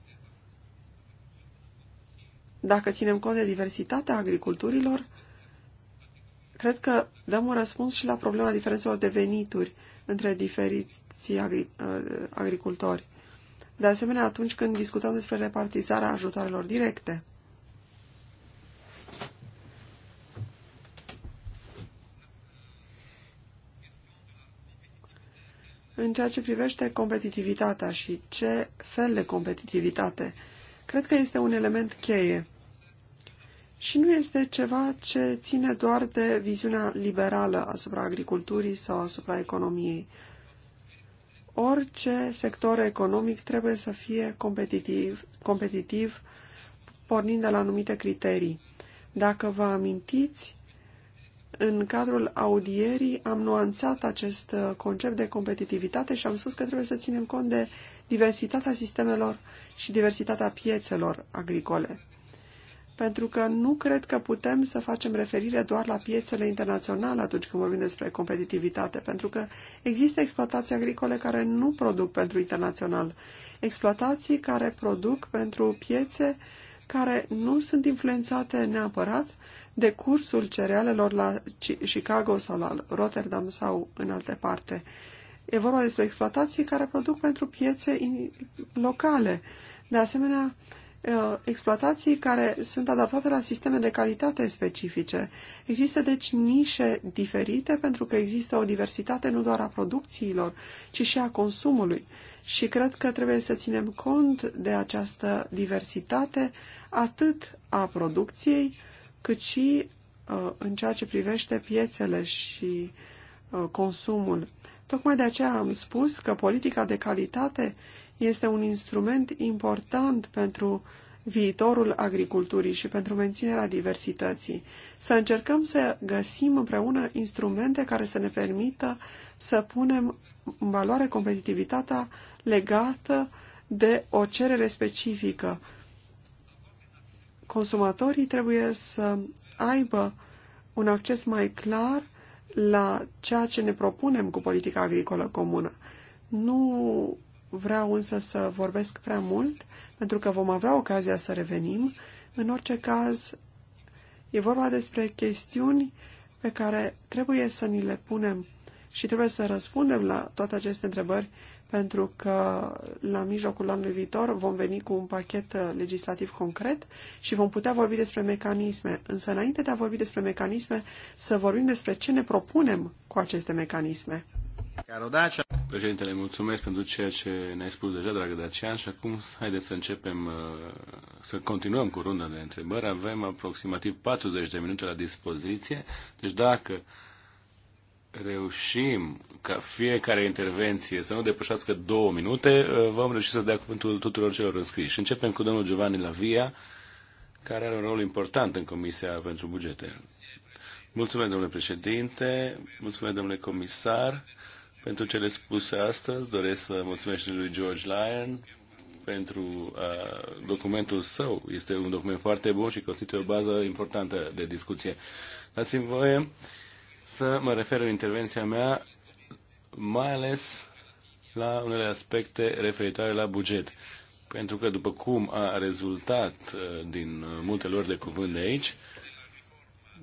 Dacă ținem cont de diversitatea agriculturilor, cred că dăm un răspuns și la problema diferențelor de venituri între diferiți uh, uh, agricultori de asemenea atunci când discutăm despre repartizarea ajutoarelor directe. În ceea ce privește competitivitatea și ce fel de competitivitate, cred că este un element cheie și nu este ceva ce ține doar de viziunea liberală asupra agriculturii sau asupra economiei orice sector economic trebuie să fie competitiv, competitiv pornind de la anumite criterii. Dacă vă amintiți, în cadrul audierii am nuanțat acest uh, concept de competitivitate și am spus că trebuie să ținem cont de diversitatea sistemelor și diversitatea piețelor agricole pentru că nu cred că putem să facem referire doar la piețele internaționale atunci când vorbim despre competitivitate, pentru că există exploatații agricole care nu produc pentru internațional, exploatații care produc pentru piețe care nu sunt influențate neapărat de cursul cerealelor la Chicago sau la Rotterdam sau în alte parte. E vorba despre exploatații care produc pentru piețe locale. De asemenea, Uh, exploatații care sunt adaptate la sisteme de calitate specifice. Există deci nișe diferite pentru că există o diversitate nu doar a producțiilor, ci și a consumului. Și cred că trebuie să ținem cont de această diversitate atât a producției, cât și uh, în ceea ce privește piețele și uh, consumul. Tocmai de aceea am spus că politica de calitate este un instrument important pentru viitorul agriculturii și pentru menținerea diversității. Să încercăm să găsim împreună instrumente care să ne permită să punem în valoare competitivitatea legată de o cerere specifică. Consumatorii trebuie să aibă un acces mai clar la ceea ce ne propunem cu politica agricolă comună. Nu vreau însă să vorbesc prea mult, pentru că vom avea ocazia să revenim. În orice caz, e vorba despre chestiuni pe care trebuie să ni le punem și trebuie să răspundem la toate aceste întrebări, pentru că la mijlocul anului viitor vom veni cu un pachet uh, legislativ concret și vom putea vorbi despre mecanisme. Însă, înainte de a vorbi despre mecanisme, să vorbim despre ce ne propunem cu aceste mecanisme. Președintele, mulțumesc pentru ceea ce ne-ai spus deja, dragă Dacian, și acum haideți să începem, uh, să continuăm cu runda de întrebări. Avem aproximativ 40 de minute la dispoziție, deci dacă reușim ca fiecare intervenție să nu depășească două minute, uh, vom reuși să dea cuvântul tuturor celor înscriși. Începem cu domnul Giovanni Lavia, care are un rol important în Comisia pentru Bugete. Mulțumesc, domnule președinte, mulțumesc, domnule comisar. Pentru cele spuse astăzi, doresc să mulțumesc și lui George Lyon pentru uh, documentul său. Este un document foarte bun și constituie o bază importantă de discuție. Dați-mi voie să mă refer în intervenția mea mai ales la unele aspecte referitoare la buget. Pentru că, după cum a rezultat uh, din uh, multe lor de cuvânt de aici,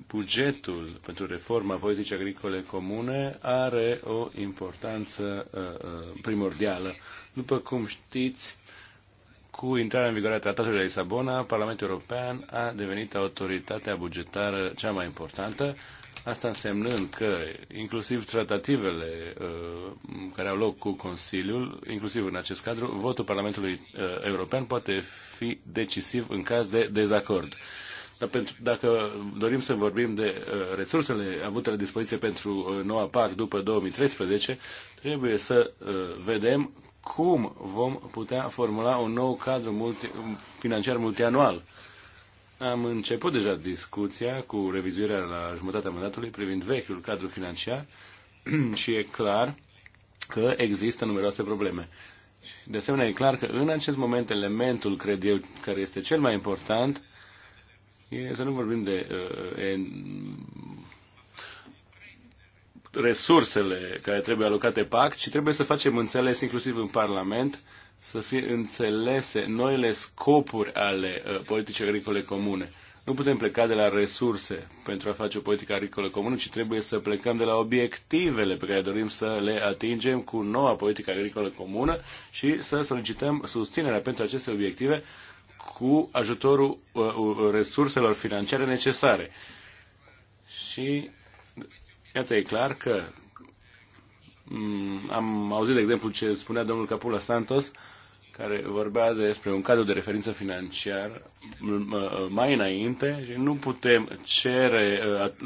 bugetul pentru reforma politicii agricole comune are o importanță uh, uh, primordială. După cum știți, cu intrarea în vigoare a Tratatului de Lisabona, Parlamentul European a devenit autoritatea bugetară cea mai importantă, asta însemnând că inclusiv tratativele uh, care au loc cu Consiliul, inclusiv în acest cadru, votul Parlamentului uh, European poate fi decisiv în caz de dezacord. Dar pentru, dacă dorim să vorbim de uh, resursele avute la dispoziție pentru uh, noua PAC după 2013, trebuie să uh, vedem cum vom putea formula un nou cadru multi, financiar multianual. Am început deja discuția cu revizuirea la jumătatea mandatului privind vechiul cadru financiar și e clar că există numeroase probleme. De asemenea, e clar că în acest moment elementul, cred eu, care este cel mai important E să nu vorbim de uh, e, resursele care trebuie alocate PAC, ci trebuie să facem înțeles inclusiv în Parlament să fie înțelese noile scopuri ale uh, politicii agricole comune. Nu putem pleca de la resurse pentru a face o politică agricolă comună, ci trebuie să plecăm de la obiectivele pe care dorim să le atingem cu noua politică agricolă comună și să solicităm susținerea pentru aceste obiective cu ajutorul uh, uh, resurselor financiare necesare. Și iată, e clar că mm, am auzit, de exemplu, ce spunea domnul Capula Santos, care vorbea despre un cadru de referință financiar mm, uh, mai înainte și nu putem cere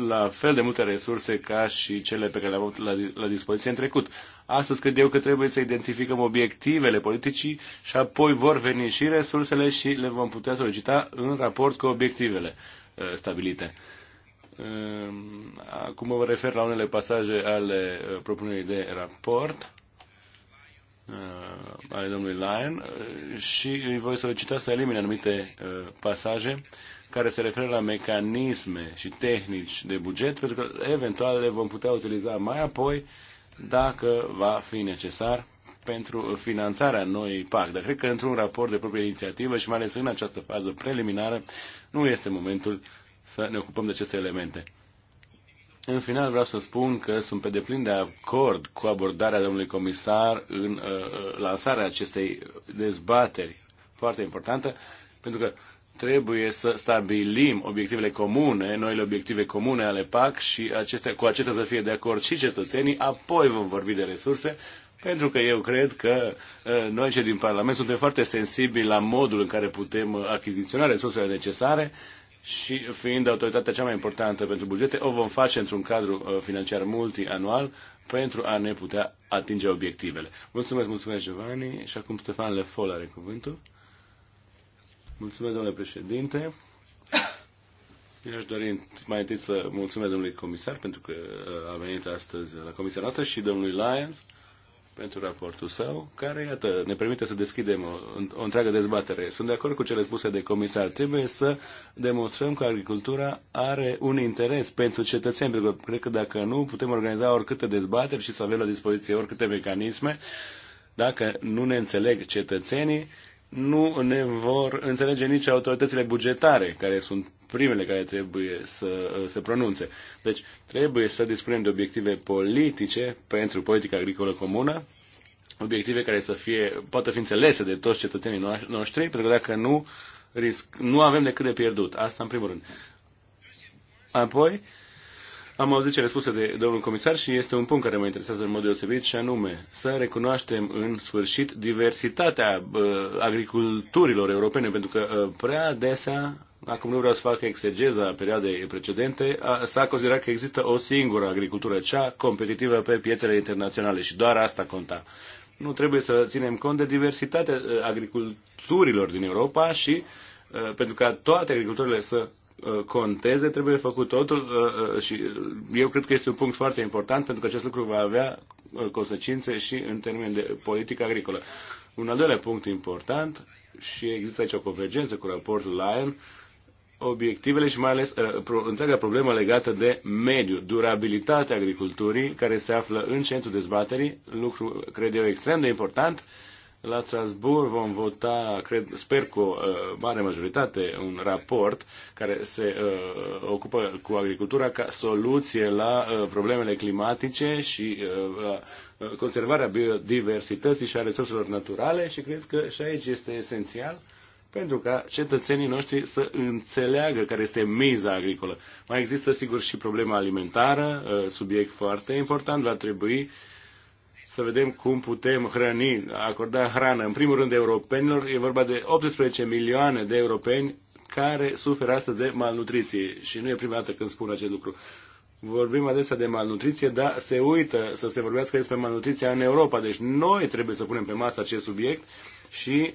la fel de multe resurse ca și cele pe care le-am avut la, dispoziție în trecut. Astăzi cred eu că trebuie să identificăm obiectivele politicii și apoi vor veni și resursele și le vom putea solicita în raport cu obiectivele uh, stabilite. Um, acum mă refer la unele pasaje ale uh, propunerii de raport uh, ale domnului Lyon și îi voi solicita să elimine anumite pasaje care se referă la mecanisme și tehnici de buget, pentru că eventual le vom putea utiliza mai apoi dacă va fi necesar pentru finanțarea noii PAC. Dar cred că într-un raport de proprie inițiativă și mai ales în această fază preliminară nu este momentul să ne ocupăm de aceste elemente. În final vreau să spun că sunt pe deplin de acord cu abordarea domnului comisar în uh, uh lansarea acestei dezbateri foarte importantă, pentru că trebuie să stabilim obiectivele comune, noile obiective comune ale PAC și acestea, cu acestea să fie de acord și cetățenii, apoi vom vorbi de resurse, pentru că eu cred că ă, noi cei din Parlament suntem foarte sensibili la modul în care putem achiziționa resursele necesare și fiind autoritatea cea mai importantă pentru bugete, o vom face într-un cadru ă, financiar multianual pentru a ne putea atinge obiectivele. Mulțumesc, mulțumesc Giovanni și acum Stefan Lefol are cuvântul. Mulțumesc, domnule președinte. Eu aș dori mai întâi să mulțumesc domnului comisar pentru că uh, a venit astăzi la comisia noastră și domnului Lyon pentru raportul său, care, iată, ne permite să deschidem o, o întreagă dezbatere. Sunt de acord cu cele spuse de comisar. Trebuie să demonstrăm că agricultura are un interes pentru cetățeni, pentru că cred că dacă nu, putem organiza oricâte dezbateri și să avem la dispoziție oricâte mecanisme. Dacă nu ne înțeleg cetățenii, nu ne vor înțelege nici autoritățile bugetare, care sunt primele care trebuie să uh, se pronunțe. Deci trebuie să dispunem de obiective politice pentru politica agricolă comună, obiective care să fie, poată fi înțelese de toți cetățenii noștri, pentru că dacă nu, risc, nu avem decât de pierdut. Asta în primul rând. Apoi, am auzit ce răspunsă de domnul comisar și este un punct care mă interesează în mod deosebit și anume să recunoaștem în sfârșit diversitatea uh, agriculturilor europene, pentru că uh, prea desea, acum nu vreau să fac exegeza perioadei precedente, s-a considerat că există o singură agricultură, cea competitivă pe piețele internaționale și doar asta conta. Nu trebuie să ținem cont de diversitatea ă, agriculturilor din Europa și ă, pentru ca toate agriculturile să Uh, conteze, trebuie făcut totul uh, uh, și eu cred că este un punct foarte important pentru că acest lucru va avea consecințe și în termen de politică agricolă. Un al doilea punct important și există aici o convergență cu raportul Lyon, obiectivele și mai ales întreaga problemă legată de mediu, durabilitatea agriculturii, care se află în centrul dezbaterii, lucru, cred eu, extrem de important, uh, la Strasbourg vom vota, cred, sper cu o uh, mare majoritate, un raport care se uh, ocupă cu agricultura ca soluție la uh, problemele climatice și uh, la uh, conservarea biodiversității și a resurselor naturale și cred că și aici este esențial pentru ca cetățenii noștri să înțeleagă care este miza agricolă. Mai există, sigur, și problema alimentară, uh, subiect foarte important, va trebui uh, să vedem cum putem hrăni, acorda hrană. În primul rând europenilor, e vorba de 18 milioane de europeni care suferă astăzi de malnutriție. Și nu e prima dată când spun acest lucru. Vorbim adesea de malnutriție, dar se uită să se vorbească despre malnutriția în Europa. Deci noi trebuie să punem pe masă acest subiect și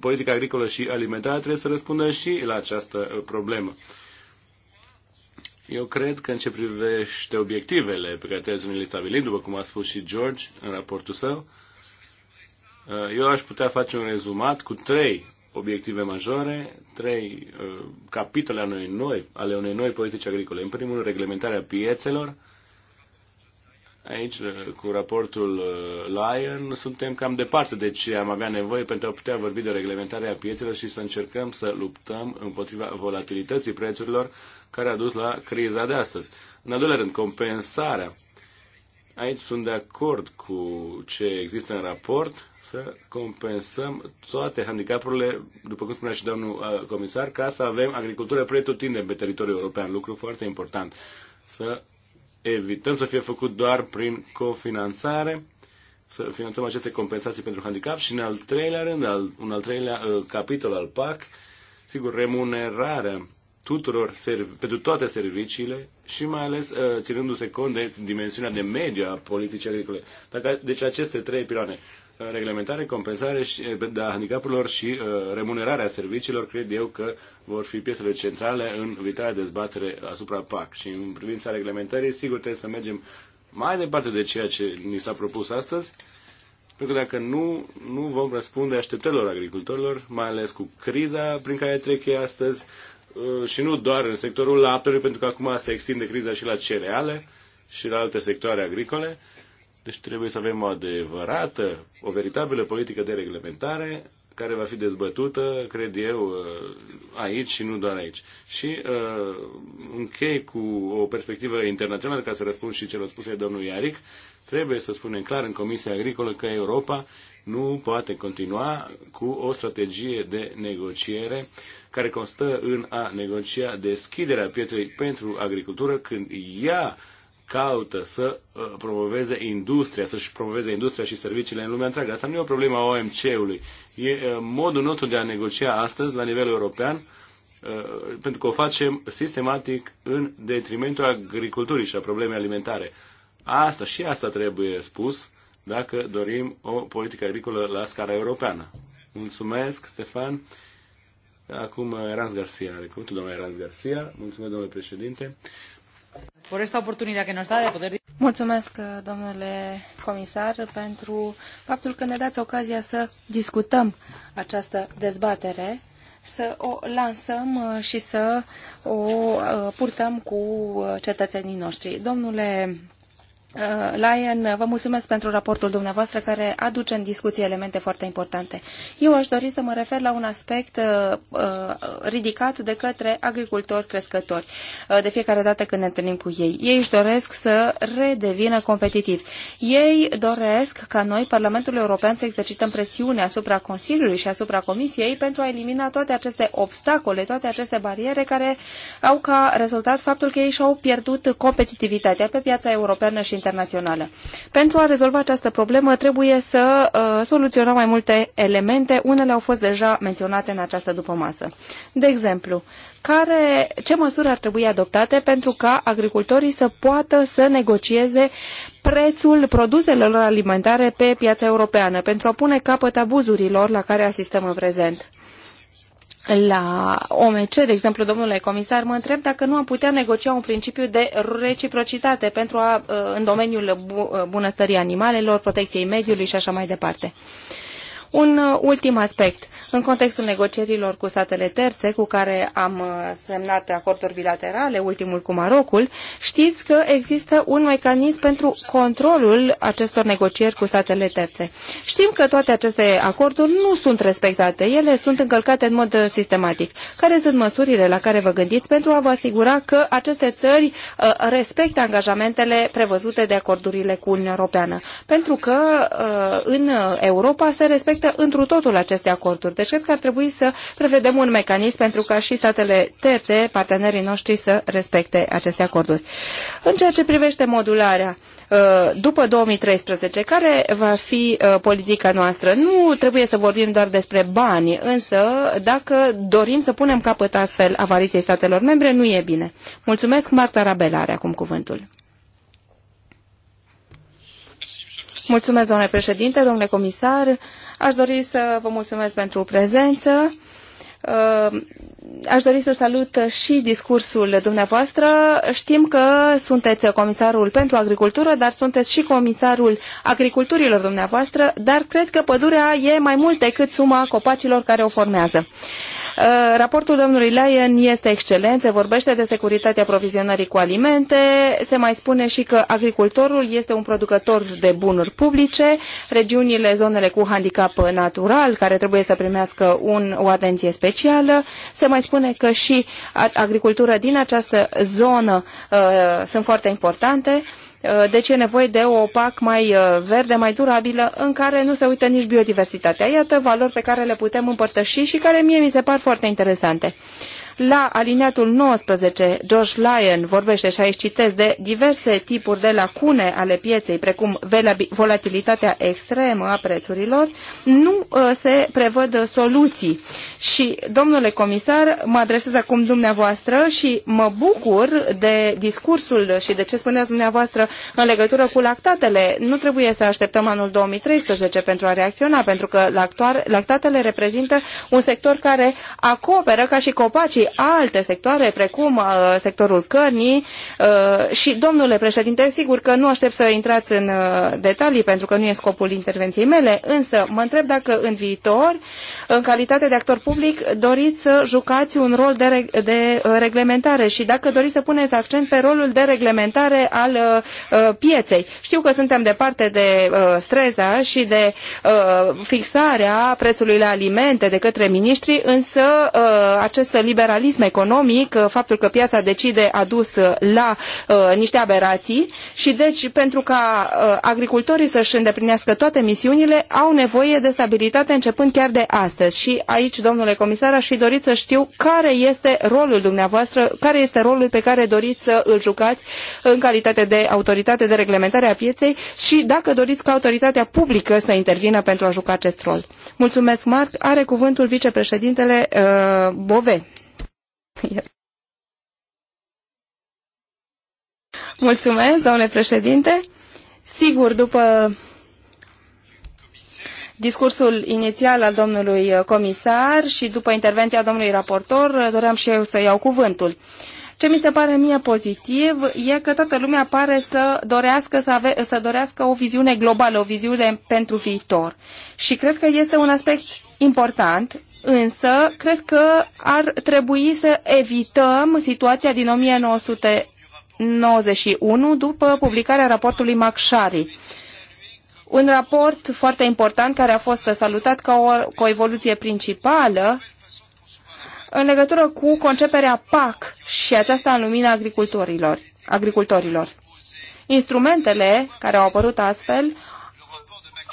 politica agricolă și alimentară trebuie să răspundă și la această problemă. Eu cred că în ce privește obiectivele pe care trebuie să ne le stabilim, după cum a spus și George în raportul său, uh, eu aș putea face un rezumat cu trei obiective majore, trei uh, capitole ale unei noi, ale unei noi politici agricole. În primul rând, reglementarea piețelor, Aici, uh, cu raportul uh, Lion, suntem cam departe de deci ce am avea nevoie pentru a putea vorbi de reglementarea piețelor și să încercăm să luptăm împotriva volatilității prețurilor care a dus la criza de astăzi. În al doilea rând, compensarea. Aici sunt de acord cu ce există în raport, să compensăm toate handicapurile, după cum spunea și domnul uh, comisar, ca să avem agricultură pretutinde pe teritoriul european, lucru foarte important. Să evităm să fie făcut doar prin cofinanțare, să finanțăm aceste compensații pentru handicap și în al treilea rând, al, un al treilea uh, capitol al PAC, sigur, remunerarea tuturor, pentru toate serviciile și mai ales uh, ținându-se cont de dimensiunea de mediu a politicii agricole. Dacă, deci aceste trei piloane, reglementare, compensare și, eh, a da, handicapurilor și eh, remunerarea serviciilor, cred eu că vor fi piesele centrale în viitoarea dezbatere asupra PAC. Și în privința reglementării, sigur, trebuie să mergem mai departe de ceea ce ni s-a propus astăzi, pentru că dacă nu, nu vom răspunde așteptărilor agricultorilor, mai ales cu criza prin care trec ei astăzi, eh, și nu doar în sectorul laptelui, pentru că acum se extinde criza și la cereale și la alte sectoare agricole deci trebuie să avem o adevărată, o veritabilă politică de reglementare care va fi dezbătută, cred eu, uh, aici și nu doar aici. Și uh, închei cu o perspectivă internațională, ca să răspund și celor spuse de domnul Iaric, trebuie să spunem clar în Comisia Agricolă că Europa nu poate continua cu o strategie de negociere care constă în a negocia deschiderea pieței pentru agricultură când ea caută să uh, promoveze industria, să-și promoveze industria și serviciile în lumea întreagă. Asta nu e o problemă a OMC-ului. E uh, modul nostru de a negocia astăzi, la nivel european, uh, pentru că o facem sistematic în detrimentul agriculturii și a problemei alimentare. Asta și asta trebuie spus dacă dorim o politică agricolă la scara europeană. Mulțumesc, Stefan. Acum Erans Garcia, recrutul domnului Erans Garcia. Mulțumesc, domnule președinte. Por esta oportunidad que nos da de poder... Mulțumesc, domnule comisar, pentru faptul că ne dați ocazia să discutăm această dezbatere, să o lansăm uh, și să o uh, purtăm cu uh, cetățenii noștri. Domnule Uh, Lion, vă mulțumesc pentru raportul dumneavoastră care aduce în discuție elemente foarte importante. Eu aș dori să mă refer la un aspect uh, uh, ridicat de către agricultori crescători, de fiecare dată când ne întâlnim cu ei. Ei își doresc să redevină competitivi. Ei doresc ca noi, Parlamentul European, să exercităm presiune asupra Consiliului și asupra Comisiei pentru a elimina toate aceste obstacole, toate aceste bariere care au ca rezultat faptul că ei și-au pierdut competitivitatea pe piața europeană și internațională. Pentru a rezolva această problemă trebuie să uh, soluționăm mai multe elemente, unele au fost deja menționate în această dupămasă. De exemplu, care, ce măsuri ar trebui adoptate pentru ca agricultorii să poată să negocieze prețul produselor alimentare pe piața europeană pentru a pune capăt abuzurilor la care asistăm în prezent? la OMC, de exemplu, domnule comisar, mă întreb dacă nu am putea negocia un principiu de reciprocitate pentru a, uh, în domeniul uh, bunăstării animalelor, protecției mediului și așa mai departe. Uh, un uh, ultim aspect. În contextul negocierilor cu statele terțe, cu care am uh, semnat acorduri bilaterale, ultimul cu Marocul, știți că există un mecanism pentru controlul acestor negocieri cu statele terțe. Știm că toate aceste acorduri nu sunt respectate, ele sunt încălcate în mod uh, sistematic. Care sunt măsurile la care vă gândiți pentru a vă asigura că aceste țări respectă angajamentele prevăzute de acordurile cu Uniunea Europeană? Pentru că în Europa se respectă respectă întru totul aceste acorduri. Deci cred că ar trebui să prevedem un mecanism pentru ca și statele terțe, partenerii noștri, să respecte aceste acorduri. În ceea ce privește modularea, uh, după 2013, care va fi uh, politica noastră? Nu trebuie să vorbim doar despre bani, însă dacă dorim să punem capăt astfel avariției statelor membre, nu e bine. Mulțumesc, Marta Rabela are acum cuvântul. Mulțumesc, domnule președinte, domnule comisar. Aș dori să vă mulțumesc pentru prezență. Uh, aș dori să salut și discursul dumneavoastră. Știm că sunteți comisarul pentru agricultură, dar sunteți și comisarul agriculturilor dumneavoastră, dar cred că pădurea e mai mult decât suma copacilor care o formează. Uh, raportul domnului Lyon este excelent, se vorbește de securitatea provizionării cu alimente, se mai spune și că agricultorul este un producător de bunuri publice, regiunile, zonele cu handicap natural, care trebuie să primească un, o atenție specială, se mai spune că și agricultura din această zonă uh, sunt foarte importante, Eh, deci e nevoie de o PAC mai eh, verde, mai durabilă, în care nu se uită nici biodiversitatea. Iată valori pe care le putem împărtăși și care mie mi se par foarte interesante. La aliniatul 19, George Lyon vorbește și aici citesc de diverse tipuri de lacune ale pieței, precum volatilitatea extremă a prețurilor, nu uh, se prevăd soluții. Și, domnule comisar, mă adresez acum dumneavoastră și mă bucur de discursul și de ce spuneați dumneavoastră în legătură cu lactatele. Nu trebuie să așteptăm anul 2013 pentru a reacționa, pentru că lactatele reprezintă un sector care acoperă ca și copacii și alte sectoare, precum uh, sectorul cărnii. Uh, și, domnule președinte, sigur că nu aștept să intrați în uh, detalii, pentru că nu e scopul intervenției mele, însă mă întreb dacă în viitor, în calitate de actor public, doriți să jucați un rol de, reg de uh, reglementare și dacă doriți să puneți accent pe rolul de reglementare al uh, uh, pieței. Știu că suntem departe de uh, streza și de uh, fixarea prețului la alimente de către miniștri, însă uh, acest liberalism economic, uh, faptul că piața decide a dus uh, la uh, niște aberații și deci pentru ca agricultorii să-și îndeplinească toate misiunile, au nevoie de stabilitate începând chiar de astăzi. Și aici, domnule comisar, aș fi dorit să știu care este rolul dumneavoastră, care este rolul pe care doriți să îl jucați în calitate de autoritate de reglementare a pieței și dacă doriți ca autoritatea publică să intervină pentru a juca acest rol. Mulțumesc, Marc. Are cuvântul vicepreședintele uh, Bove. Mulțumesc, domnule președinte. Sigur, după discursul inițial al domnului comisar și după intervenția domnului raportor, doream și eu să iau cuvântul. Ce mi se pare mie pozitiv e că toată lumea pare să dorească, să, ave, să dorească o viziune globală, o viziune pentru viitor. Și cred că este un aspect important Însă, cred că ar trebui să evităm situația din 1991 după publicarea raportului Macshari. Un raport foarte important care a fost salutat ca o, ca o evoluție principală în legătură cu conceperea PAC și aceasta în lumina agricultorilor. agricultorilor. Instrumentele care au apărut astfel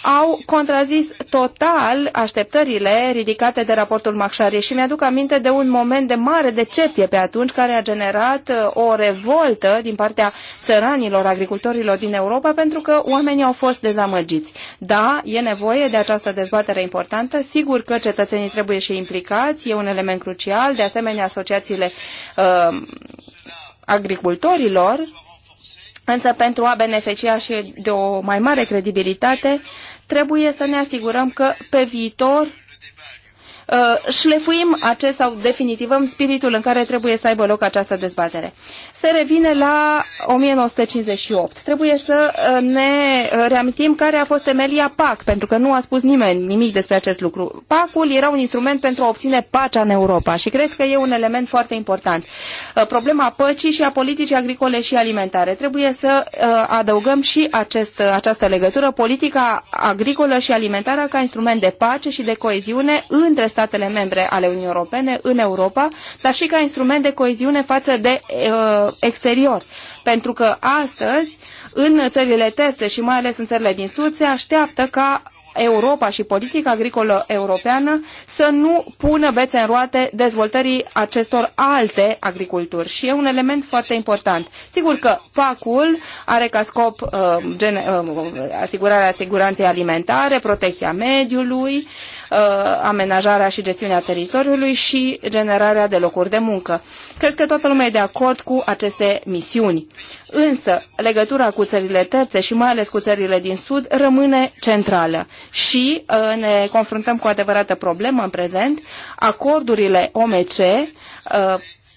au contrazis total așteptările ridicate de raportul Macșarie și mi-aduc aminte de un moment de mare decepție pe atunci care a generat uh, o revoltă din partea țăranilor, agricultorilor din Europa pentru că oamenii au fost dezamăgiți. Da, e nevoie de această dezbatere importantă, sigur că cetățenii trebuie și implicați, e un element crucial, de asemenea asociațiile uh, agricultorilor, Însă pentru a beneficia și de o mai mare credibilitate, trebuie să ne asigurăm că pe viitor Uh, șlefuim acest sau definitivăm spiritul în care trebuie să aibă loc această dezbatere. Se revine la 1958. Trebuie să uh, ne uh, reamintim care a fost temelia PAC, pentru că nu a spus nimeni nimic despre acest lucru. PAC-ul era un instrument pentru a obține pacea în Europa și cred că e un element foarte important. Problema păcii și a politicii agricole și alimentare. Trebuie să adăugăm și acest, această legătură, politica agricolă și alimentară ca instrument de pace și de coeziune între statele membre ale Uniunii Europene în Europa, dar și ca instrument de coeziune față de uh, exterior. Pentru că astăzi, în țările terțe și mai ales în țările din Sud, se așteaptă ca Europa și politica agricolă europeană să nu pună bețe în roate dezvoltării acestor alte agriculturi. Și e un element foarte important. Sigur că PAC-ul are ca scop uh, gen, uh, asigurarea siguranței alimentare, protecția mediului, Uh, amenajarea și gestiunea teritoriului și generarea de locuri de muncă. Cred că toată lumea e de acord cu aceste misiuni. Însă, legătura cu țările terțe și mai ales cu țările din Sud rămâne centrală și uh, ne confruntăm cu o adevărată problemă în prezent. Acordurile OMC uh,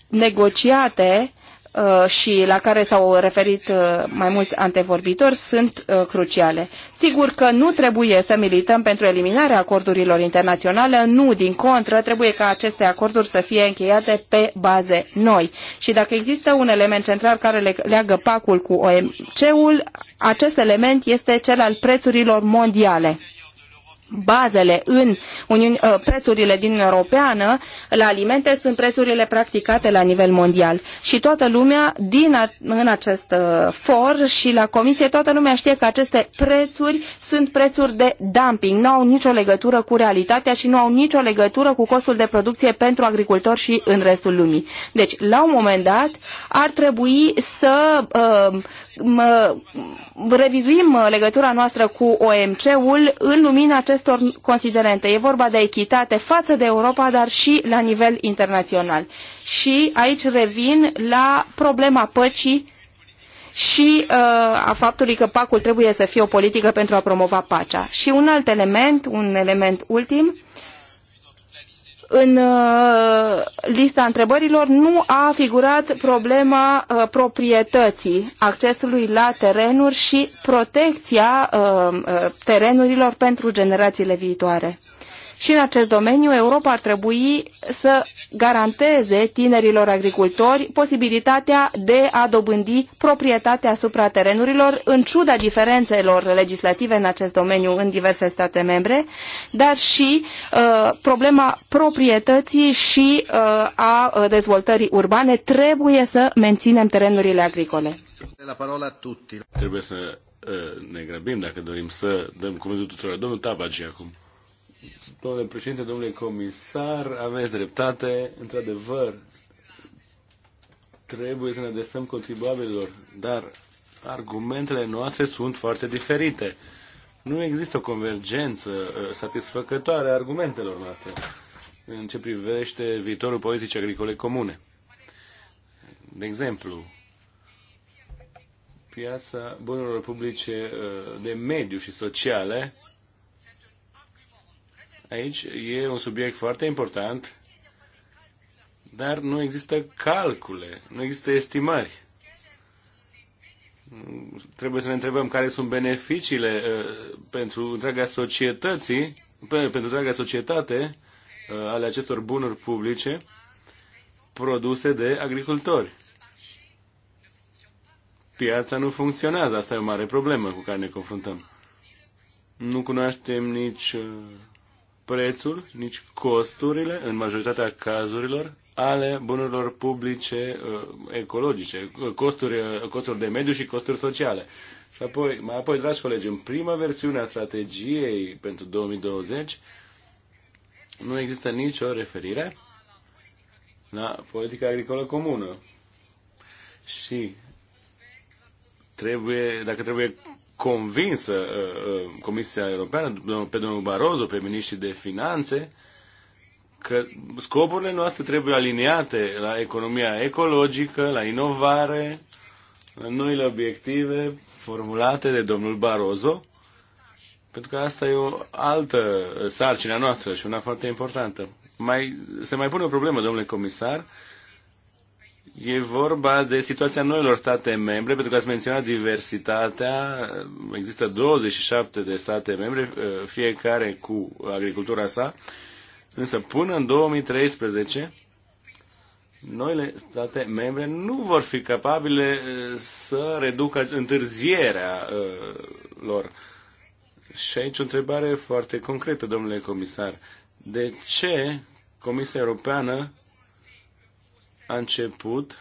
negociate Uh, și la care s-au referit uh, mai mulți antevorbitori sunt uh, cruciale. Sigur că nu trebuie să milităm pentru eliminarea acordurilor internaționale, nu, din contră, trebuie ca aceste acorduri să fie încheiate pe baze noi. Și dacă există un element central care le leagă pacul cu OMC-ul, acest element este cel al prețurilor mondiale bazele în Uniuni, uh, prețurile din Europeană la alimente sunt prețurile practicate la nivel mondial. Și toată lumea din a, în acest uh, for și la comisie, toată lumea știe că aceste prețuri sunt prețuri de dumping, nu au nicio legătură cu realitatea și nu au nicio legătură cu costul de producție pentru agricultori și în restul lumii. Deci, la un moment dat, ar trebui să uh, mă, revizuim uh, legătura noastră cu OMC-ul în lumina acestui acestor considerente. E vorba de echitate față de Europa, dar și la nivel internațional. Și aici revin la problema păcii și uh, a faptului că pacul trebuie să fie o politică pentru a promova pacea. Și un alt element, un element ultim, în uh, lista întrebărilor nu a figurat problema uh, proprietății, accesului la terenuri și protecția uh, terenurilor pentru generațiile viitoare. Și în acest domeniu, Europa ar trebui să garanteze tinerilor agricultori posibilitatea de a dobândi proprietatea asupra terenurilor, în ciuda diferențelor legislative în acest domeniu în diverse state membre, dar și uh, problema proprietății și uh, a dezvoltării urbane. Trebuie să menținem terenurile agricole. La parola tutti. Trebuie să uh, ne grăbim dacă dorim să dăm cuvântul tuturor. Domnul Tabagi acum. Domnule președinte, domnule comisar, aveți dreptate. Într-adevăr, trebuie să ne adresăm contribuabililor, dar argumentele noastre sunt foarte diferite. Nu există o convergență uh, satisfăcătoare a argumentelor noastre în ce privește viitorul politicii agricole comune. De exemplu, piața bunurilor publice uh, de mediu și sociale Aici e un subiect foarte important, dar nu există calcule, nu există estimări. Trebuie să ne întrebăm care sunt beneficiile uh, pentru întreaga societății, pe, pentru întreaga societate uh, ale acestor bunuri publice produse de agricultori. Piața nu funcționează, asta e o mare problemă cu care ne confruntăm. Nu cunoaștem nici uh, prețul, nici costurile, în majoritatea cazurilor, ale bunurilor publice uh, ecologice, uh, costuri, uh, costuri de mediu și costuri sociale. Și apoi, mai apoi, dragi colegi, în prima versiune a strategiei pentru 2020 nu există nicio referire la politica agricolă comună. Și trebuie, dacă trebuie convins uh, uh, Comisia Europeană, pe domnul Barroso, pe ministrii de finanțe, că scopurile noastre trebuie aliniate la economia ecologică, la inovare, la noile obiective formulate de domnul Barroso, pentru că asta e o altă sarcină noastră și una foarte importantă. Mai, se mai pune o problemă, domnule comisar, uh, E vorba de situația noilor state membre, pentru că ați menționat diversitatea. Există 27 de state membre, eh, fiecare cu agricultura sa. Însă până în 2013, noile state membre nu vor fi capabile eh, să reducă întârzierea eh, lor. Și aici o întrebare foarte concretă, domnule comisar. De ce Comisia Europeană a început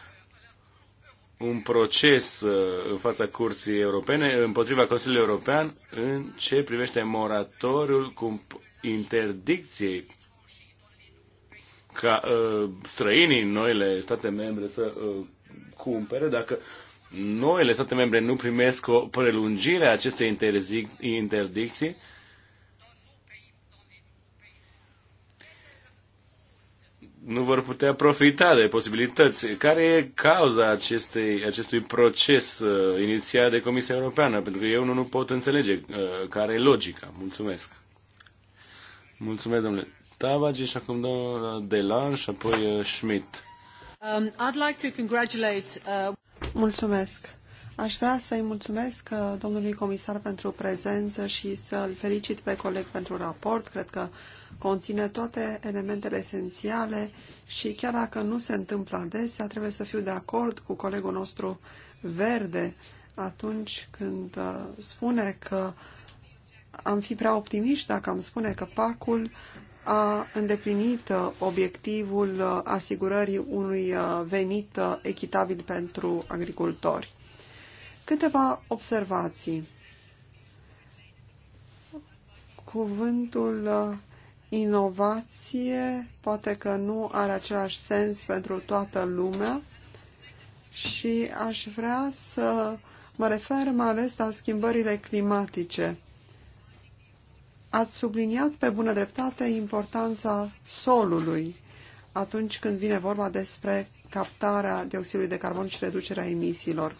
un proces uh, în fața Curții Europene împotriva Consiliului European în ce privește moratoriul cu interdicției ca uh, străinii noile state membre să uh, cumpere dacă noile state membre nu primesc o prelungire a acestei interzic- interdicții nu vor putea profita de posibilități. Care e cauza acestei, acestui proces uh, inițiat de Comisia Europeană? Pentru că eu nu, nu pot înțelege uh, care e logica. Mulțumesc. Mulțumesc, domnule Tavage și acum domnul Delan și apoi uh, Schmidt. Um, I'd like to congratulate, uh... Mulțumesc. Aș vrea să-i mulțumesc uh, domnului comisar pentru prezență și să-l felicit pe coleg pentru raport. Cred că uh, conține toate elementele esențiale și chiar dacă nu se întâmplă adesea, trebuie să fiu de acord cu colegul nostru verde atunci când uh, spune că am fi prea optimiști dacă am spune că pacul a îndeplinit uh, obiectivul uh, asigurării unui venit echitabil pentru agricultori. Câteva observații. Cuvântul Inovație poate că nu are același sens pentru toată lumea și aș vrea să mă refer mai ales la schimbările climatice. Ați subliniat pe bună dreptate importanța solului atunci când vine vorba despre captarea dioxidului de carbon și reducerea emisiilor.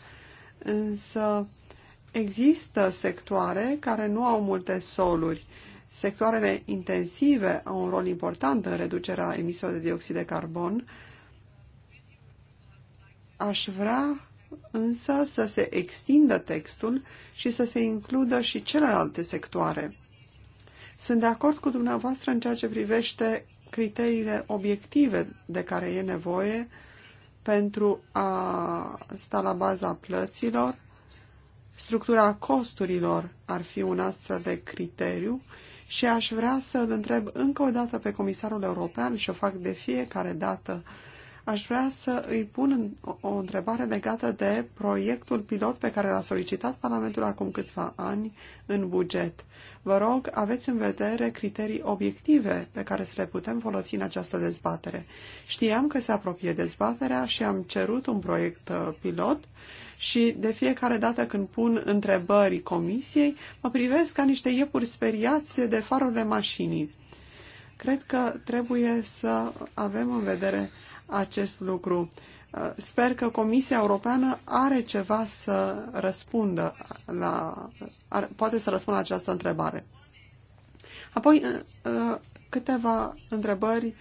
Însă există sectoare care nu au multe soluri sectoarele intensive au un rol important în reducerea emisiilor de dioxid de carbon. Aș vrea însă să se extindă textul și să se includă și celelalte sectoare. Sunt de acord cu dumneavoastră în ceea ce privește criteriile obiective de care e nevoie pentru a sta la baza plăților. Structura costurilor ar fi un astfel de criteriu și aș vrea să îl întreb încă o dată pe comisarul european și o fac de fiecare dată. Aș vrea să îi pun o întrebare legată de proiectul pilot pe care l-a solicitat Parlamentul acum câțiva ani în buget. Vă rog, aveți în vedere criterii obiective pe care să le putem folosi în această dezbatere. Știam că se apropie dezbaterea și am cerut un proiect uh, pilot și de fiecare dată când pun întrebări comisiei, mă privesc ca niște iepuri speriați de farurile mașinii. Cred că trebuie să avem în vedere acest lucru. Sper că Comisia Europeană are ceva să răspundă la, are, poate să răspundă la această întrebare. Apoi, ă, ă, câteva întrebări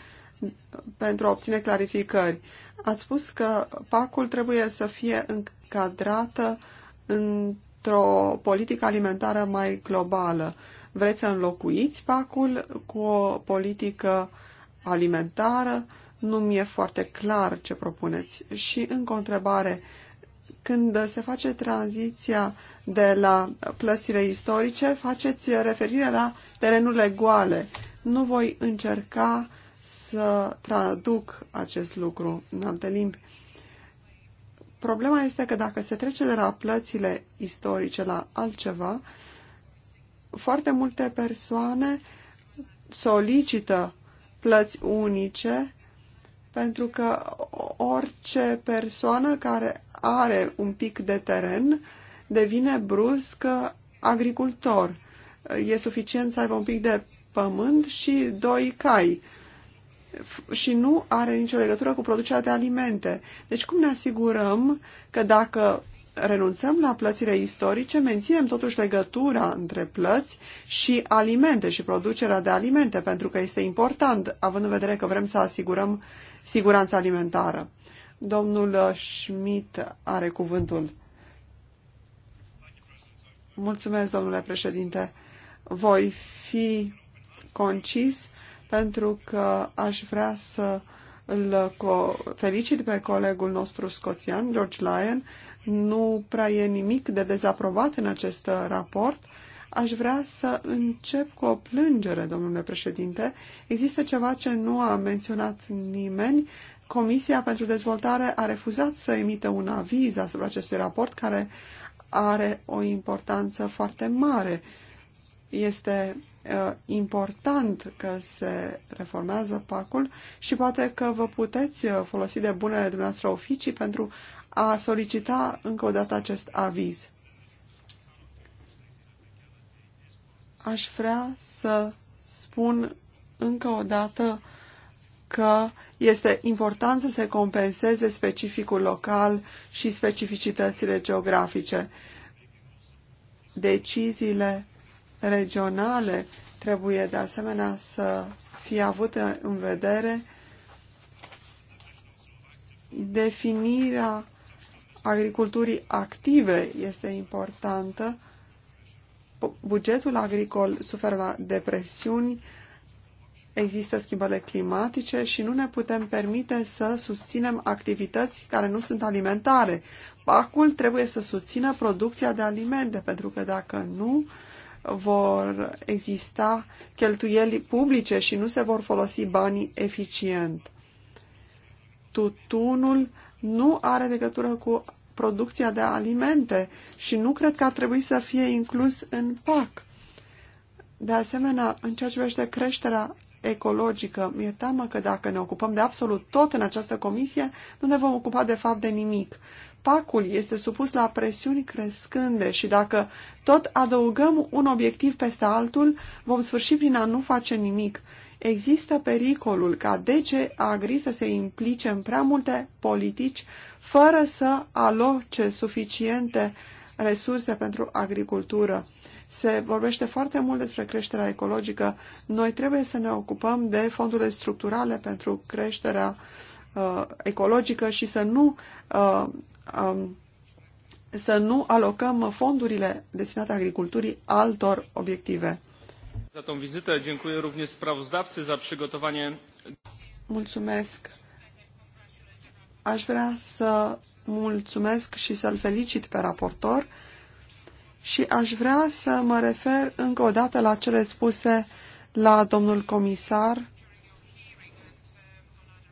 pentru a obține clarificări. Ați spus că pacul trebuie să fie încadrată într-o politică alimentară mai globală. Vreți să înlocuiți pacul cu o politică alimentară? Nu mi-e foarte clar ce propuneți. Și încă o întrebare. Când se face tranziția de la plățile istorice, faceți referire la terenurile goale. Nu voi încerca să traduc acest lucru în alte limbi. Problema este că dacă se trece de la plățile istorice la altceva, foarte multe persoane solicită plăți unice pentru că orice persoană care are un pic de teren devine brusc agricultor. E suficient să aibă un pic de pământ și doi cai și nu are nicio legătură cu producerea de alimente. Deci cum ne asigurăm că dacă renunțăm la plățile istorice, menținem totuși legătura între plăți și alimente și producerea de alimente, pentru că este important, având în vedere că vrem să asigurăm siguranța alimentară. Domnul Schmidt are cuvântul. Mulțumesc, domnule președinte. Voi fi concis pentru că aș vrea să îl felicit pe colegul nostru scoțian, George Lyon. Nu prea e nimic de dezaprobat în acest raport. Aș vrea să încep cu o plângere, domnule președinte. Există ceva ce nu a menționat nimeni. Comisia pentru Dezvoltare a refuzat să emită un aviz asupra acestui raport care are o importanță foarte mare. Este Uh, important că se reformează pacul și poate că vă puteți uh, folosi de bunele dumneavoastră oficii pentru a solicita încă o dată acest aviz. Aș vrea să spun încă o dată că este important să se compenseze specificul local și specificitățile geografice. Deciziile regionale trebuie de asemenea să fie avută în vedere definirea agriculturii active este importantă. Bugetul agricol suferă la depresiuni, există schimbările climatice și nu ne putem permite să susținem activități care nu sunt alimentare. Pacul trebuie să susțină producția de alimente, pentru că dacă nu, vor exista cheltuieli publice și nu se vor folosi banii eficient. Tutunul nu are legătură cu producția de alimente și nu cred că ar trebui să fie inclus în PAC. De asemenea, în ceea ce privește creșterea ecologică. Mi-e teamă că dacă ne ocupăm de absolut tot în această comisie, nu ne vom ocupa de fapt de nimic. Pacul este supus la presiuni crescânde și dacă tot adăugăm un obiectiv peste altul, vom sfârși prin a nu face nimic. Există pericolul ca DG Agri să se implice în prea multe politici fără să aloce suficiente resurse pentru agricultură. Se vorbește foarte mult despre creșterea ecologică. Noi trebuie să ne ocupăm de fondurile structurale pentru creșterea uh, ecologică și să nu uh, um, să nu alocăm fondurile destinate agriculturii altor obiective. Mulțumesc. Aș vrea să mulțumesc și să-l felicit pe raportor și aș vrea să mă refer încă o dată la cele spuse la domnul comisar,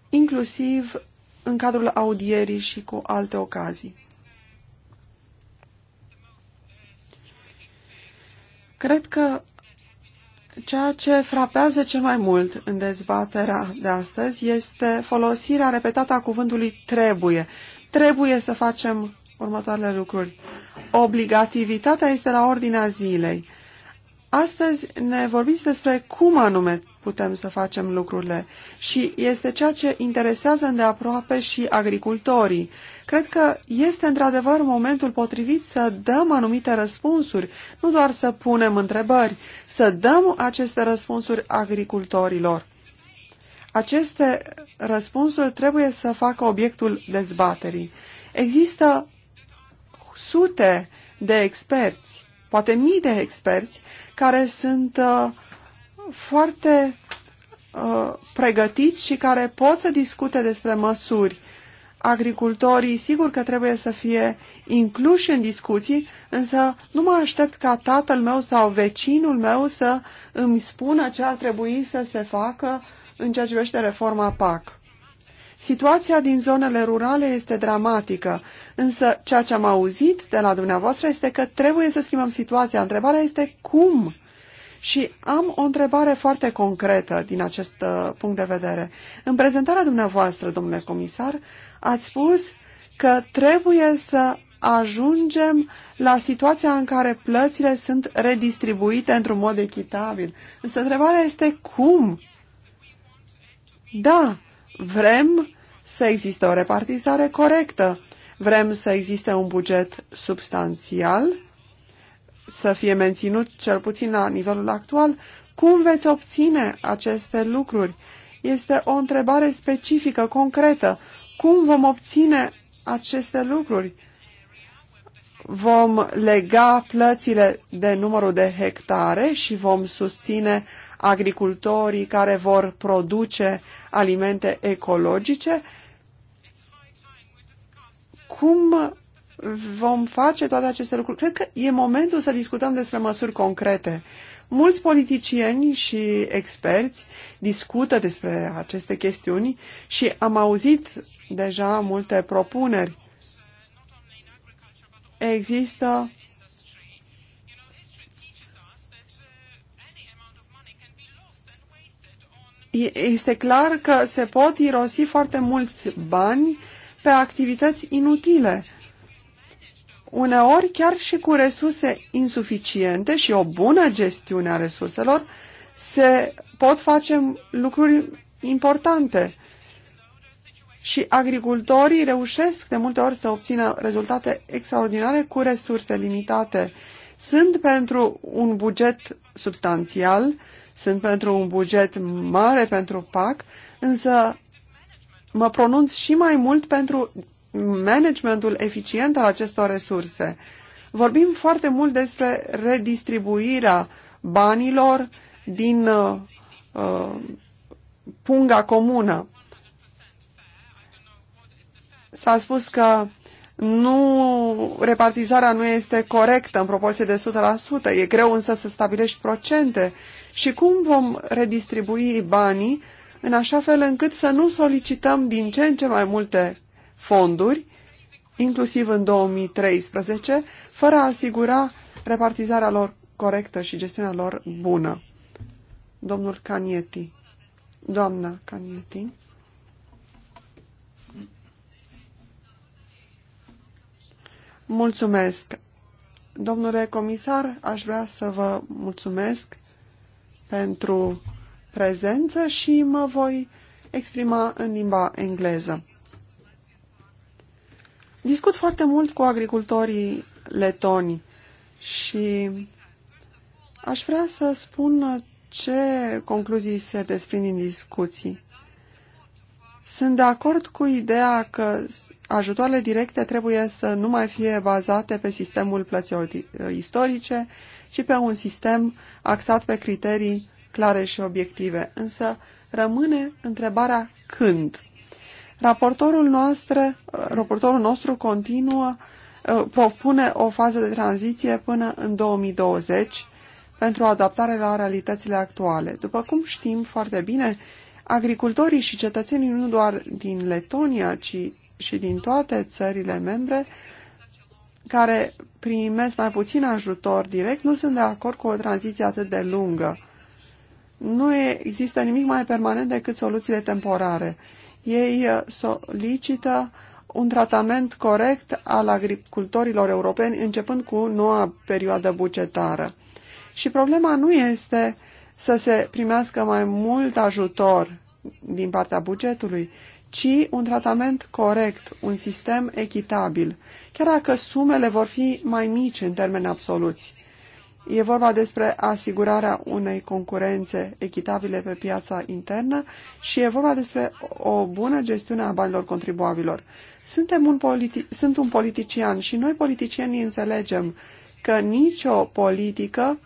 inclusiv în cadrul audierii și cu alte ocazii. Cred că ceea ce frapează cel mai mult în dezbaterea de astăzi este folosirea repetată a cuvântului trebuie. Trebuie să facem următoarele lucruri. Obligativitatea este la ordinea zilei. Astăzi ne vorbiți despre cum anume putem să facem lucrurile și este ceea ce interesează îndeaproape și agricultorii. Cred că este într-adevăr momentul potrivit să dăm anumite răspunsuri, nu doar să punem întrebări, să dăm aceste răspunsuri agricultorilor. Aceste răspunsuri trebuie să facă obiectul dezbaterii. Există sute de experți, poate mii de experți, care sunt uh, foarte uh, pregătiți și care pot să discute despre măsuri. Agricultorii, sigur că trebuie să fie incluși în discuții, însă nu mă aștept ca tatăl meu sau vecinul meu să îmi spună ce ar trebui să se facă în ceea ce privește reforma PAC. Situația din zonele rurale este dramatică, însă ceea ce am auzit de la dumneavoastră este că trebuie să schimbăm situația. Întrebarea este cum? Și am o întrebare foarte concretă din acest uh, punct de vedere. În prezentarea dumneavoastră, domnule comisar, ați spus că trebuie să ajungem la situația în care plățile sunt redistribuite într-un mod echitabil. Însă întrebarea este cum? Da, Vrem să existe o repartizare corectă. Vrem să existe un buget substanțial, să fie menținut cel puțin la nivelul actual. Cum veți obține aceste lucruri? Este o întrebare specifică, concretă. Cum vom obține aceste lucruri? vom lega plățile de numărul de hectare și vom susține agricultorii care vor produce alimente ecologice. Cum vom face toate aceste lucruri? Cred că e momentul să discutăm despre măsuri concrete. Mulți politicieni și experți discută despre aceste chestiuni și am auzit deja multe propuneri există este clar că se pot irosi foarte mulți bani pe activități inutile. Uneori, chiar și cu resurse insuficiente și o bună gestiune a resurselor, se pot face lucruri importante și agricultorii reușesc de multe ori să obțină rezultate extraordinare cu resurse limitate. Sunt pentru un buget substanțial, sunt pentru un buget mare pentru PAC, însă mă pronunț și mai mult pentru managementul eficient al acestor resurse. Vorbim foarte mult despre redistribuirea banilor din uh, uh punga comună. S-a spus că nu, repartizarea nu este corectă în proporție de 100%, e greu însă să stabilești procente. Și cum vom redistribui banii în așa fel încât să nu solicităm din ce în ce mai multe fonduri, inclusiv în 2013, fără a asigura repartizarea lor corectă și gestiunea lor bună. Domnul Canieti. Doamna Canieti. Mulțumesc. Domnule comisar, aș vrea să vă mulțumesc pentru prezență și mă voi exprima în limba engleză. Discut foarte mult cu agricultorii letoni și aș vrea să spun ce concluzii se desprind din discuții. Sunt de acord cu ideea că ajutoarele directe trebuie să nu mai fie bazate pe sistemul plăților istorice, ci pe un sistem axat pe criterii clare și obiective. Însă rămâne întrebarea când. Raportorul, noastră, raportorul nostru continuă, ă, propune o fază de tranziție până în 2020 pentru adaptare la realitățile actuale. După cum știm foarte bine, agricultorii și cetățenii nu doar din Letonia, ci și din toate țările membre care primesc mai puțin ajutor direct, nu sunt de acord cu o tranziție atât de lungă. Nu există nimic mai permanent decât soluțiile temporare. Ei uh, solicită un tratament corect al agricultorilor europeni începând cu noua perioadă bugetară. Și problema nu este să se primească mai mult ajutor, din partea bugetului, ci un tratament corect, un sistem echitabil, chiar dacă sumele vor fi mai mici în termeni absoluți. E vorba despre asigurarea unei concurențe echitabile pe piața internă și e vorba despre o bună gestiune a banilor contribuabilor. Suntem un politi- sunt un politician și noi politicienii înțelegem că nicio politică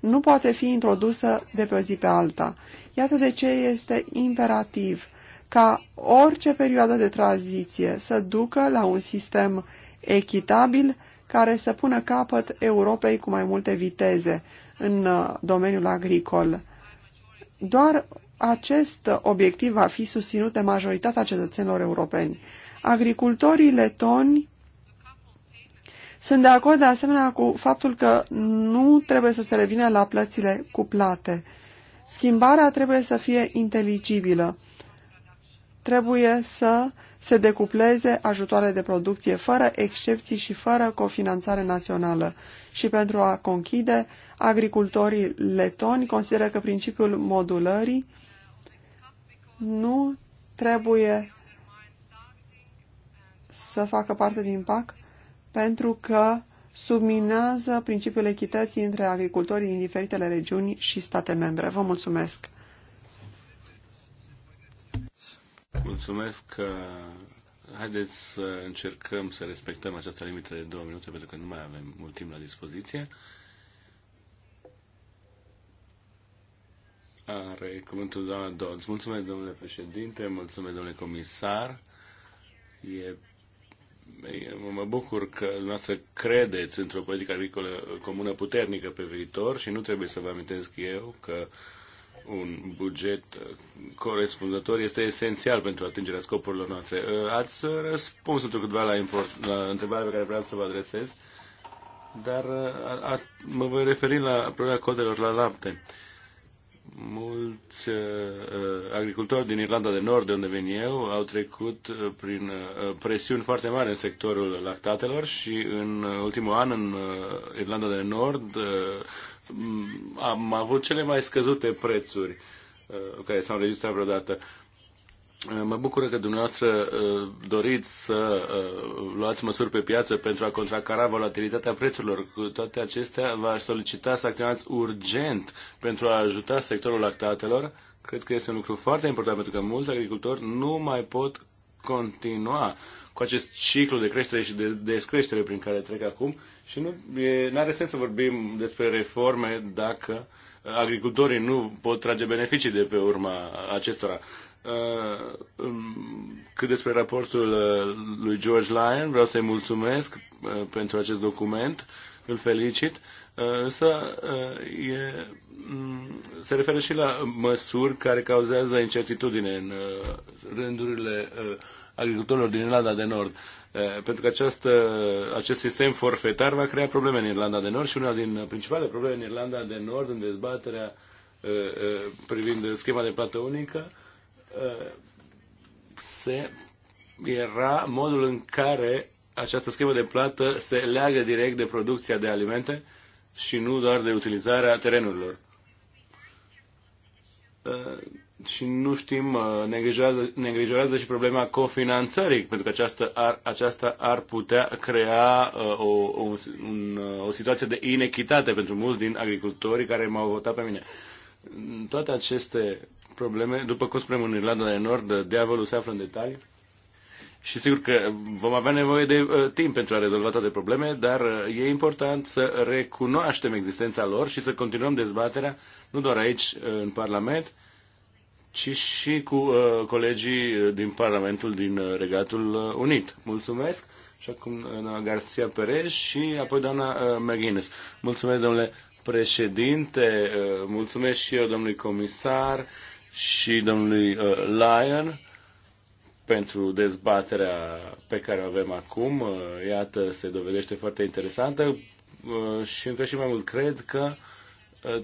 nu poate fi introdusă de pe o zi pe alta. Iată de ce este imperativ ca orice perioadă de tranziție să ducă la un sistem echitabil care să pună capăt Europei cu mai multe viteze în uh, domeniul agricol. Doar acest obiectiv va fi susținut de majoritatea cetățenilor europeni. Agricultorii letoni sunt de acord de asemenea cu faptul că nu trebuie să se revină la plățile cuplate. Schimbarea trebuie să fie inteligibilă. Trebuie să se decupleze ajutoare de producție fără excepții și fără cofinanțare națională. Și pentru a conchide, agricultorii letoni consideră că principiul modulării nu trebuie să facă parte din PAC pentru că subminează principiul echității între agricultorii din diferitele regiuni și state membre. Vă mulțumesc! Mulțumesc! Haideți să încercăm să respectăm această limită de două minute, pentru că nu mai avem mult timp la dispoziție. Are cuvântul doamna Dodds. Mulțumesc, domnule președinte, mulțumesc, domnule comisar. E mă bucur că noastră credeți într-o politică agricolă comună puternică pe viitor și nu trebuie să vă amintesc eu că un buget corespunzător este esențial pentru atingerea scopurilor noastre. Ă, ați răspuns într câteva la, import, la întrebarea pe care vreau să vă adresez, dar a, ă, a, mă voi referi la problema codelor la lapte. Uh, mulți uh, uh, agricultori din Irlanda de Nord, de unde vin eu, au trecut uh, prin uh, presiuni foarte mari în sectorul lactatelor și în uh, ultimul an în uh, Irlanda de Nord uh, am avut cele mai scăzute prețuri uh, care s-au înregistrat vreodată. Uh, Mă bucură că dumneavoastră uh, doriți să uh, luați măsuri pe piață pentru a contracara volatilitatea prețurilor. Cu toate acestea, v-aș solicita să acționați urgent pentru a ajuta sectorul lactatelor. Cred că este un lucru foarte important pentru că mulți agricultori nu mai pot continua cu acest ciclu de creștere și de descreștere prin care trec acum și nu e, are sens să vorbim despre reforme dacă agricultorii nu pot trage beneficii de pe urma acestora. Uh, um, cât despre raportul uh, lui George Lyon, vreau să-i mulțumesc uh, pentru acest document, îl felicit, însă e, mm, se referă și la măsuri care cauzează incertitudine în rândurile agricultorilor din Irlanda de Nord pentru că această, acest sistem forfetar va crea probleme în Irlanda de Nord și una din principalele probleme în Irlanda de Nord în dezbaterea privind schema de plată unică se, era modul în care această schemă de plată se leagă direct de producția de alimente și nu doar de utilizarea terenurilor. Uh, și nu știm, uh, ne îngrijorează, ne îngrijorează și problema cofinanțării, pentru că aceasta ar, aceasta ar putea crea uh, o, o, un, o situație de inechitate pentru mulți din agricultorii care m-au votat pe mine. Toate aceste probleme. După cum spunem în Irlanda de Nord, diavolul se află în detalii. Și sigur că vom avea nevoie de uh, timp pentru a rezolva toate probleme, dar uh, e important să recunoaștem existența lor și să continuăm dezbaterea, nu doar aici, uh, în Parlament, ci și cu uh, colegii uh, din Parlamentul din uh, Regatul uh, Unit. Mulțumesc! Și acum uh, doamna Garcia Perez și apoi doamna uh, McGuinness. Mulțumesc, domnule președinte, uh, mulțumesc și eu, domnului comisar și domnului uh, Lyon pentru dezbaterea pe care o avem acum. Uh, iată, se dovedește foarte interesantă uh, și încă și mai mult cred că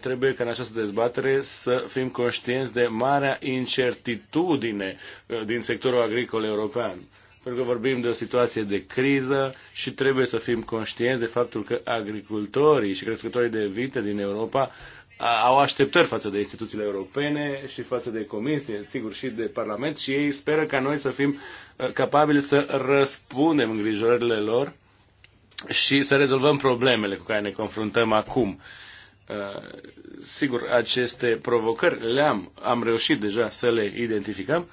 trebuie ca în această dezbatere să fim conștienți de marea incertitudine din sectorul agricol european. Pentru că vorbim de o situație de criză și trebuie să fim conștienți de faptul că agricultorii și crescătorii de vite din Europa au așteptări față de instituțiile europene și față de comisie, sigur, și de Parlament și ei speră ca noi să fim capabili să răspundem îngrijorările lor și să rezolvăm problemele cu care ne confruntăm acum. Sigur, aceste provocări le-am, am reușit deja să le identificăm.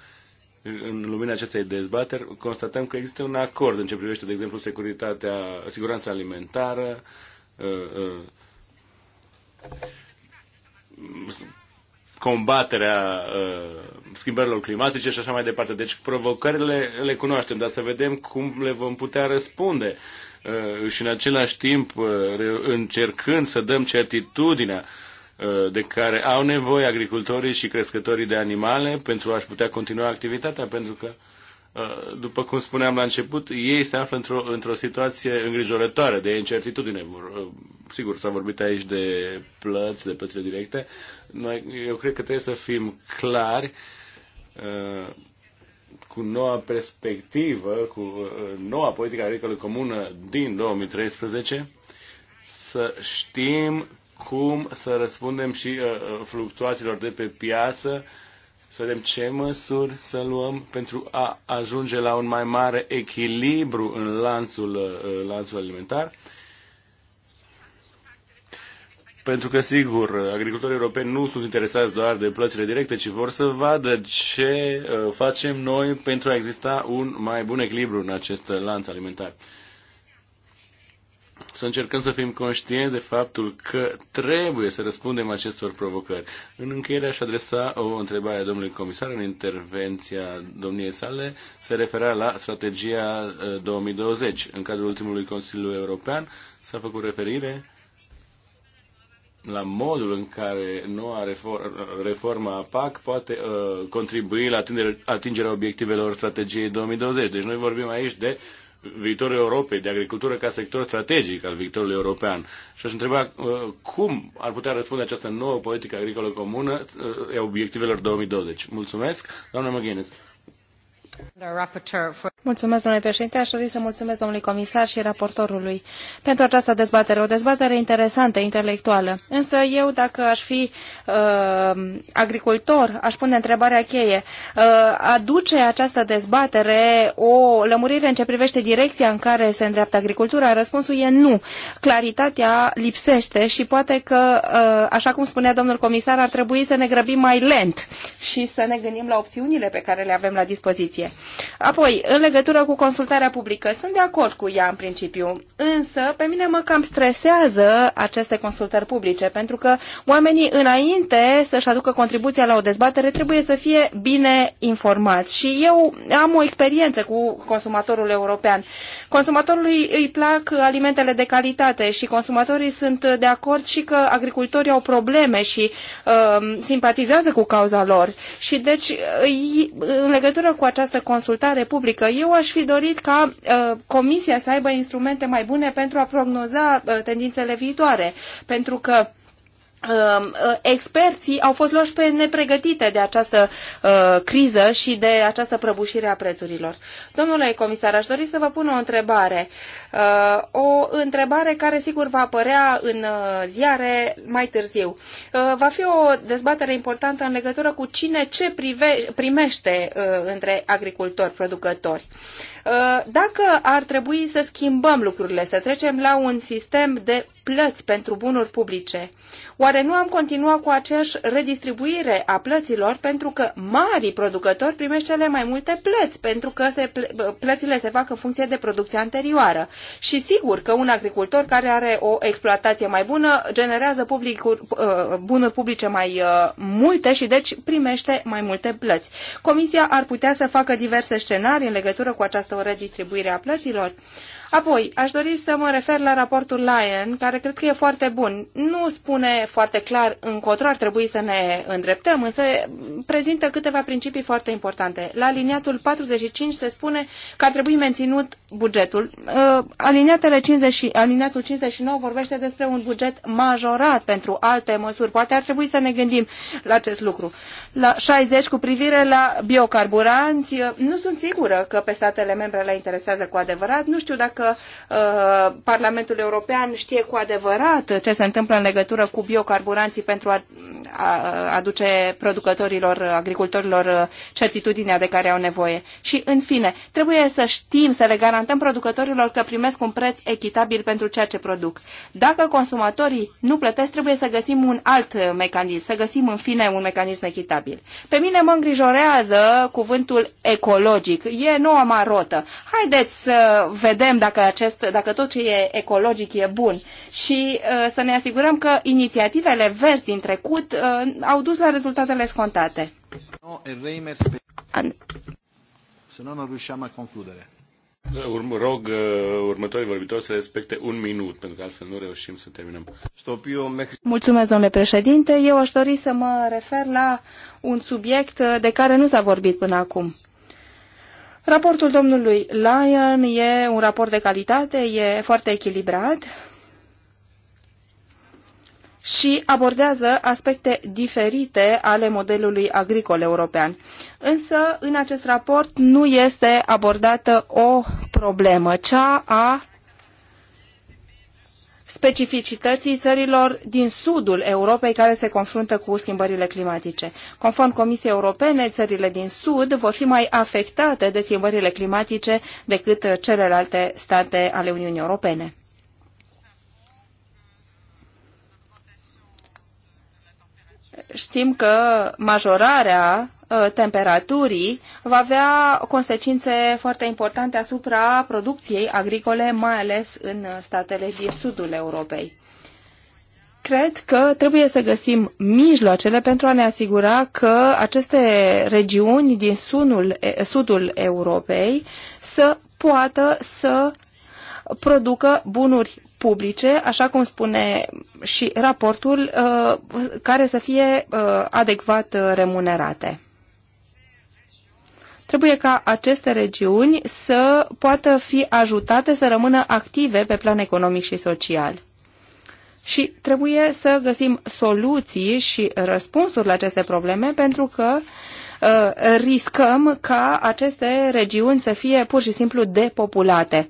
În lumina acestei dezbateri constatăm că există un acord în ce privește, de exemplu, securitatea, siguranța alimentară, uh, uh, combaterea uh, schimbărilor climatice și așa mai departe. Deci provocările le cunoaștem, dar să vedem cum le vom putea răspunde. Uh, și în același timp uh, încercând să dăm certitudinea uh, de care au nevoie agricultorii și crescătorii de animale pentru a-și putea continua activitatea, pentru că uh, Uh, după cum spuneam la început, ei se află într-o, într-o situație îngrijorătoare, de incertitudine. Uh, sigur, s-a vorbit aici de plăți, de plățile directe. Noi, eu cred că trebuie să fim clari uh, cu noua perspectivă, cu noua politică agricolă comună din 2013, să știm cum să răspundem și fluctuațiilor de pe piață să vedem ce măsuri să luăm pentru a ajunge la un mai mare echilibru în lanțul, uh, lanțul alimentar. Pentru că, sigur, agricultorii europeni nu sunt interesați doar de plățile directe, ci vor să vadă ce uh, facem noi pentru a exista un mai bun echilibru în acest lanț alimentar să încercăm să fim conștienți de faptul că trebuie să răspundem acestor provocări. În încheiere aș adresa o întrebare a domnului comisar în intervenția domniei sale, se referea la strategia 2020. Uh, în cadrul ultimului Consiliu European s-a făcut referire la modul în care noua reformă a PAC poate uh, contribui la atingerea obiectivelor strategiei 2020. Deci noi vorbim aici de uh, viitorul Europei, de agricultură ca sector strategic al viitorului european. Și aș întreba uh, cum ar putea răspunde această nouă politică agricolă comună a uh, obiectivelor 2020. Mulțumesc, doamna McGuinness. Mulțumesc, domnule președinte. Aș dori să mulțumesc domnului comisar și raportorului pentru această dezbatere. O dezbatere interesantă, intelectuală. Însă eu, dacă aș fi uh, agricultor, aș pune întrebarea cheie. Uh, aduce această dezbatere o lămurire în ce privește direcția în care se îndreaptă agricultura? Răspunsul e nu. Claritatea lipsește și poate că, uh, așa cum spunea domnul comisar, ar trebui să ne grăbim mai lent și să ne gândim la opțiunile pe care le avem la dispoziție. Apoi, în legătură cu consultarea publică. Sunt de acord cu ea în principiu, însă pe mine mă cam stresează aceste consultări publice, pentru că oamenii înainte să-și aducă contribuția la o dezbatere trebuie să fie bine informați. Și eu am o experiență cu consumatorul european. Consumatorului îi plac alimentele de calitate și consumatorii sunt de acord și că agricultorii au probleme și uh, simpatizează cu cauza lor. Și deci, în legătură cu această consultare publică, eu aș fi dorit ca uh, Comisia să aibă instrumente mai bune pentru a prognoza uh, tendințele viitoare, pentru că uh, experții au fost luași pe nepregătite de această uh, criză și de această prăbușire a prețurilor. Domnule comisar, aș dori să vă pun o întrebare. Uh, o întrebare care sigur va apărea în uh, ziare mai târziu. Uh, va fi o dezbatere importantă în legătură cu cine ce prive, primește între agricultori, producători. Dacă ar trebui să schimbăm lucrurile, să trecem la un sistem de plăți pentru bunuri publice, oare nu am continuat cu aceeași redistribuire a plăților pentru că marii producători primește cele mai multe plăți, pentru că se plățile se fac în funcție de producția anterioară? Și sigur că un agricultor care are o exploatație mai bună generează publicuri, uh, bunuri publice mai uh, multe și deci primește mai multe plăți. Comisia ar putea să facă diverse scenarii în legătură cu această redistribuire a plăților. Apoi, aș dori să mă refer la raportul Lyon, care cred că e foarte bun. Nu spune foarte clar încotro ar trebui să ne îndreptăm, însă prezintă câteva principii foarte importante. La aliniatul 45 se spune că ar trebui menținut bugetul. Uh, aliniatele 50, aliniatul 59 vorbește despre un buget majorat pentru alte măsuri. Poate ar trebui să ne gândim la acest lucru. La 60, cu privire la biocarburanți, uh, nu sunt sigură că pe statele membre le interesează cu adevărat. Nu știu dacă dacă uh, Parlamentul European știe cu adevărat ce se întâmplă în legătură cu biocarburanții pentru a, a aduce producătorilor, agricultorilor uh, certitudinea de care au nevoie. Și, în fine, trebuie să știm, să le garantăm producătorilor că primesc un preț echitabil pentru ceea ce produc. Dacă consumatorii nu plătesc, trebuie să găsim un alt mecanism, să găsim, în fine, un mecanism echitabil. Pe mine mă îngrijorează cuvântul ecologic. E noua marotă. Haideți să vedem dacă, acest, dacă tot ce e ecologic e bun și uh, să ne asigurăm că inițiativele verzi din trecut uh, au dus la rezultatele scontate. Să nu nu rușeam a concludere. Urm, rog uh, următorii vorbitori să respecte un minut, pentru că altfel nu reușim să terminăm. Mulțumesc, domnule președinte. Eu aș dori să mă refer la un subiect de care nu s-a vorbit până acum. Raportul domnului Lyon e un raport de calitate, e foarte echilibrat și abordează aspecte diferite ale modelului agricol european. Însă, în acest raport nu este abordată o problemă, cea a specificității țărilor din sudul Europei care se confruntă cu schimbările climatice. Conform Comisiei Europene, țările din sud vor fi mai afectate de schimbările climatice decât celelalte state ale Uniunii Europene. Știm că majorarea Uh, temperaturii va avea consecințe foarte importante asupra producției agricole, mai ales în statele din sudul Europei. Cred că trebuie să găsim mijloacele pentru a ne asigura că aceste regiuni din sunul, sudul Europei să poată să producă bunuri publice, așa cum spune și raportul, uh, care să fie uh, adecvat remunerate. Trebuie ca aceste regiuni să poată fi ajutate să rămână active pe plan economic și social. Și trebuie să găsim soluții și răspunsuri la aceste probleme pentru că uh, riscăm ca aceste regiuni să fie pur și simplu depopulate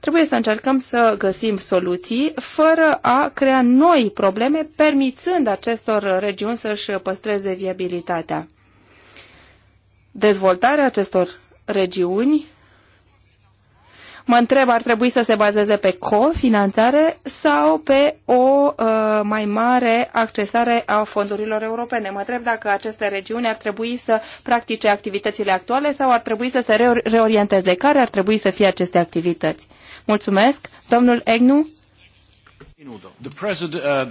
trebuie să încercăm să găsim soluții fără a crea noi probleme, permițând acestor regiuni să-și păstreze viabilitatea dezvoltarea acestor regiuni. Mă întreb, ar trebui să se bazeze pe cofinanțare sau pe o uh, mai mare accesare a fondurilor europene? Mă întreb dacă aceste regiuni ar trebui să practice activitățile actuale sau ar trebui să se reorienteze. Care ar trebui să fie aceste activități? Mulțumesc. Domnul Egnu, Uh,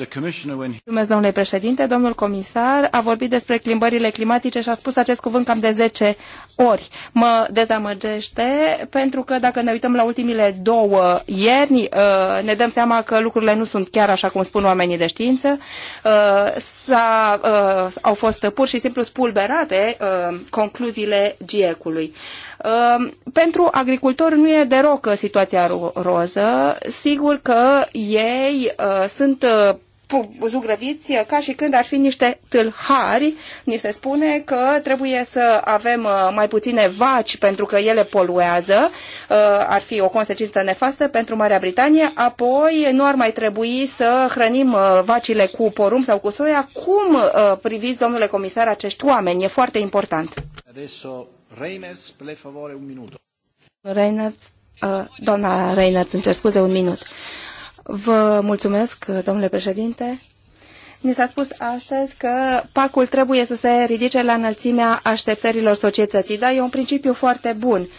Mulțumesc, domnule președinte. Domnul comisar a vorbit despre climbările climatice și a spus acest cuvânt cam de 10 ori. Mă dezamăgește pentru că dacă ne uităm la ultimile două ierni, uh, ne dăm seama că lucrurile nu sunt chiar așa cum spun oamenii de știință. Uh, s Au fost pur și simplu spulberate concluziile GIEC-ului. Um, pentru agricultori nu e deloc uh, situația roză. Sigur că ei uh, sunt uh, zugrăviți ca și când ar fi niște tâlhari. Ni se spune că trebuie să avem mai puține vaci pentru că ele poluează. Ar fi o consecință nefastă pentru Marea Britanie. Apoi nu ar mai trebui să hrănim vacile cu porum sau cu soia. Cum priviți, domnule comisar, acești oameni? E foarte important. Adesso... Reiners, per favore, un minut. Reiners, uh, doamna Reiners, îmi cer scuze, un minut. Vă mulțumesc, domnule președinte. Ni s-a spus astăzi că pacul trebuie să se ridice la înălțimea așteptărilor societății, dar e un principiu foarte bun.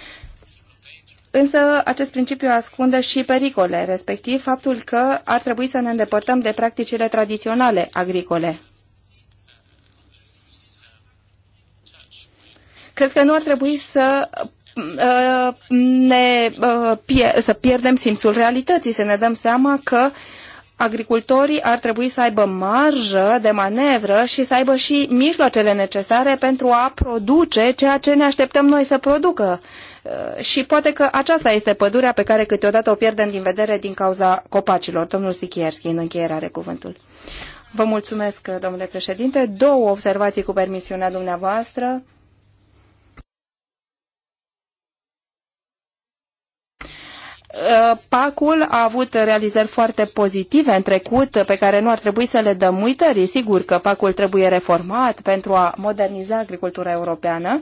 Însă acest principiu ascunde și pericole, respectiv faptul că ar trebui să ne îndepărtăm de practicile tradiționale agricole. Cred că nu ar trebui să uh, ne, uh, să pierdem simțul realității, să ne dăm seama că agricultorii ar trebui să aibă marjă de manevră și să aibă și mijloacele necesare pentru a produce ceea ce ne așteptăm noi să producă. Uh, și poate că aceasta este pădurea pe care câteodată o pierdem din vedere din cauza copacilor. Domnul Sikierski, în încheiere, are cuvântul. Vă mulțumesc, domnule președinte. Două observații cu permisiunea dumneavoastră Uh, PAC-ul a avut realizări foarte pozitive în trecut pe care nu ar trebui să le dăm uitări. Sigur că PAC-ul trebuie reformat pentru a moderniza agricultura europeană.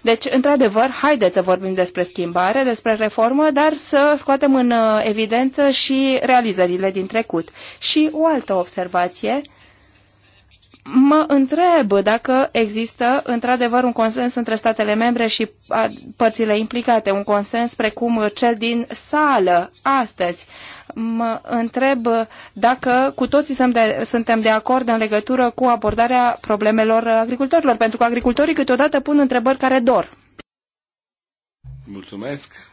Deci, într-adevăr, haideți să vorbim despre schimbare, despre reformă, dar să scoatem în uh, evidență și realizările din trecut. Și o altă observație mă întreb dacă există într-adevăr un consens între statele membre și părțile implicate, un consens precum cel din sală astăzi. Mă întreb dacă cu toții suntem de acord în legătură cu abordarea problemelor agricultorilor, pentru că agricultorii câteodată pun întrebări care dor. Mulțumesc.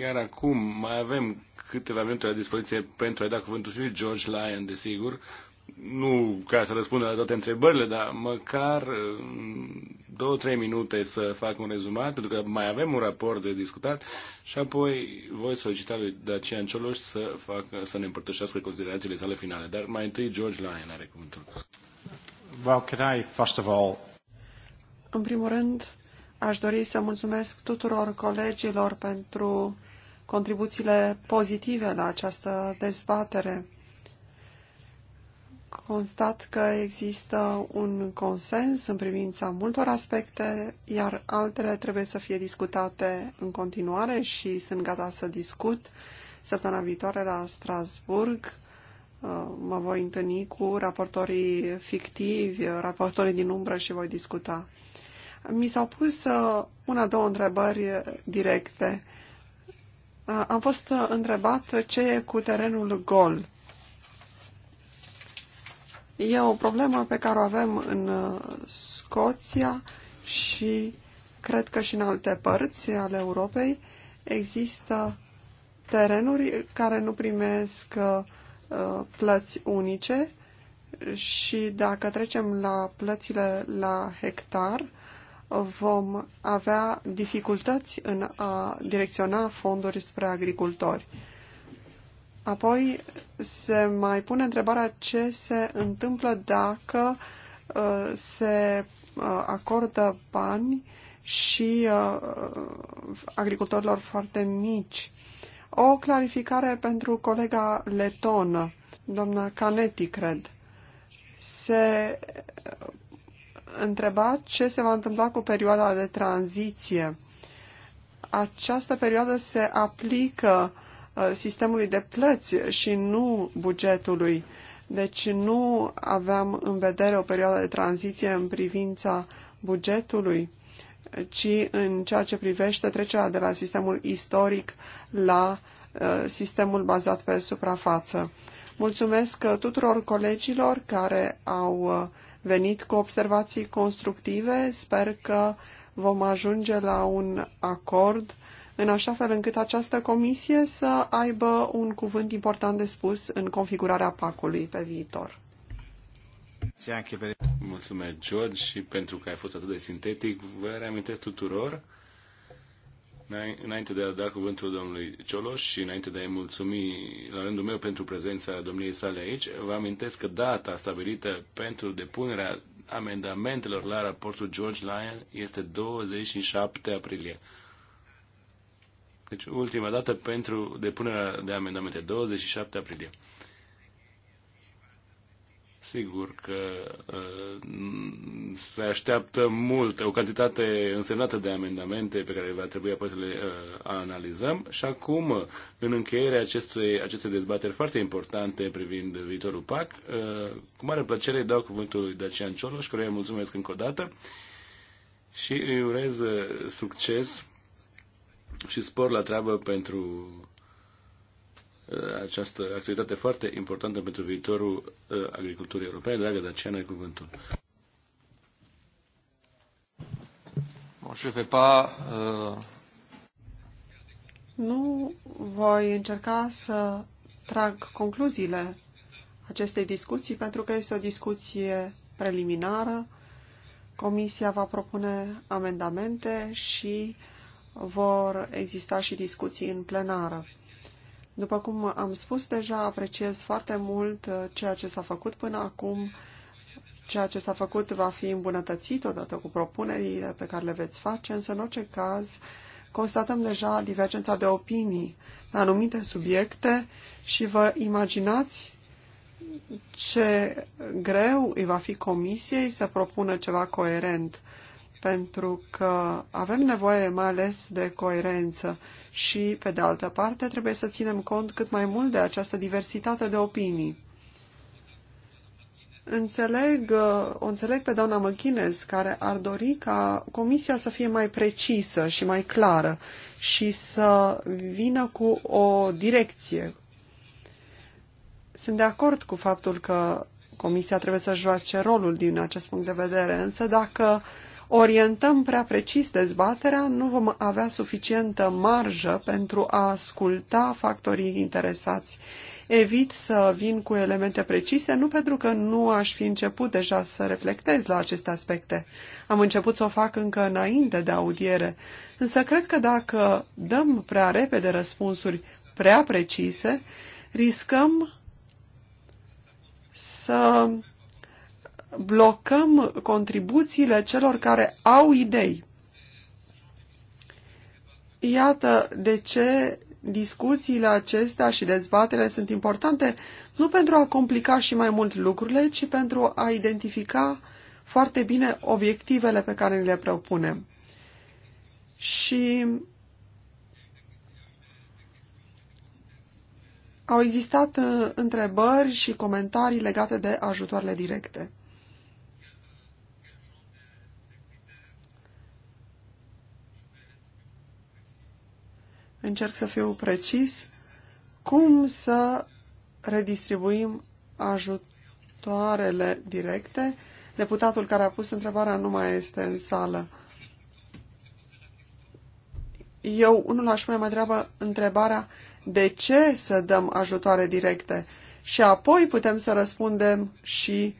Iar acum mai avem câteva minute la dispoziție pentru a da cuvântul și George Lyon, desigur, nu ca să răspundă la toate întrebările, dar măcar mm, două, trei minute să fac un rezumat, pentru că mai avem un raport de discutat și apoi voi solicita lui Dacian Cioloș să, fac să ne împărtășească considerațiile sale finale. Dar mai întâi George Lyon are cuvântul. Well, can I, first of all... În primul rând, aș dori să mulțumesc tuturor colegilor pentru contribuțiile pozitive la această dezbatere constat că există un consens în privința multor aspecte, iar altele trebuie să fie discutate în continuare și sunt gata să discut săptămâna viitoare la Strasburg. Uh, mă voi întâlni cu raportorii fictivi, uh, raportorii din umbră și voi discuta. Mi s-au pus uh, una-două întrebări directe. Am fost întrebat ce e cu terenul gol. E o problemă pe care o avem în uh, Scoția și cred că și în alte părți ale Europei există terenuri care nu primesc uh, plăți unice și dacă trecem la plățile la hectar, vom avea dificultăți în a direcționa fonduri spre agricultori. Apoi se mai pune întrebarea ce se întâmplă dacă uh, se uh, acordă bani și uh, agricultorilor foarte mici. O clarificare pentru colega letonă, doamna Canetti, cred. Se întreba ce se va întâmpla cu perioada de tranziție. Această perioadă se aplică Uh, sistemului de plăți și nu bugetului. Deci nu aveam în vedere o perioadă de tranziție în privința bugetului, ci în ceea ce privește trecerea de la sistemul istoric la uh, sistemul bazat pe suprafață. Mulțumesc uh, tuturor colegilor care au venit cu observații constructive. Sper că vom ajunge la un acord în așa fel încât această comisie să aibă un cuvânt important de spus în configurarea pacului pe viitor. Mulțumesc, George, și pentru că ai fost atât de sintetic. Vă reamintesc tuturor, înainte de a da cuvântul domnului Cioloș și înainte de a-i mulțumi la rândul meu pentru prezența domniei sale aici, vă amintesc că data stabilită pentru depunerea amendamentelor la raportul George Lyon este 27 aprilie. Deci ultima dată pentru depunerea de amendamente, 27 aprilie. Sigur că uh, se așteaptă mult, o cantitate însemnată de amendamente pe care va trebui apoi să le uh, analizăm și acum, în încheierea acestei, acestei dezbateri foarte importante privind viitorul PAC, uh, cu mare plăcere îi dau cuvântul lui Dacian Cioloș, căruia mulțumesc încă o dată și îi urez uh, succes și spor la treabă pentru uh, această activitate foarte importantă pentru viitorul uh, agriculturii europene. Dragă Daciană, ai cuvântul. Uh, nu voi încerca să trag concluziile acestei discuții, pentru că este o discuție preliminară. Comisia va propune amendamente și uh, vor exista și discuții în plenară. După cum am spus deja, apreciez foarte mult uh, ceea ce s-a făcut până acum. Ceea ce s-a făcut va fi îmbunătățit odată cu propunerile pe care le veți face, însă în orice caz constatăm deja divergența de opinii la anumite subiecte și vă imaginați ce greu îi va fi comisiei să propună ceva coerent pentru că avem nevoie mai ales de coerență și, pe de altă parte, trebuie să ținem cont cât mai mult de această diversitate de opinii. Înțeleg, o înțeleg pe doamna Măchinez, care ar dori ca comisia să fie mai precisă și mai clară și să vină cu o direcție. Sunt de acord cu faptul că comisia trebuie să joace rolul din acest punct de vedere, însă dacă uh, orientăm prea precis dezbaterea, nu vom avea suficientă marjă pentru a asculta factorii interesați. Evit să vin cu elemente precise, nu pentru că nu aș fi început deja să reflectez la aceste aspecte. Am început să o fac încă înainte de audiere, însă cred că dacă dăm prea repede răspunsuri prea precise, riscăm să blocăm contribuțiile celor care au idei. Iată de ce discuțiile acestea și dezbaterile sunt importante nu pentru a complica și mai mult lucrurile, ci pentru a identifica foarte bine obiectivele pe care le propunem. Și au existat uh, întrebări și comentarii legate de ajutoarele directe. încerc să fiu precis, cum să redistribuim ajutoarele directe. Deputatul care a pus întrebarea nu mai este în sală. Eu unul aș pune mai treabă întrebarea de ce să dăm ajutoare directe și apoi putem să răspundem și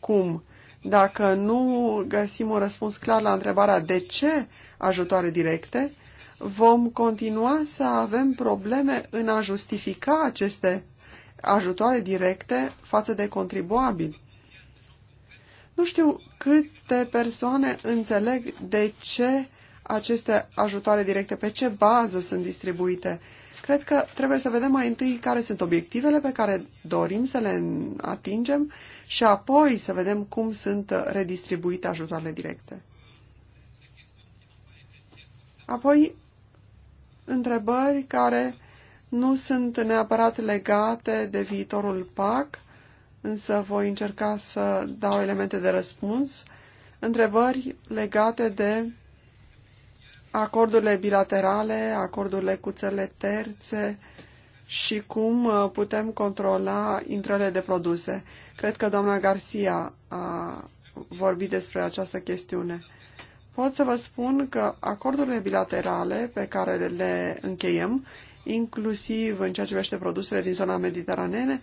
cum. Dacă nu găsim un răspuns clar la întrebarea de ce ajutoare directe, vom continua să avem probleme în a justifica aceste ajutoare directe față de contribuabili. Nu știu câte persoane înțeleg de ce aceste ajutoare directe, pe ce bază sunt distribuite. Cred că trebuie să vedem mai întâi care sunt obiectivele pe care dorim să le atingem și apoi să vedem cum sunt redistribuite ajutoarele directe. Apoi întrebări care nu sunt neapărat legate de viitorul PAC, însă voi încerca să dau elemente de răspuns. Întrebări legate de acordurile bilaterale, acordurile cu țările terțe și cum uh, putem controla intrările de produse. Cred că doamna Garcia a vorbit despre această chestiune pot să vă spun că acordurile bilaterale pe care le încheiem, inclusiv în ceea ce privește produsele din zona mediteraneană,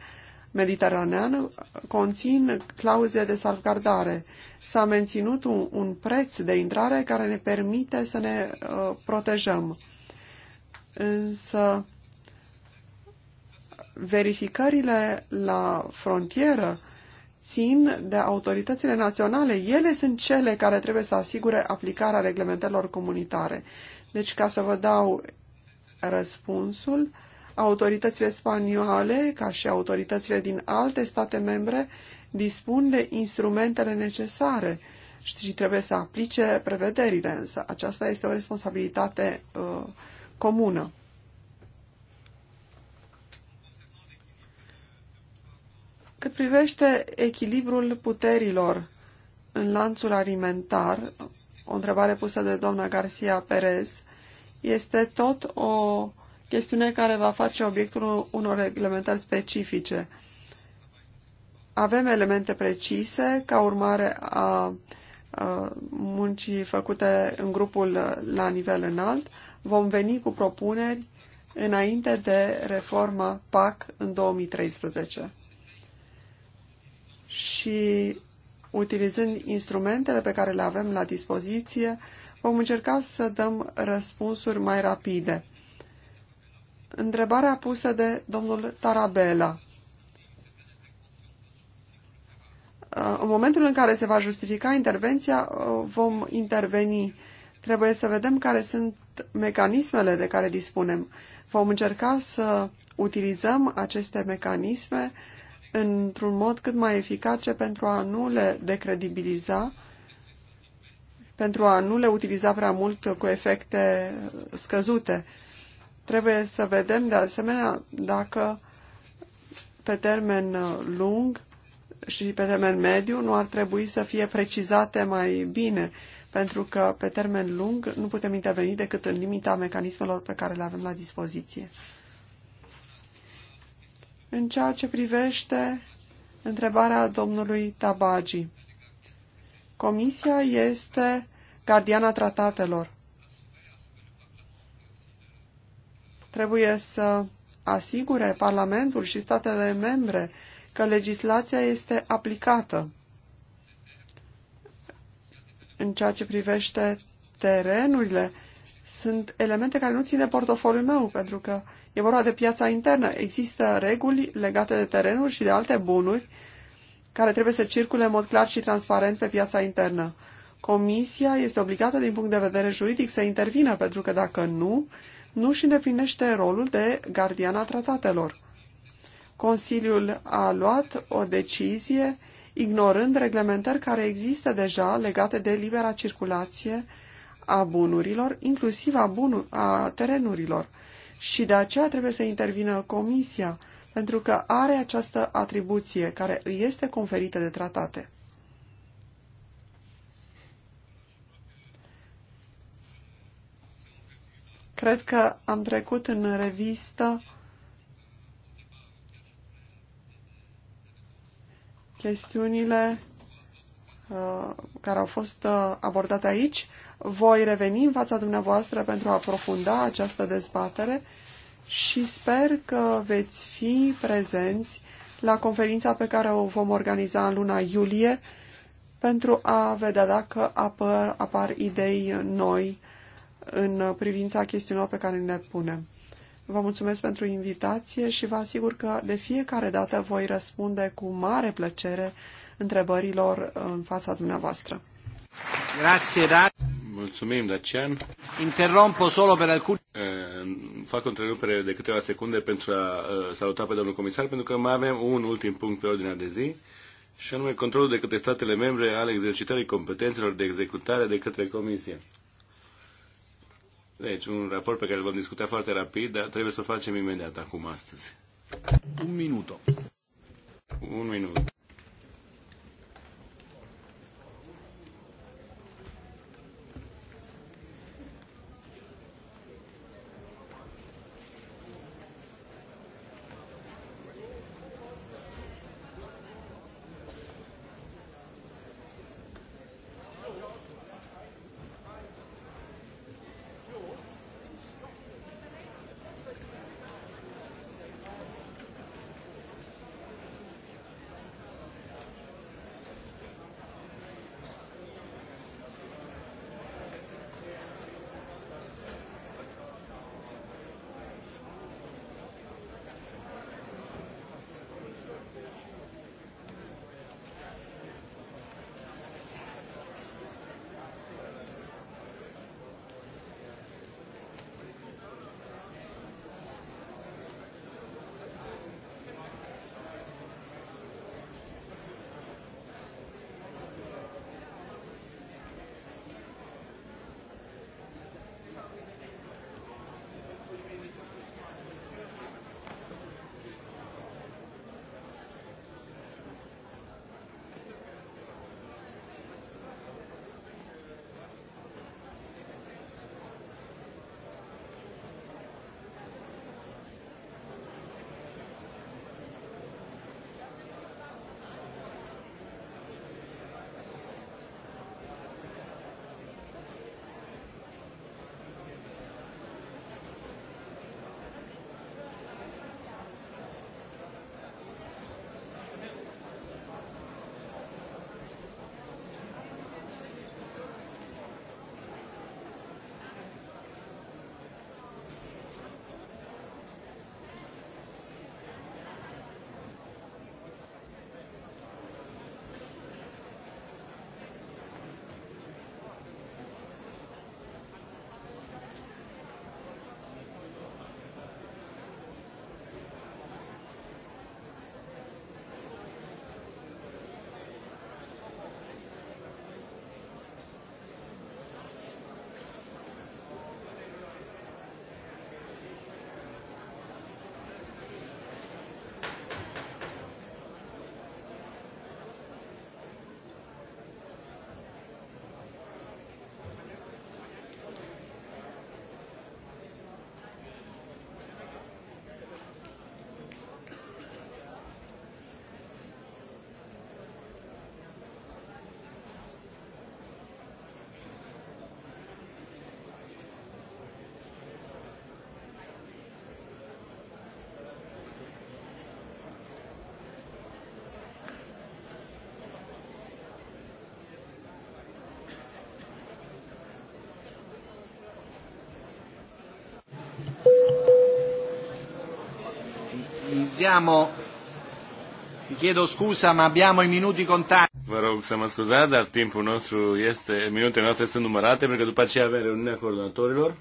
mediteraneană conțin clauze de salvgardare. S-a menținut un, un preț de intrare care ne permite să ne uh, protejăm. Însă verificările la frontieră uh, țin de autoritățile naționale. Ele sunt cele care trebuie să asigure aplicarea reglementărilor comunitare. Deci, ca să vă dau răspunsul, autoritățile spaniole, ca și autoritățile din alte state membre, dispun de instrumentele necesare și trebuie să aplice prevederile, însă aceasta este o responsabilitate uh, comună. Cât privește echilibrul puterilor în lanțul alimentar, o întrebare pusă de doamna Garcia Perez, este tot o chestiune care va face obiectul unor reglementări specifice. Avem elemente precise ca urmare a muncii făcute în grupul la nivel înalt. Vom veni cu propuneri înainte de reforma PAC în 2013 și utilizând instrumentele pe care le avem la dispoziție, vom încerca să dăm răspunsuri mai rapide. Întrebarea pusă de domnul Tarabella. Uh, în momentul în care se va justifica intervenția, uh, vom interveni. Trebuie să vedem care sunt mecanismele de care dispunem. Vom încerca să utilizăm aceste mecanisme uh, într-un mod cât mai eficace pentru a nu le decredibiliza, pentru a nu le utiliza prea mult cu efecte scăzute. Trebuie să vedem, de asemenea, dacă pe termen lung și pe termen mediu nu ar trebui să fie precizate mai bine, pentru că pe termen lung nu putem interveni decât în limita mecanismelor pe care le avem la dispoziție în ceea ce privește întrebarea domnului Tabagi. Comisia este gardiana tratatelor. Trebuie să asigure Parlamentul și statele membre că legislația este aplicată în ceea ce privește terenurile sunt elemente care nu țin de portofoliul meu, pentru că e vorba de piața internă. Există reguli legate de terenuri și de alte bunuri care trebuie să circule în mod clar și transparent pe piața internă. Comisia este obligată din punct de vedere juridic să intervină, pentru că dacă nu, nu își îndeplinește rolul de gardian a tratatelor. Consiliul a luat o decizie ignorând reglementări care există deja legate de libera circulație a bunurilor, inclusiv a, bunu a terenurilor. Și de aceea trebuie să intervină Comisia, pentru că are această atribuție care îi este conferită de tratate. Cred că am trecut în revistă chestiunile uh, care au fost uh, abordate aici. Voi reveni în fața dumneavoastră pentru a aprofunda această dezbatere și sper că veți fi prezenți la conferința pe care o vom organiza în luna iulie pentru a vedea dacă apar, apar idei noi în privința chestiunilor pe care le punem. Vă mulțumesc pentru invitație și vă asigur că de fiecare dată voi răspunde cu mare plăcere întrebărilor în fața dumneavoastră. Grazie, da. Mulțumim, Dacian. Interrompo solo per alcuni... Eh, fac o întrerupere de câteva secunde pentru a eh, saluta pe domnul comisar, pentru că mai avem un ultim punct pe ordinea de zi, și anume controlul de către statele membre al exercitării competențelor de executare de către Comisie. Deci, un raport pe care îl vom discuta foarte rapid, dar trebuie să o facem imediat acum, astăzi. Un minut. Un minut. Iniziamo. Vi chiedo scusa, ma abbiamo i minuti contati. Vă rog să mă scuzați, dar timpul nostru este, minutele noastre sunt numărate, pentru că după aceea avem reuniunea coordonatorilor.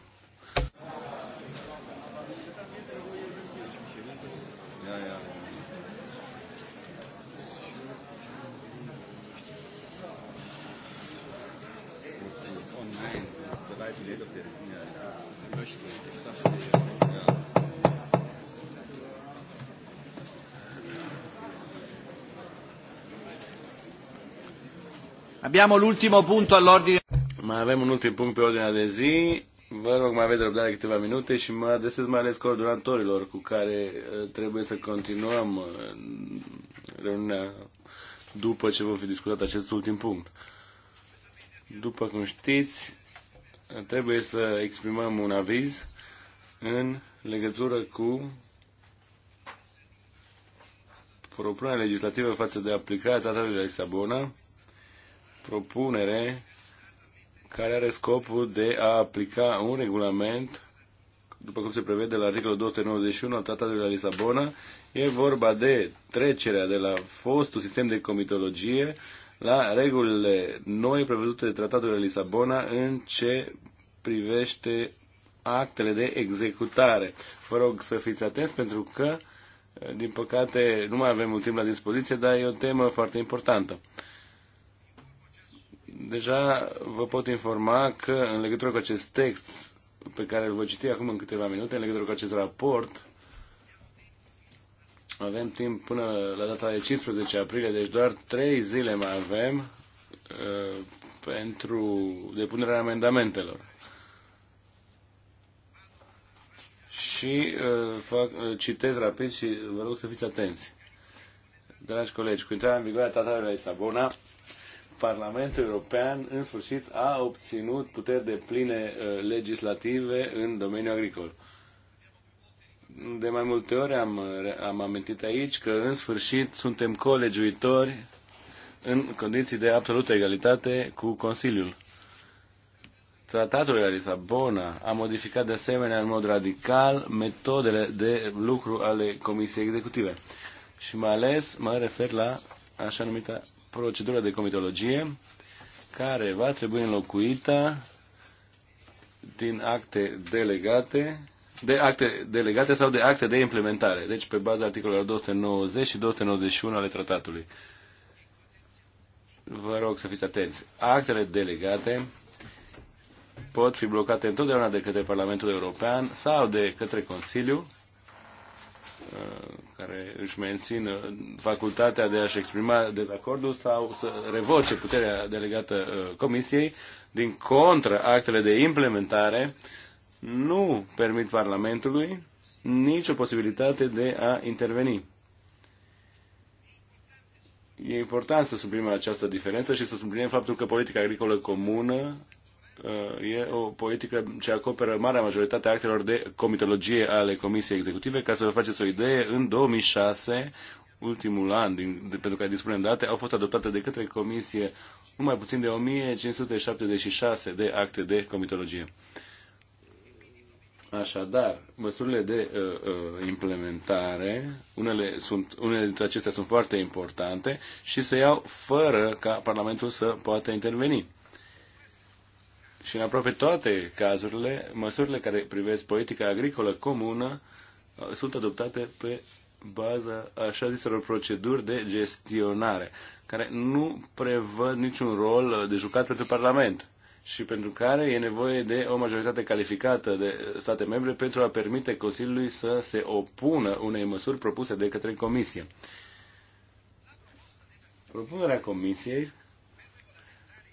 Abbiamo l'ultimo punto all'ordine. Mai avem un ultim punct pe ordinea de zi. Vă rog, mai aveți răbdare câteva minute și mă adresez mai ales coordonatorilor cu care uh, trebuie să continuăm uh, reuniunea după ce vom fi discutat acest ultim punct. După cum știți, trebuie să exprimăm un aviz în legătură cu propunerea legislativă față de aplicarea Tratatului de Lisabona propunere care are scopul de a aplica un regulament, după cum se prevede la articolul 291 al Tratatului de la Lisabona, e vorba de trecerea de la fostul sistem de comitologie la regulile noi prevăzute de Tratatul de la Lisabona în ce privește actele de executare. Vă rog să fiți atenți pentru că, din păcate, nu mai avem mult timp la dispoziție, dar e o temă foarte importantă. Deja vă pot informa că în legătură cu acest text pe care îl voi citi acum în câteva minute, în legătură cu acest raport, avem timp până la data de 15 aprilie, deci doar 3 zile mai avem uh, pentru depunerea amendamentelor. Și uh, fac, uh, citez rapid și vă rog să fiți atenți. Dragi colegi, cu intrarea în vigoare a Tratatului de Parlamentul European, în sfârșit, a obținut puteri de pline uh, legislative în domeniul agricol. De mai multe ori am, am amintit aici că, în sfârșit, suntem colegiuitori în condiții de absolută egalitate cu Consiliul. Tratatul de la Lisabona a modificat de asemenea în mod radical metodele de lucru ale Comisiei Executive. Și mai ales mă refer la așa numita procedura de comitologie care va trebui înlocuită din acte delegate de acte delegate sau de acte de implementare, deci pe baza articolelor 290 și 291 ale tratatului. Vă rog să fiți atenți. Actele delegate pot fi blocate întotdeauna de către Parlamentul European sau de către Consiliu Uh, care își mențin uh, facultatea de a-și exprima dezacordul sau să revoce puterea delegată uh, Comisiei. Din contră, actele de implementare nu permit Parlamentului nicio posibilitate de a interveni. E important să subliniem această diferență și să subliniem faptul că politica agricolă comună Uh, e o politică ce acoperă marea majoritate a actelor de comitologie ale Comisiei Executive. Ca să vă faceți o idee, în 2006, ultimul an, din, de, pentru că dispunem date, au fost adoptate de către Comisie numai puțin de 1576 de acte de comitologie. Așadar, măsurile de uh, uh, implementare, unele, sunt, unele dintre acestea sunt foarte importante și se iau fără ca Parlamentul să poată interveni. Și în aproape toate cazurile, măsurile care privesc politica agricolă comună uh, sunt adoptate pe baza așa ziselor proceduri de gestionare, care nu prevăd niciun rol uh, de jucat pentru Parlament și pentru care e nevoie de o majoritate calificată de state membre pentru a permite Consiliului să se opună unei măsuri propuse de către Comisie. Propunerea Comisiei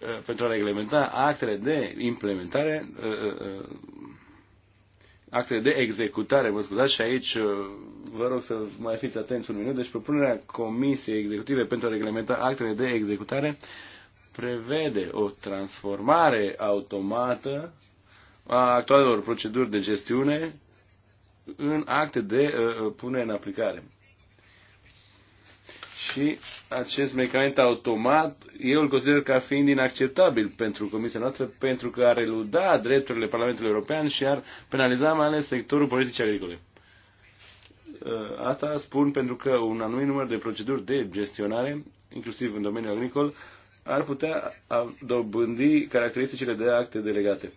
Uh, pentru a reglementa actele de implementare, uh, uh, actele de executare, mă scuzați, și aici vă rog să mai fiți atenți un minut, deci propunerea Comisiei Executive pentru a reglementa actele de executare prevede o transformare automată a actualelor proceduri de gestiune în acte de uh, pune în aplicare și acest mecanism automat eu îl consider ca fiind inacceptabil pentru Comisia noastră pentru că ar eluda drepturile Parlamentului European și ar penaliza mai ales sectorul politicii agricole. Uh, asta spun pentru că un anumit număr de proceduri de gestionare, inclusiv în domeniul agricol, ar putea dobândi caracteristicile de acte delegate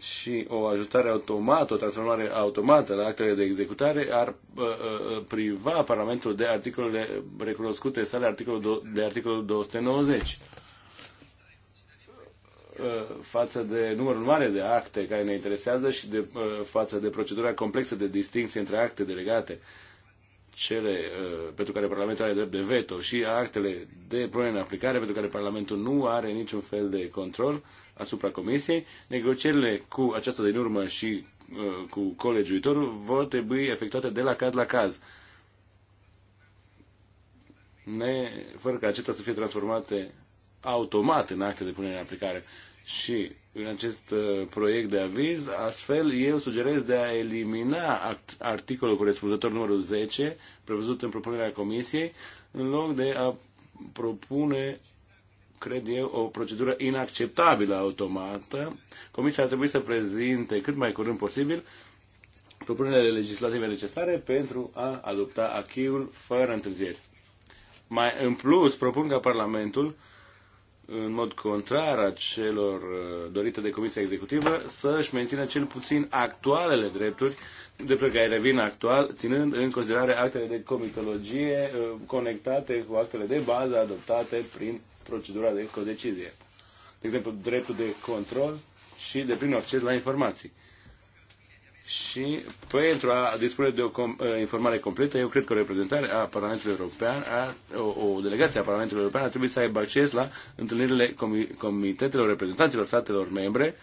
și o ajutare automată, o transformare automată la actele de executare ar uh, uh, uh priva Parlamentul de articolele recunoscute sale articolul de articolul 290 uh, față de numărul mare de acte care ne interesează și de, uh, față de procedura complexă de distinție între acte delegate, cele pentru care Parlamentul are drept de veto și actele de punere în aplicare pentru care Parlamentul nu are niciun fel de control, asupra Comisiei, negocierile cu aceasta din urmă și uh, cu colegiuitorul vor trebui efectuate de la caz la caz. Ne, fără ca acestea să fie transformate automat în acte de punere în aplicare. Și în acest uh, proiect de aviz, astfel eu sugerez de a elimina act, articolul corespunzător numărul 10, prevăzut în propunerea Comisiei, în loc de a propune cred eu, o procedură inacceptabilă automată. Comisia ar trebui să prezinte cât mai curând posibil propunerile legislative necesare pentru a adopta achiul fără întârzieri. Mai în plus, propun ca Parlamentul, în mod contrar a celor uh, dorite de Comisia Executivă, să-și mențină cel puțin actualele drepturi, de pe care revin actual, ținând în considerare actele de comitologie uh, conectate cu actele de bază adoptate prin procedura de codecizie. De exemplu, dreptul de control și de primul acces la informații. Și pentru a dispune de o com- eh, informare completă, eu cred că o reprezentare a Parlamentului European, a, o, o delegație a Parlamentului European ar trebui să aibă acces la întâlnirile comi- comitetelor reprezentanților statelor membre.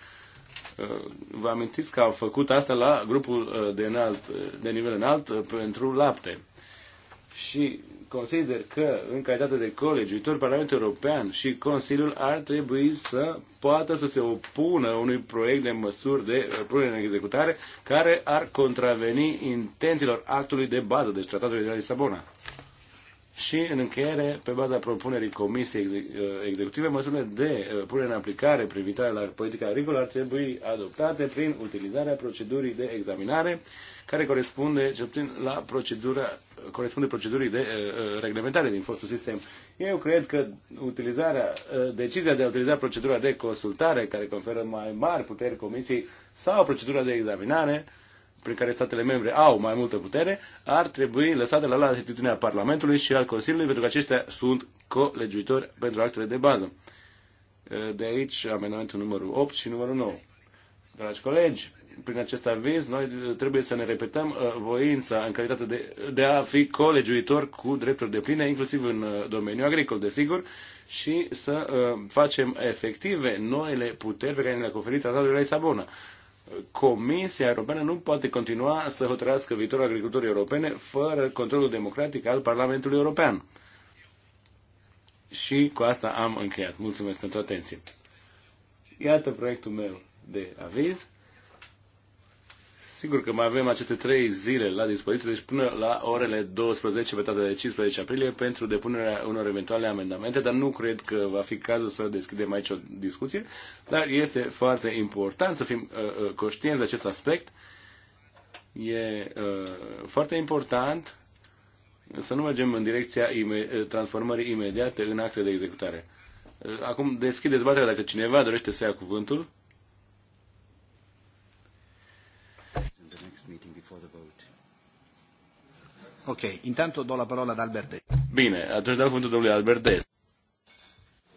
Eh, vă amintiți că au făcut asta la grupul eh, de, înalt, de nivel înalt pentru lapte și consider că, în calitate de colegiuitor, Parlamentul European și Consiliul ar trebui să poată să se opună unui proiect de măsuri de punere în executare care ar contraveni intențiilor actului de bază, deci Tratatului de la Lisabona. Și, în încheiere, pe baza propunerii Comisiei uh, Executive, măsurile de uh, punere în aplicare privitoare la politica agricolă ar trebui adoptate prin utilizarea procedurii de examinare care corespunde, cel puțin, la procedura, corespunde procedurii de uh, reglementare din fostul sistem. Eu cred că utilizarea, uh, decizia de a utiliza procedura de consultare, care conferă mai mari puteri comisiei, sau procedura de examinare, prin care statele membre au mai multă putere, ar trebui lăsată la latitudinea Parlamentului și al Consiliului, pentru că aceștia sunt colegiuitori pentru actele de bază. De aici amendamentul numărul 8 și numărul 9. Dragi colegi, prin acest aviz, noi uh, trebuie să ne repetăm uh, voința în calitate de, de a fi colegiuitor cu drepturi de pline, inclusiv în uh, domeniul agricol, desigur, și să facem efective noile puteri pe care le-a conferit tratatul de la Lisabona. Comisia Europeană nu poate continua să hotărască viitorul agricultorii europene fără controlul democratic al Parlamentului European. Și cu asta am încheiat. Mulțumesc pentru atenție. Iată proiectul meu de aviz Sigur că mai avem aceste trei zile la dispoziție, deci până la orele 12 pe data de 15 aprilie pentru depunerea unor eventuale amendamente, dar nu cred că va fi cazul să deschidem aici o discuție, dar este foarte important să fim uh, uh conștienți de acest aspect. E uh, foarte important să nu mergem în direcția ime- uh, transformării imediate în acte de executare. Uh, acum deschid dezbaterea dacă cineva dorește să ia cuvântul. Ok, intanto do la parola ad Albert Bine, atunci dau cuvântul domnului Albert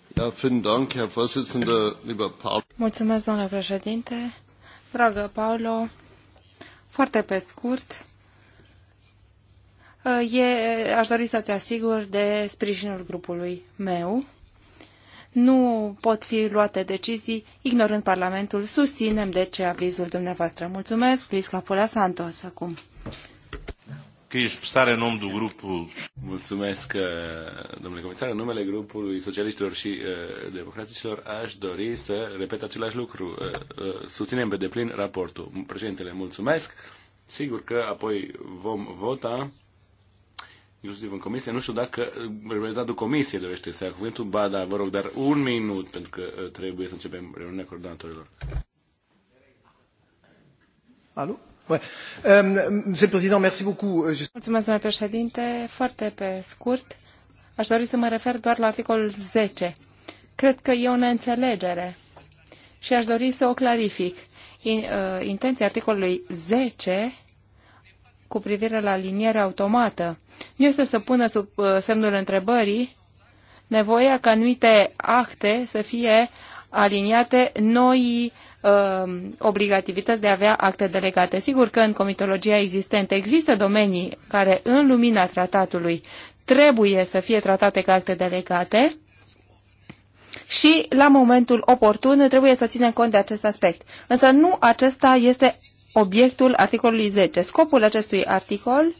Da, Mulțumesc, domnule președinte. Dragă Paolo, foarte pe scurt, eh, e, aș dori să te asigur de sprijinul grupului meu. Nu pot fi luate decizii ignorând Parlamentul. Susținem, deci, avizul dumneavoastră. Mulțumesc, Luis Capola Santos, acum queria expressar în nome do grupo... Mulțumesc, eh, domnule comisar. În numele grupului socialiștilor și uh, eh, democraticilor aș dori să repet același lucru. Uh, uh, susținem pe deplin raportul. Președintele, mulțumesc. Sigur că apoi vom vota inclusiv în comisie. Nu știu dacă reprezentantul comisiei dorește să ia cuvântul. Ba, da, vă rog, dar un minut, pentru că trebuie să începem reuniunea coordonatorilor. Alo? Euh, euh, domnule președinte. Foarte pe scurt, aș dori să mă refer doar la articolul 10. Cred că e o neînțelegere și aș dori să o clarific. Uh, intenția articolului 10 cu privire la liniere automată nu este să pună sub uh, semnul întrebării nevoia ca anumite acte să fie aliniate noii Um, obligativități de a avea acte delegate. Sigur că în comitologia existentă există domenii care, în lumina tratatului, trebuie să fie tratate ca acte delegate, și la momentul oportun trebuie să ținem cont de acest aspect. Însă nu acesta este obiectul articolului 10. Scopul acestui articol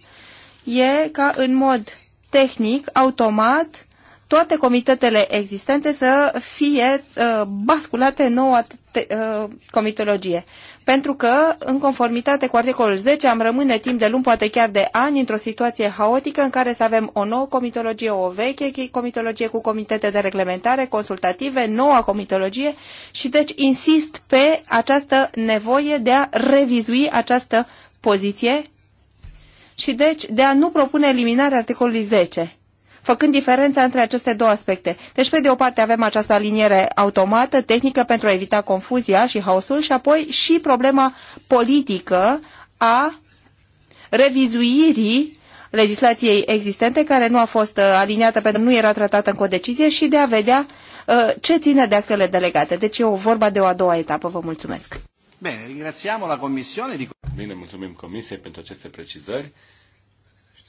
e ca în mod tehnic, automat, toate comitetele existente să fie uh, basculate în noua te, uh, comitologie. Pentru că, în conformitate cu articolul 10, am rămâne timp de luni, poate chiar de ani, într-o situație haotică în care să avem o nouă comitologie, o veche comitologie cu comitete de reglementare, consultative, noua comitologie și deci insist pe această nevoie de a revizui această poziție și deci de a nu propune eliminarea articolului 10 făcând diferența între aceste două aspecte. Deci, pe de o parte, avem această aliniere automată, tehnică, pentru a evita confuzia și haosul și apoi și problema politică a revizuirii legislației existente, care nu a fost uh, aliniată pentru că nu era tratată în codecizie și de a vedea uh, ce ține de actele delegate. Deci e o vorba de o a doua etapă. Vă mulțumesc. Bine, ringrațiamo la Comisione. Bine, mulțumim Comisiei pentru aceste precizări.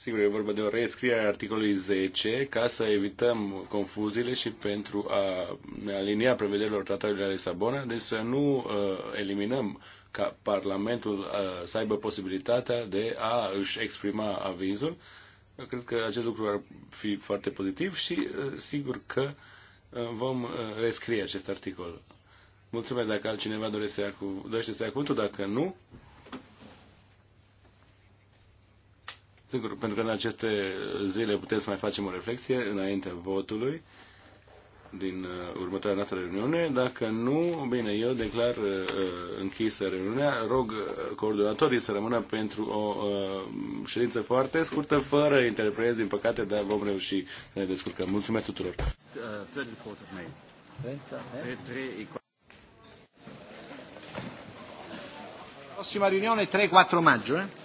Sigur, e vorba de o reescriere a articolului 10 ca să evităm confuziile și pentru a ne alinia prevederilor tratatului de la Lisabona, deci să nu uh, eliminăm ca Parlamentul uh, să aibă posibilitatea de a își exprima avizul. Eu cred că acest lucru ar fi foarte pozitiv și uh, sigur că uh, vom uh, rescrie acest articol. Mulțumesc dacă altcineva dorește să dorește să ia cuvântul, dacă nu, Sigur, pentru că în aceste zile putem să mai facem o reflexie înainte votului din uh, următoarea noastră reuniune. Dacă nu, bine, eu declar uh, uh închisă reuniunea. Rog uh, coordonatorii să rămână pentru o uh, ședință foarte scurtă, fără interpretări, din păcate, dar vom reuși să ne descurcăm. Mulțumesc tuturor! Prossima riunione 3-4 maggio, eh?